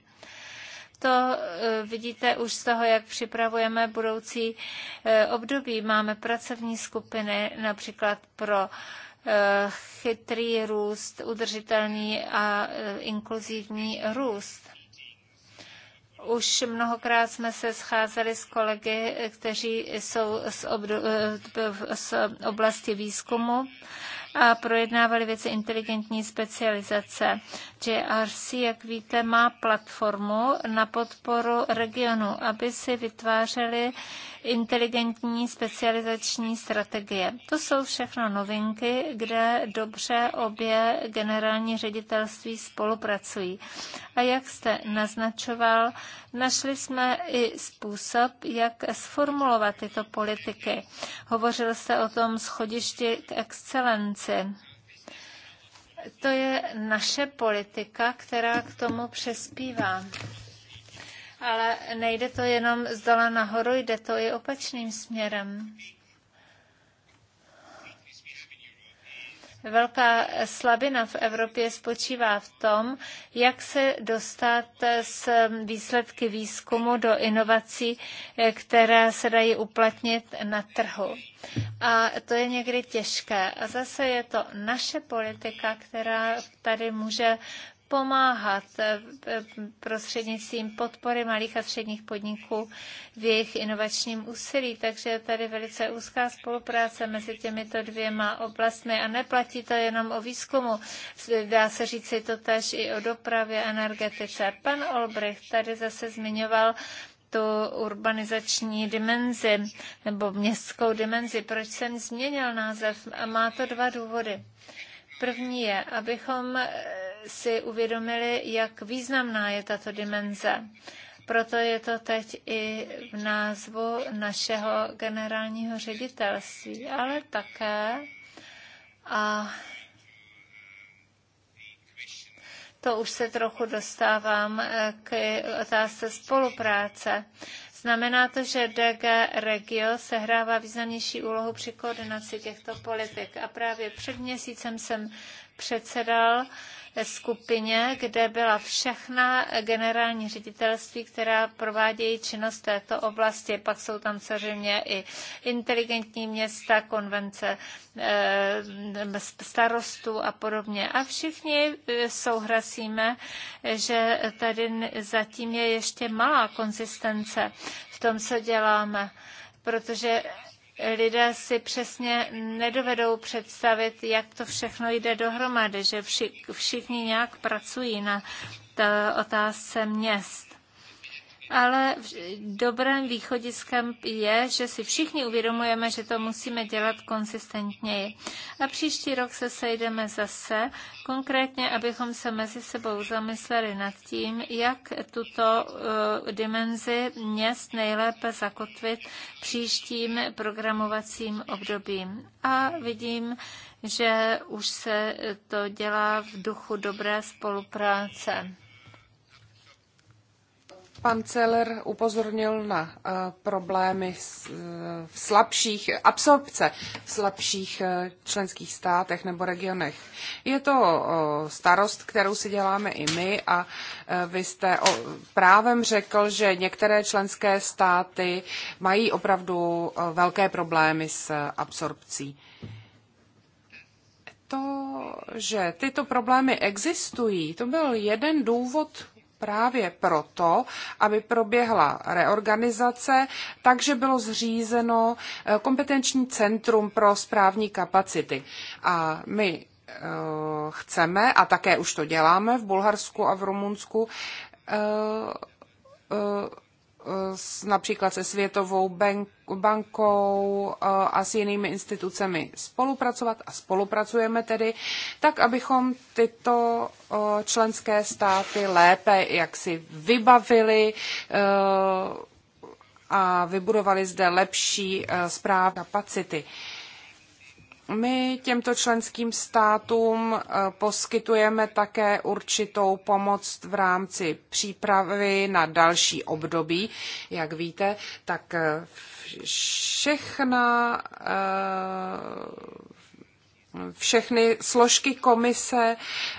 to eh, vidíte už z toho, jak připravujeme budoucí eh, období. Máme pracovní skupiny například pro eh, chytrý růst, udržitelný a inkluzivní růst. Už mnohokrát jsme se scházeli s kolegy, kteří jsou z, oblasti výzkumu a projednávali věci inteligentní specializace. JRC, jak víte, má platformu na podporu regionu, aby si vytvářeli inteligentní specializační strategie. To jsou všechno novinky, kde dobře obě generální ředitelství spolupracují. A jak jste naznačoval, našli jsme i způsob, jak sformulovat tyto politiky. Hovořil jste o tom schodišti k excelenci konferenci. To je naše politika, která k tomu přespívá. Ale nejde to jenom z dola nahoru, jde to i opačným směrem. Velká slabina v Evropě spočívá v tom, jak se dostat z výsledky výzkumu do inovací, eh, které se dají uplatnit na trhu. A to je někdy těžké. A zase je to naše politika, která tady může pomáhat eh, eh, prostřednictvím podpory malých a středních podniků v jejich inovačním úsilí. Takže je tady velice úzká spolupráce mezi těmito dvěma oblastmi a neplatí to jenom o výzkumu. Dá se říci to tež i o dopravě, energetice. Pan Olbrich tady zase zmiňoval tu urbanizační dimenzi nebo městskou dimenzi. Proč jsem změnil název? Má to dva důvody. První je, abychom eh, si uvědomili, jak významná je tato dimenze. Proto je to teď i v názvu našeho generálního ředitelství, ale také a to už se trochu dostávám eh, k otázce spolupráce. Znamená to, že DG Regio sehrává významnější úlohu při koordinaci těchto politik. A právě před měsícem jsem předsedal skupině, kde byla všechna generální ředitelství, která provádějí činnost této oblasti. Pak jsou tam samozřejmě i inteligentní města, konvence eh, starostů a podobně. A všichni eh, souhlasíme, že tady zatím je ještě malá konzistence v tom, co děláme, protože lidé si přesně nedovedou představit, jak to všechno jde dohromady, že všichni nějak pracují na otázce měst ale dobrým východiskem je, že si všichni uvědomujeme, že to musíme dělat konsistentněji. A příští rok se sejdeme zase, konkrétně, abychom se mezi sebou zamysleli nad tím, jak tuto uh, dimenzi měst nejlépe zakotvit příštím programovacím obdobím. A vidím, že už se to dělá v duchu dobré spolupráce. Pan Celer upozornil na eh, problémy eh, v slabších absorpce v slabších eh, členských státech nebo regionech. Je to starost, kterou si děláme i my a vy jste právem řekl, že některé členské státy mají opravdu velké problémy s absorpcí to, že tyto problémy existují, to byl jeden důvod právě proto, aby proběhla reorganizace, takže bylo zřízeno eh, kompetenční centrum pro správní kapacity. A my eh, chceme, a také už to děláme v Bulharsku a v Rumunsku, eh, s například se Světovou bankou eh, a s jinými institucemi spolupracovat a spolupracujeme tedy, tak abychom tyto eh, členské státy lépe jaksi vybavili eh, a vybudovali zde lepší správ kapacity. My těmto členským státům eh, poskytujeme také určitou pomoc v rámci přípravy na další období. Jak víte, tak eh, všechna eh, všechny složky komise,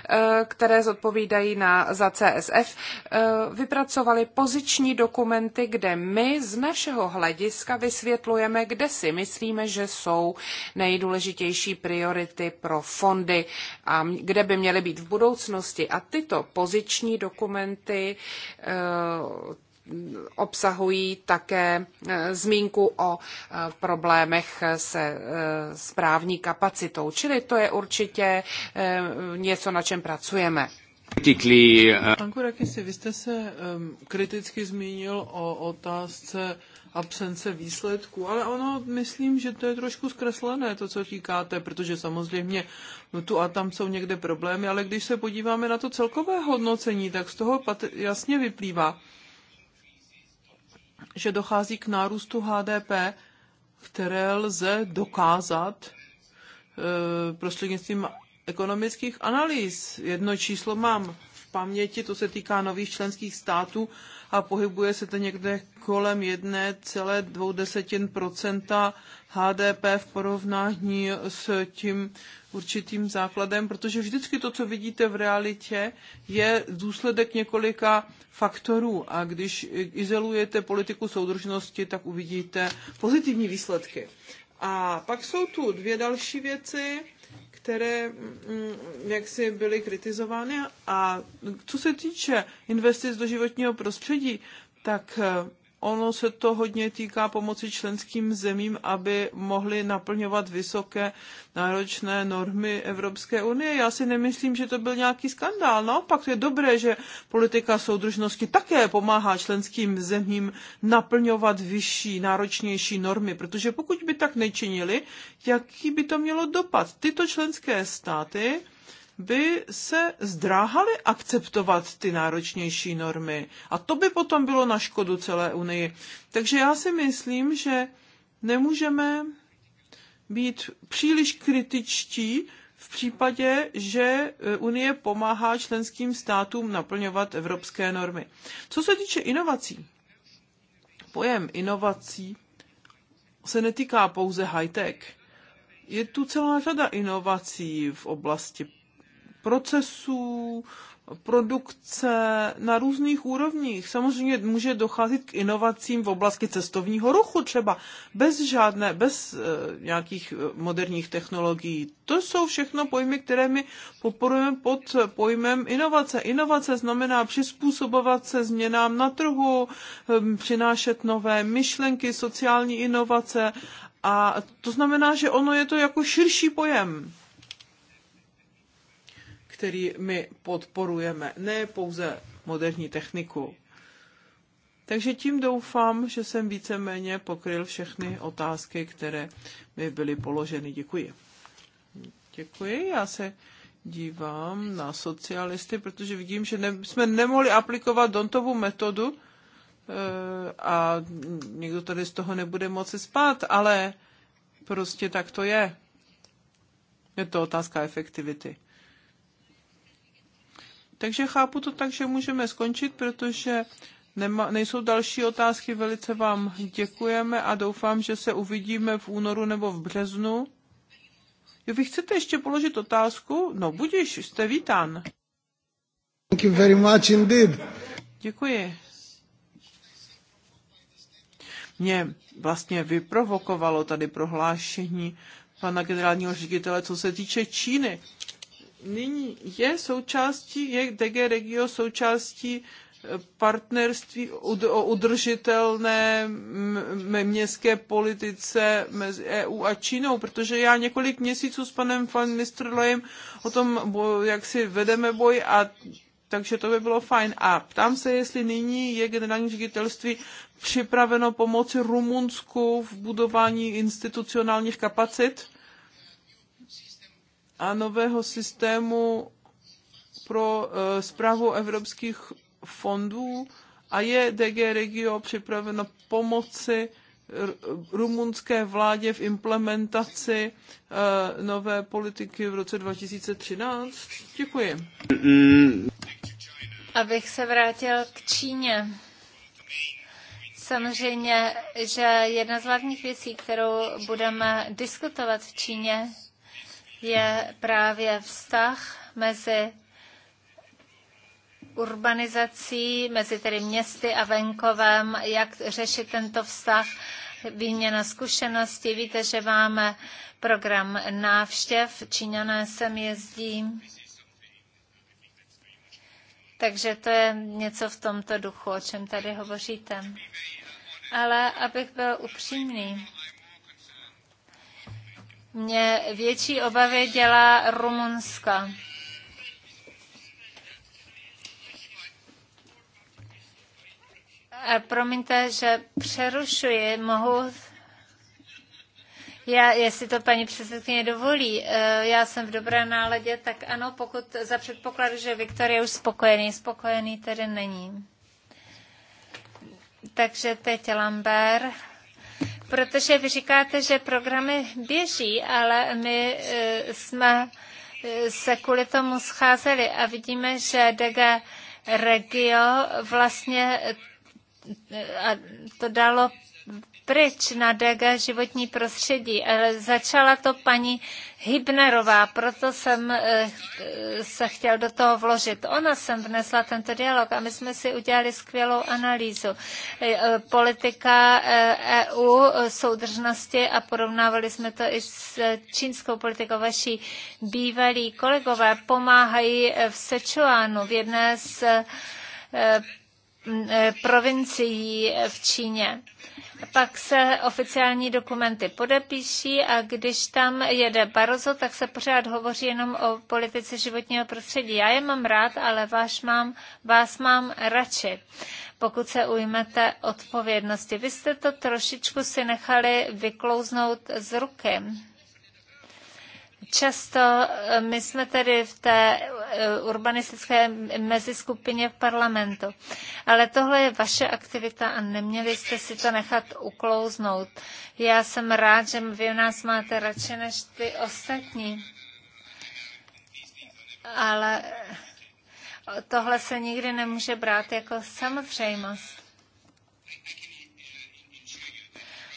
eh, které zodpovídají na, za CSF, eh, vypracovali poziční dokumenty, kde my z našeho hlediska vysvětlujeme, kde si myslíme, že jsou nejdůležitější priority pro fondy a kde by měly být v budoucnosti. A tyto poziční dokumenty eh, obsahují také eh, zmínku o eh, problémech se eh, správní kapacitou, čili to je určitě něco, na čem pracujeme. Panku Rakisi, vy jste se um, kriticky zmínil o otázce absence výsledků, ale ono, myslím, že to je trošku zkreslené, to, co říkáte, protože samozřejmě no, tu a tam jsou někde problémy, ale když se podíváme na to celkové hodnocení, tak z toho jasně vyplývá, že dochází k nárůstu HDP, které lze dokázat e, prostřednictvím ekonomických analýz. Jedno číslo mám v paměti, to se týká nových členských států a pohybuje se to někde kolem 1,2 HDP v porovnání s tím určitým základem, protože vždycky to, co vidíte v realitě, je důsledek několika faktorů a když izolujete politiku soudržnosti, tak uvidíte pozitivní výsledky. A pak jsou tu dvě další věci které mm, jaksi byly kritizovány. A co se týče investic do životního prostředí, tak ono se to hodně týká pomoci členským zemím, aby mohli naplňovat vysoké náročné normy Evropské unie. Já si nemyslím, že to byl nějaký skandál. Naopak je dobré, že politika soudržnosti také pomáhá členským zemím naplňovat vyšší, náročnější normy, protože pokud by tak nečinili, jaký by to mělo dopad? Tyto členské státy by se zdráhali akceptovat ty náročnější normy. A to by potom bylo na škodu celé Unii. Takže já si myslím, že nemůžeme být příliš kritičtí v případě, že eh, Unie pomáhá členským státům naplňovat evropské normy. Co se týče inovací, pojem inovací se netýká pouze high-tech. Je tu celá řada inovací v oblasti procesů, produkce na různých úrovních. Samozřejmě může docházet k inovacím v oblasti cestovního ruchu třeba, bez žádné, bez eh, nějakých eh, moderních technologií. To jsou všechno pojmy, které my podporujeme pod pojmem inovace. Inovace znamená přizpůsobovat se změnám na trhu, eh, přinášet nové myšlenky, sociální inovace a to znamená, že ono je to jako širší pojem který my podporujeme, ne pouze moderní techniku. Takže tím doufám, že jsem víceméně pokryl všechny otázky, které mi byly položeny. Děkuji. Děkuji. Já se dívám na socialisty, protože vidím, že ne, jsme nemohli aplikovat Dontovu metodu e, a někdo tady z toho nebude moci spát, ale prostě tak to je. Je to otázka efektivity. Takže chápu to tak, že můžeme skončit, protože Nema, nejsou další otázky, velice vám děkujeme a doufám, že se uvidíme v únoru nebo v březnu. Jo, vy chcete ještě položit otázku? No budíš, jste vítán. Thank you very much indeed. Děkuji. Mě vlastně vyprovokovalo tady prohlášení pana generálního ředitele, co se týče Číny nyní je součástí, je DG Regio součástí eh, partnerství o udržitelné městské politice mezi EU a Čínou, protože já několik měsíců s panem van Nistelrooyem o tom, jak si vedeme boj a takže to by bylo fajn. A ptám se, jestli nyní je generální ředitelství připraveno pomoci Rumunsku v budování institucionálních kapacit? a nového systému pro zprávu eh, evropských fondů a je DG Regio připraveno pomoci rumunské vládě v implementaci eh, nové politiky v roce 2013? Děkuji. Abych se vrátil k Číně. Samozřejmě, že jedna z hlavních věcí, kterou budeme diskutovat v Číně, je právě vztah mezi urbanizací, mezi tedy městy a venkovem, jak řešit tento vztah, výměna zkušeností. Víte, že máme program návštěv, Číňané sem jezdí. Takže to je něco v tomto duchu, o čem tady hovoříte. Ale abych byl upřímný, mě větší obavy dělá Rumunska. A promiňte, že přerušuji, mohu... Já, jestli to paní předsedkyně dovolí, eh, já jsem v dobré náladě, tak ano, pokud za předpokladu, že Viktor je už spokojený, spokojený tedy není. Takže teď Lambert protože vy říkáte, že programy běží, ale my e, jsme e, se kvůli tomu scházeli a vidíme, že DG Regio vlastně e, a to dalo pryč na DG životní prostředí, e, začala to paní Hybnerová, proto jsem e, se chtěl do toho vložit. Ona sem vnesla tento dialog a my jsme si udělali skvělou analýzu. E, politika EU, soudržnosti a porovnávali jsme to i s čínskou politikou. Vaši bývalí kolegové pomáhají v Sečuánu, v jedné z provincií v Číně pak se oficiální dokumenty podepíší a když tam jede Barozo, tak se pořád hovoří jenom o politice životního prostředí. Já je mám rád, ale váš mám, vás mám radši pokud se ujmete odpovědnosti. Vy jste to trošičku si nechali vyklouznout z ruky. Často eh, my jsme tedy v té eh, urbanistické meziskupině v parlamentu. Ale tohle je vaše aktivita a neměli jste si to nechat uklouznout. Já jsem rád, že vy nás máte radši než ty ostatní. Ale tohle se nikdy nemůže brát jako samozřejmost.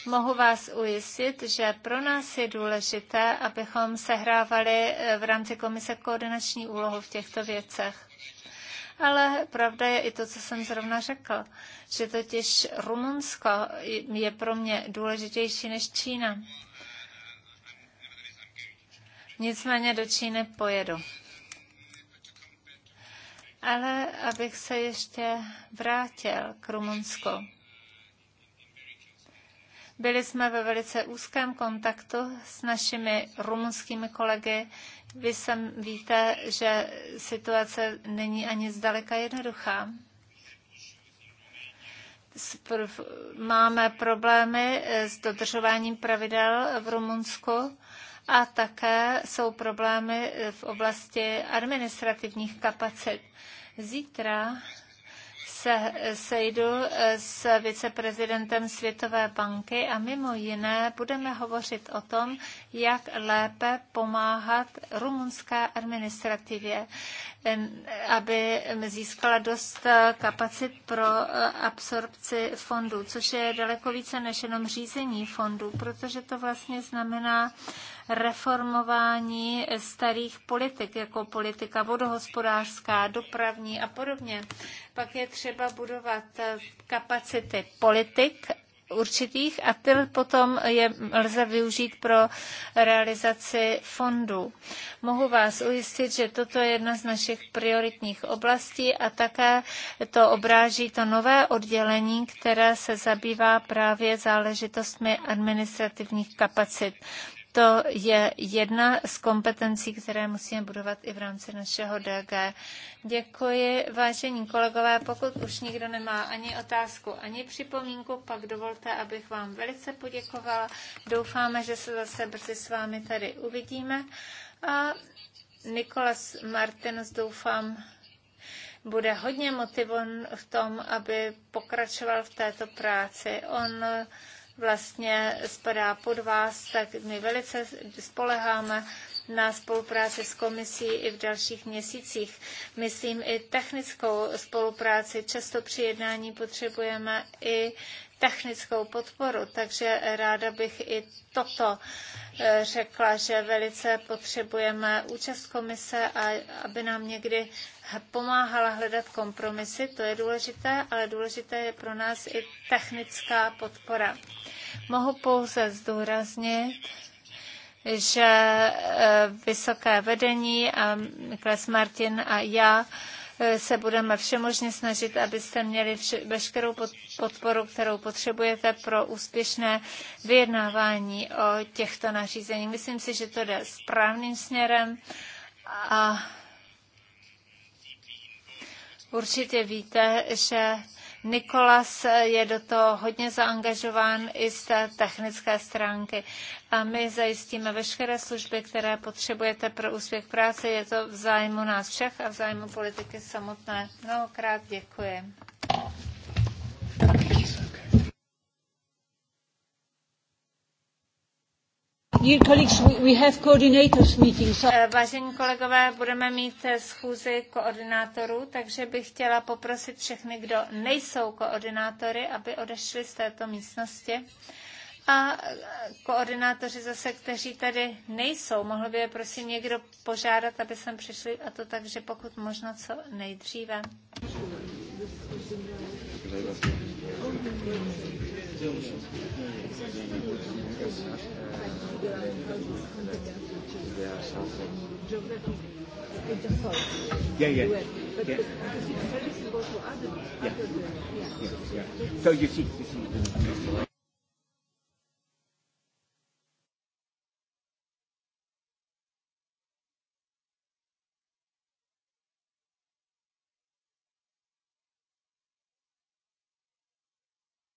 Mohu vás ujistit, že pro nás je důležité, abychom sehrávali eh, v rámci komise koordinační úlohu v těchto věcech. Ale pravda je i to, co jsem zrovna řekl, že totiž Rumunsko je pro mě důležitější než Čína. Nicméně do Číny pojedu. Ale abych se ještě vrátil k Rumunsku. Byli jsme ve velice úzkém kontaktu s našimi rumunskými kolegy. Vy sem víte, že situace není ani zdaleka jednoduchá máme problémy s dodržováním pravidel v Rumunsku a také jsou problémy v oblasti administrativních kapacit. Zítra se sejdu s viceprezidentem Světové banky a mimo jiné budeme hovořit o tom, jak lépe pomáhat rumunské administrativě, aby získala dost kapacit pro absorpci fondů, což je daleko více než jenom řízení fondů, protože to vlastně znamená, reformování starých politik, jako politika vodohospodářská, dopravní a podobně. Pak je třeba budovat eh, kapacity politik určitých a ty potom je lze využít pro realizaci fondů. Mohu vás ujistit, že toto je jedna z našich prioritních oblastí a také to obráží to nové oddělení, které se zabývá právě záležitostmi administrativních kapacit to je jedna z kompetencí, které musíme budovat i v rámci našeho DG. Děkuji, vážení kolegové. Pokud už nikdo nemá ani otázku, ani připomínku, pak dovolte, abych vám velice poděkovala. Doufáme, že se zase brzy s vámi tady uvidíme. A Nikolas Martinus, doufám, bude hodně motivon v tom, aby pokračoval v této práci. On vlastně spadá pod vás, tak my velice spoleháme na spolupráci s komisí i v dalších měsících. Myslím i technickou spolupráci. Často při jednání potřebujeme i technickou podporu, takže ráda bych i toto eh, řekla, že velice potřebujeme účast komise a aby nám někdy pomáhala hledat kompromisy, to je důležité, ale důležité je pro nás i technická podpora. Mohu pouze zdůraznit, že eh, vysoké vedení a Kles Martin a já se budeme všemožně snažit, abyste měli veškerou podporu, kterou potřebujete pro úspěšné vyjednávání o těchto nařízení. Myslím si, že to jde správným směrem a určitě víte, že Nikolas je do toho hodně zaangažován i z té technické stránky a my zajistíme veškeré služby, které potřebujete pro úspěch práce. Je to v zájmu nás všech a v zájmu politiky samotné. Mnohokrát děkuji. Eh, vážení kolegové, budeme mít eh, schůzi koordinátorů, takže bych chtěla poprosit všechny, kdo nejsou koordinátory, aby odešli z této místnosti. A eh, koordinátoři zase, kteří tady nejsou, mohl by je prosím někdo požádat, aby sem přišli, a to tak, že pokud možno co nejdříve. Thank you. Yeah, yeah. But yeah. yeah. yeah. So you see, you see.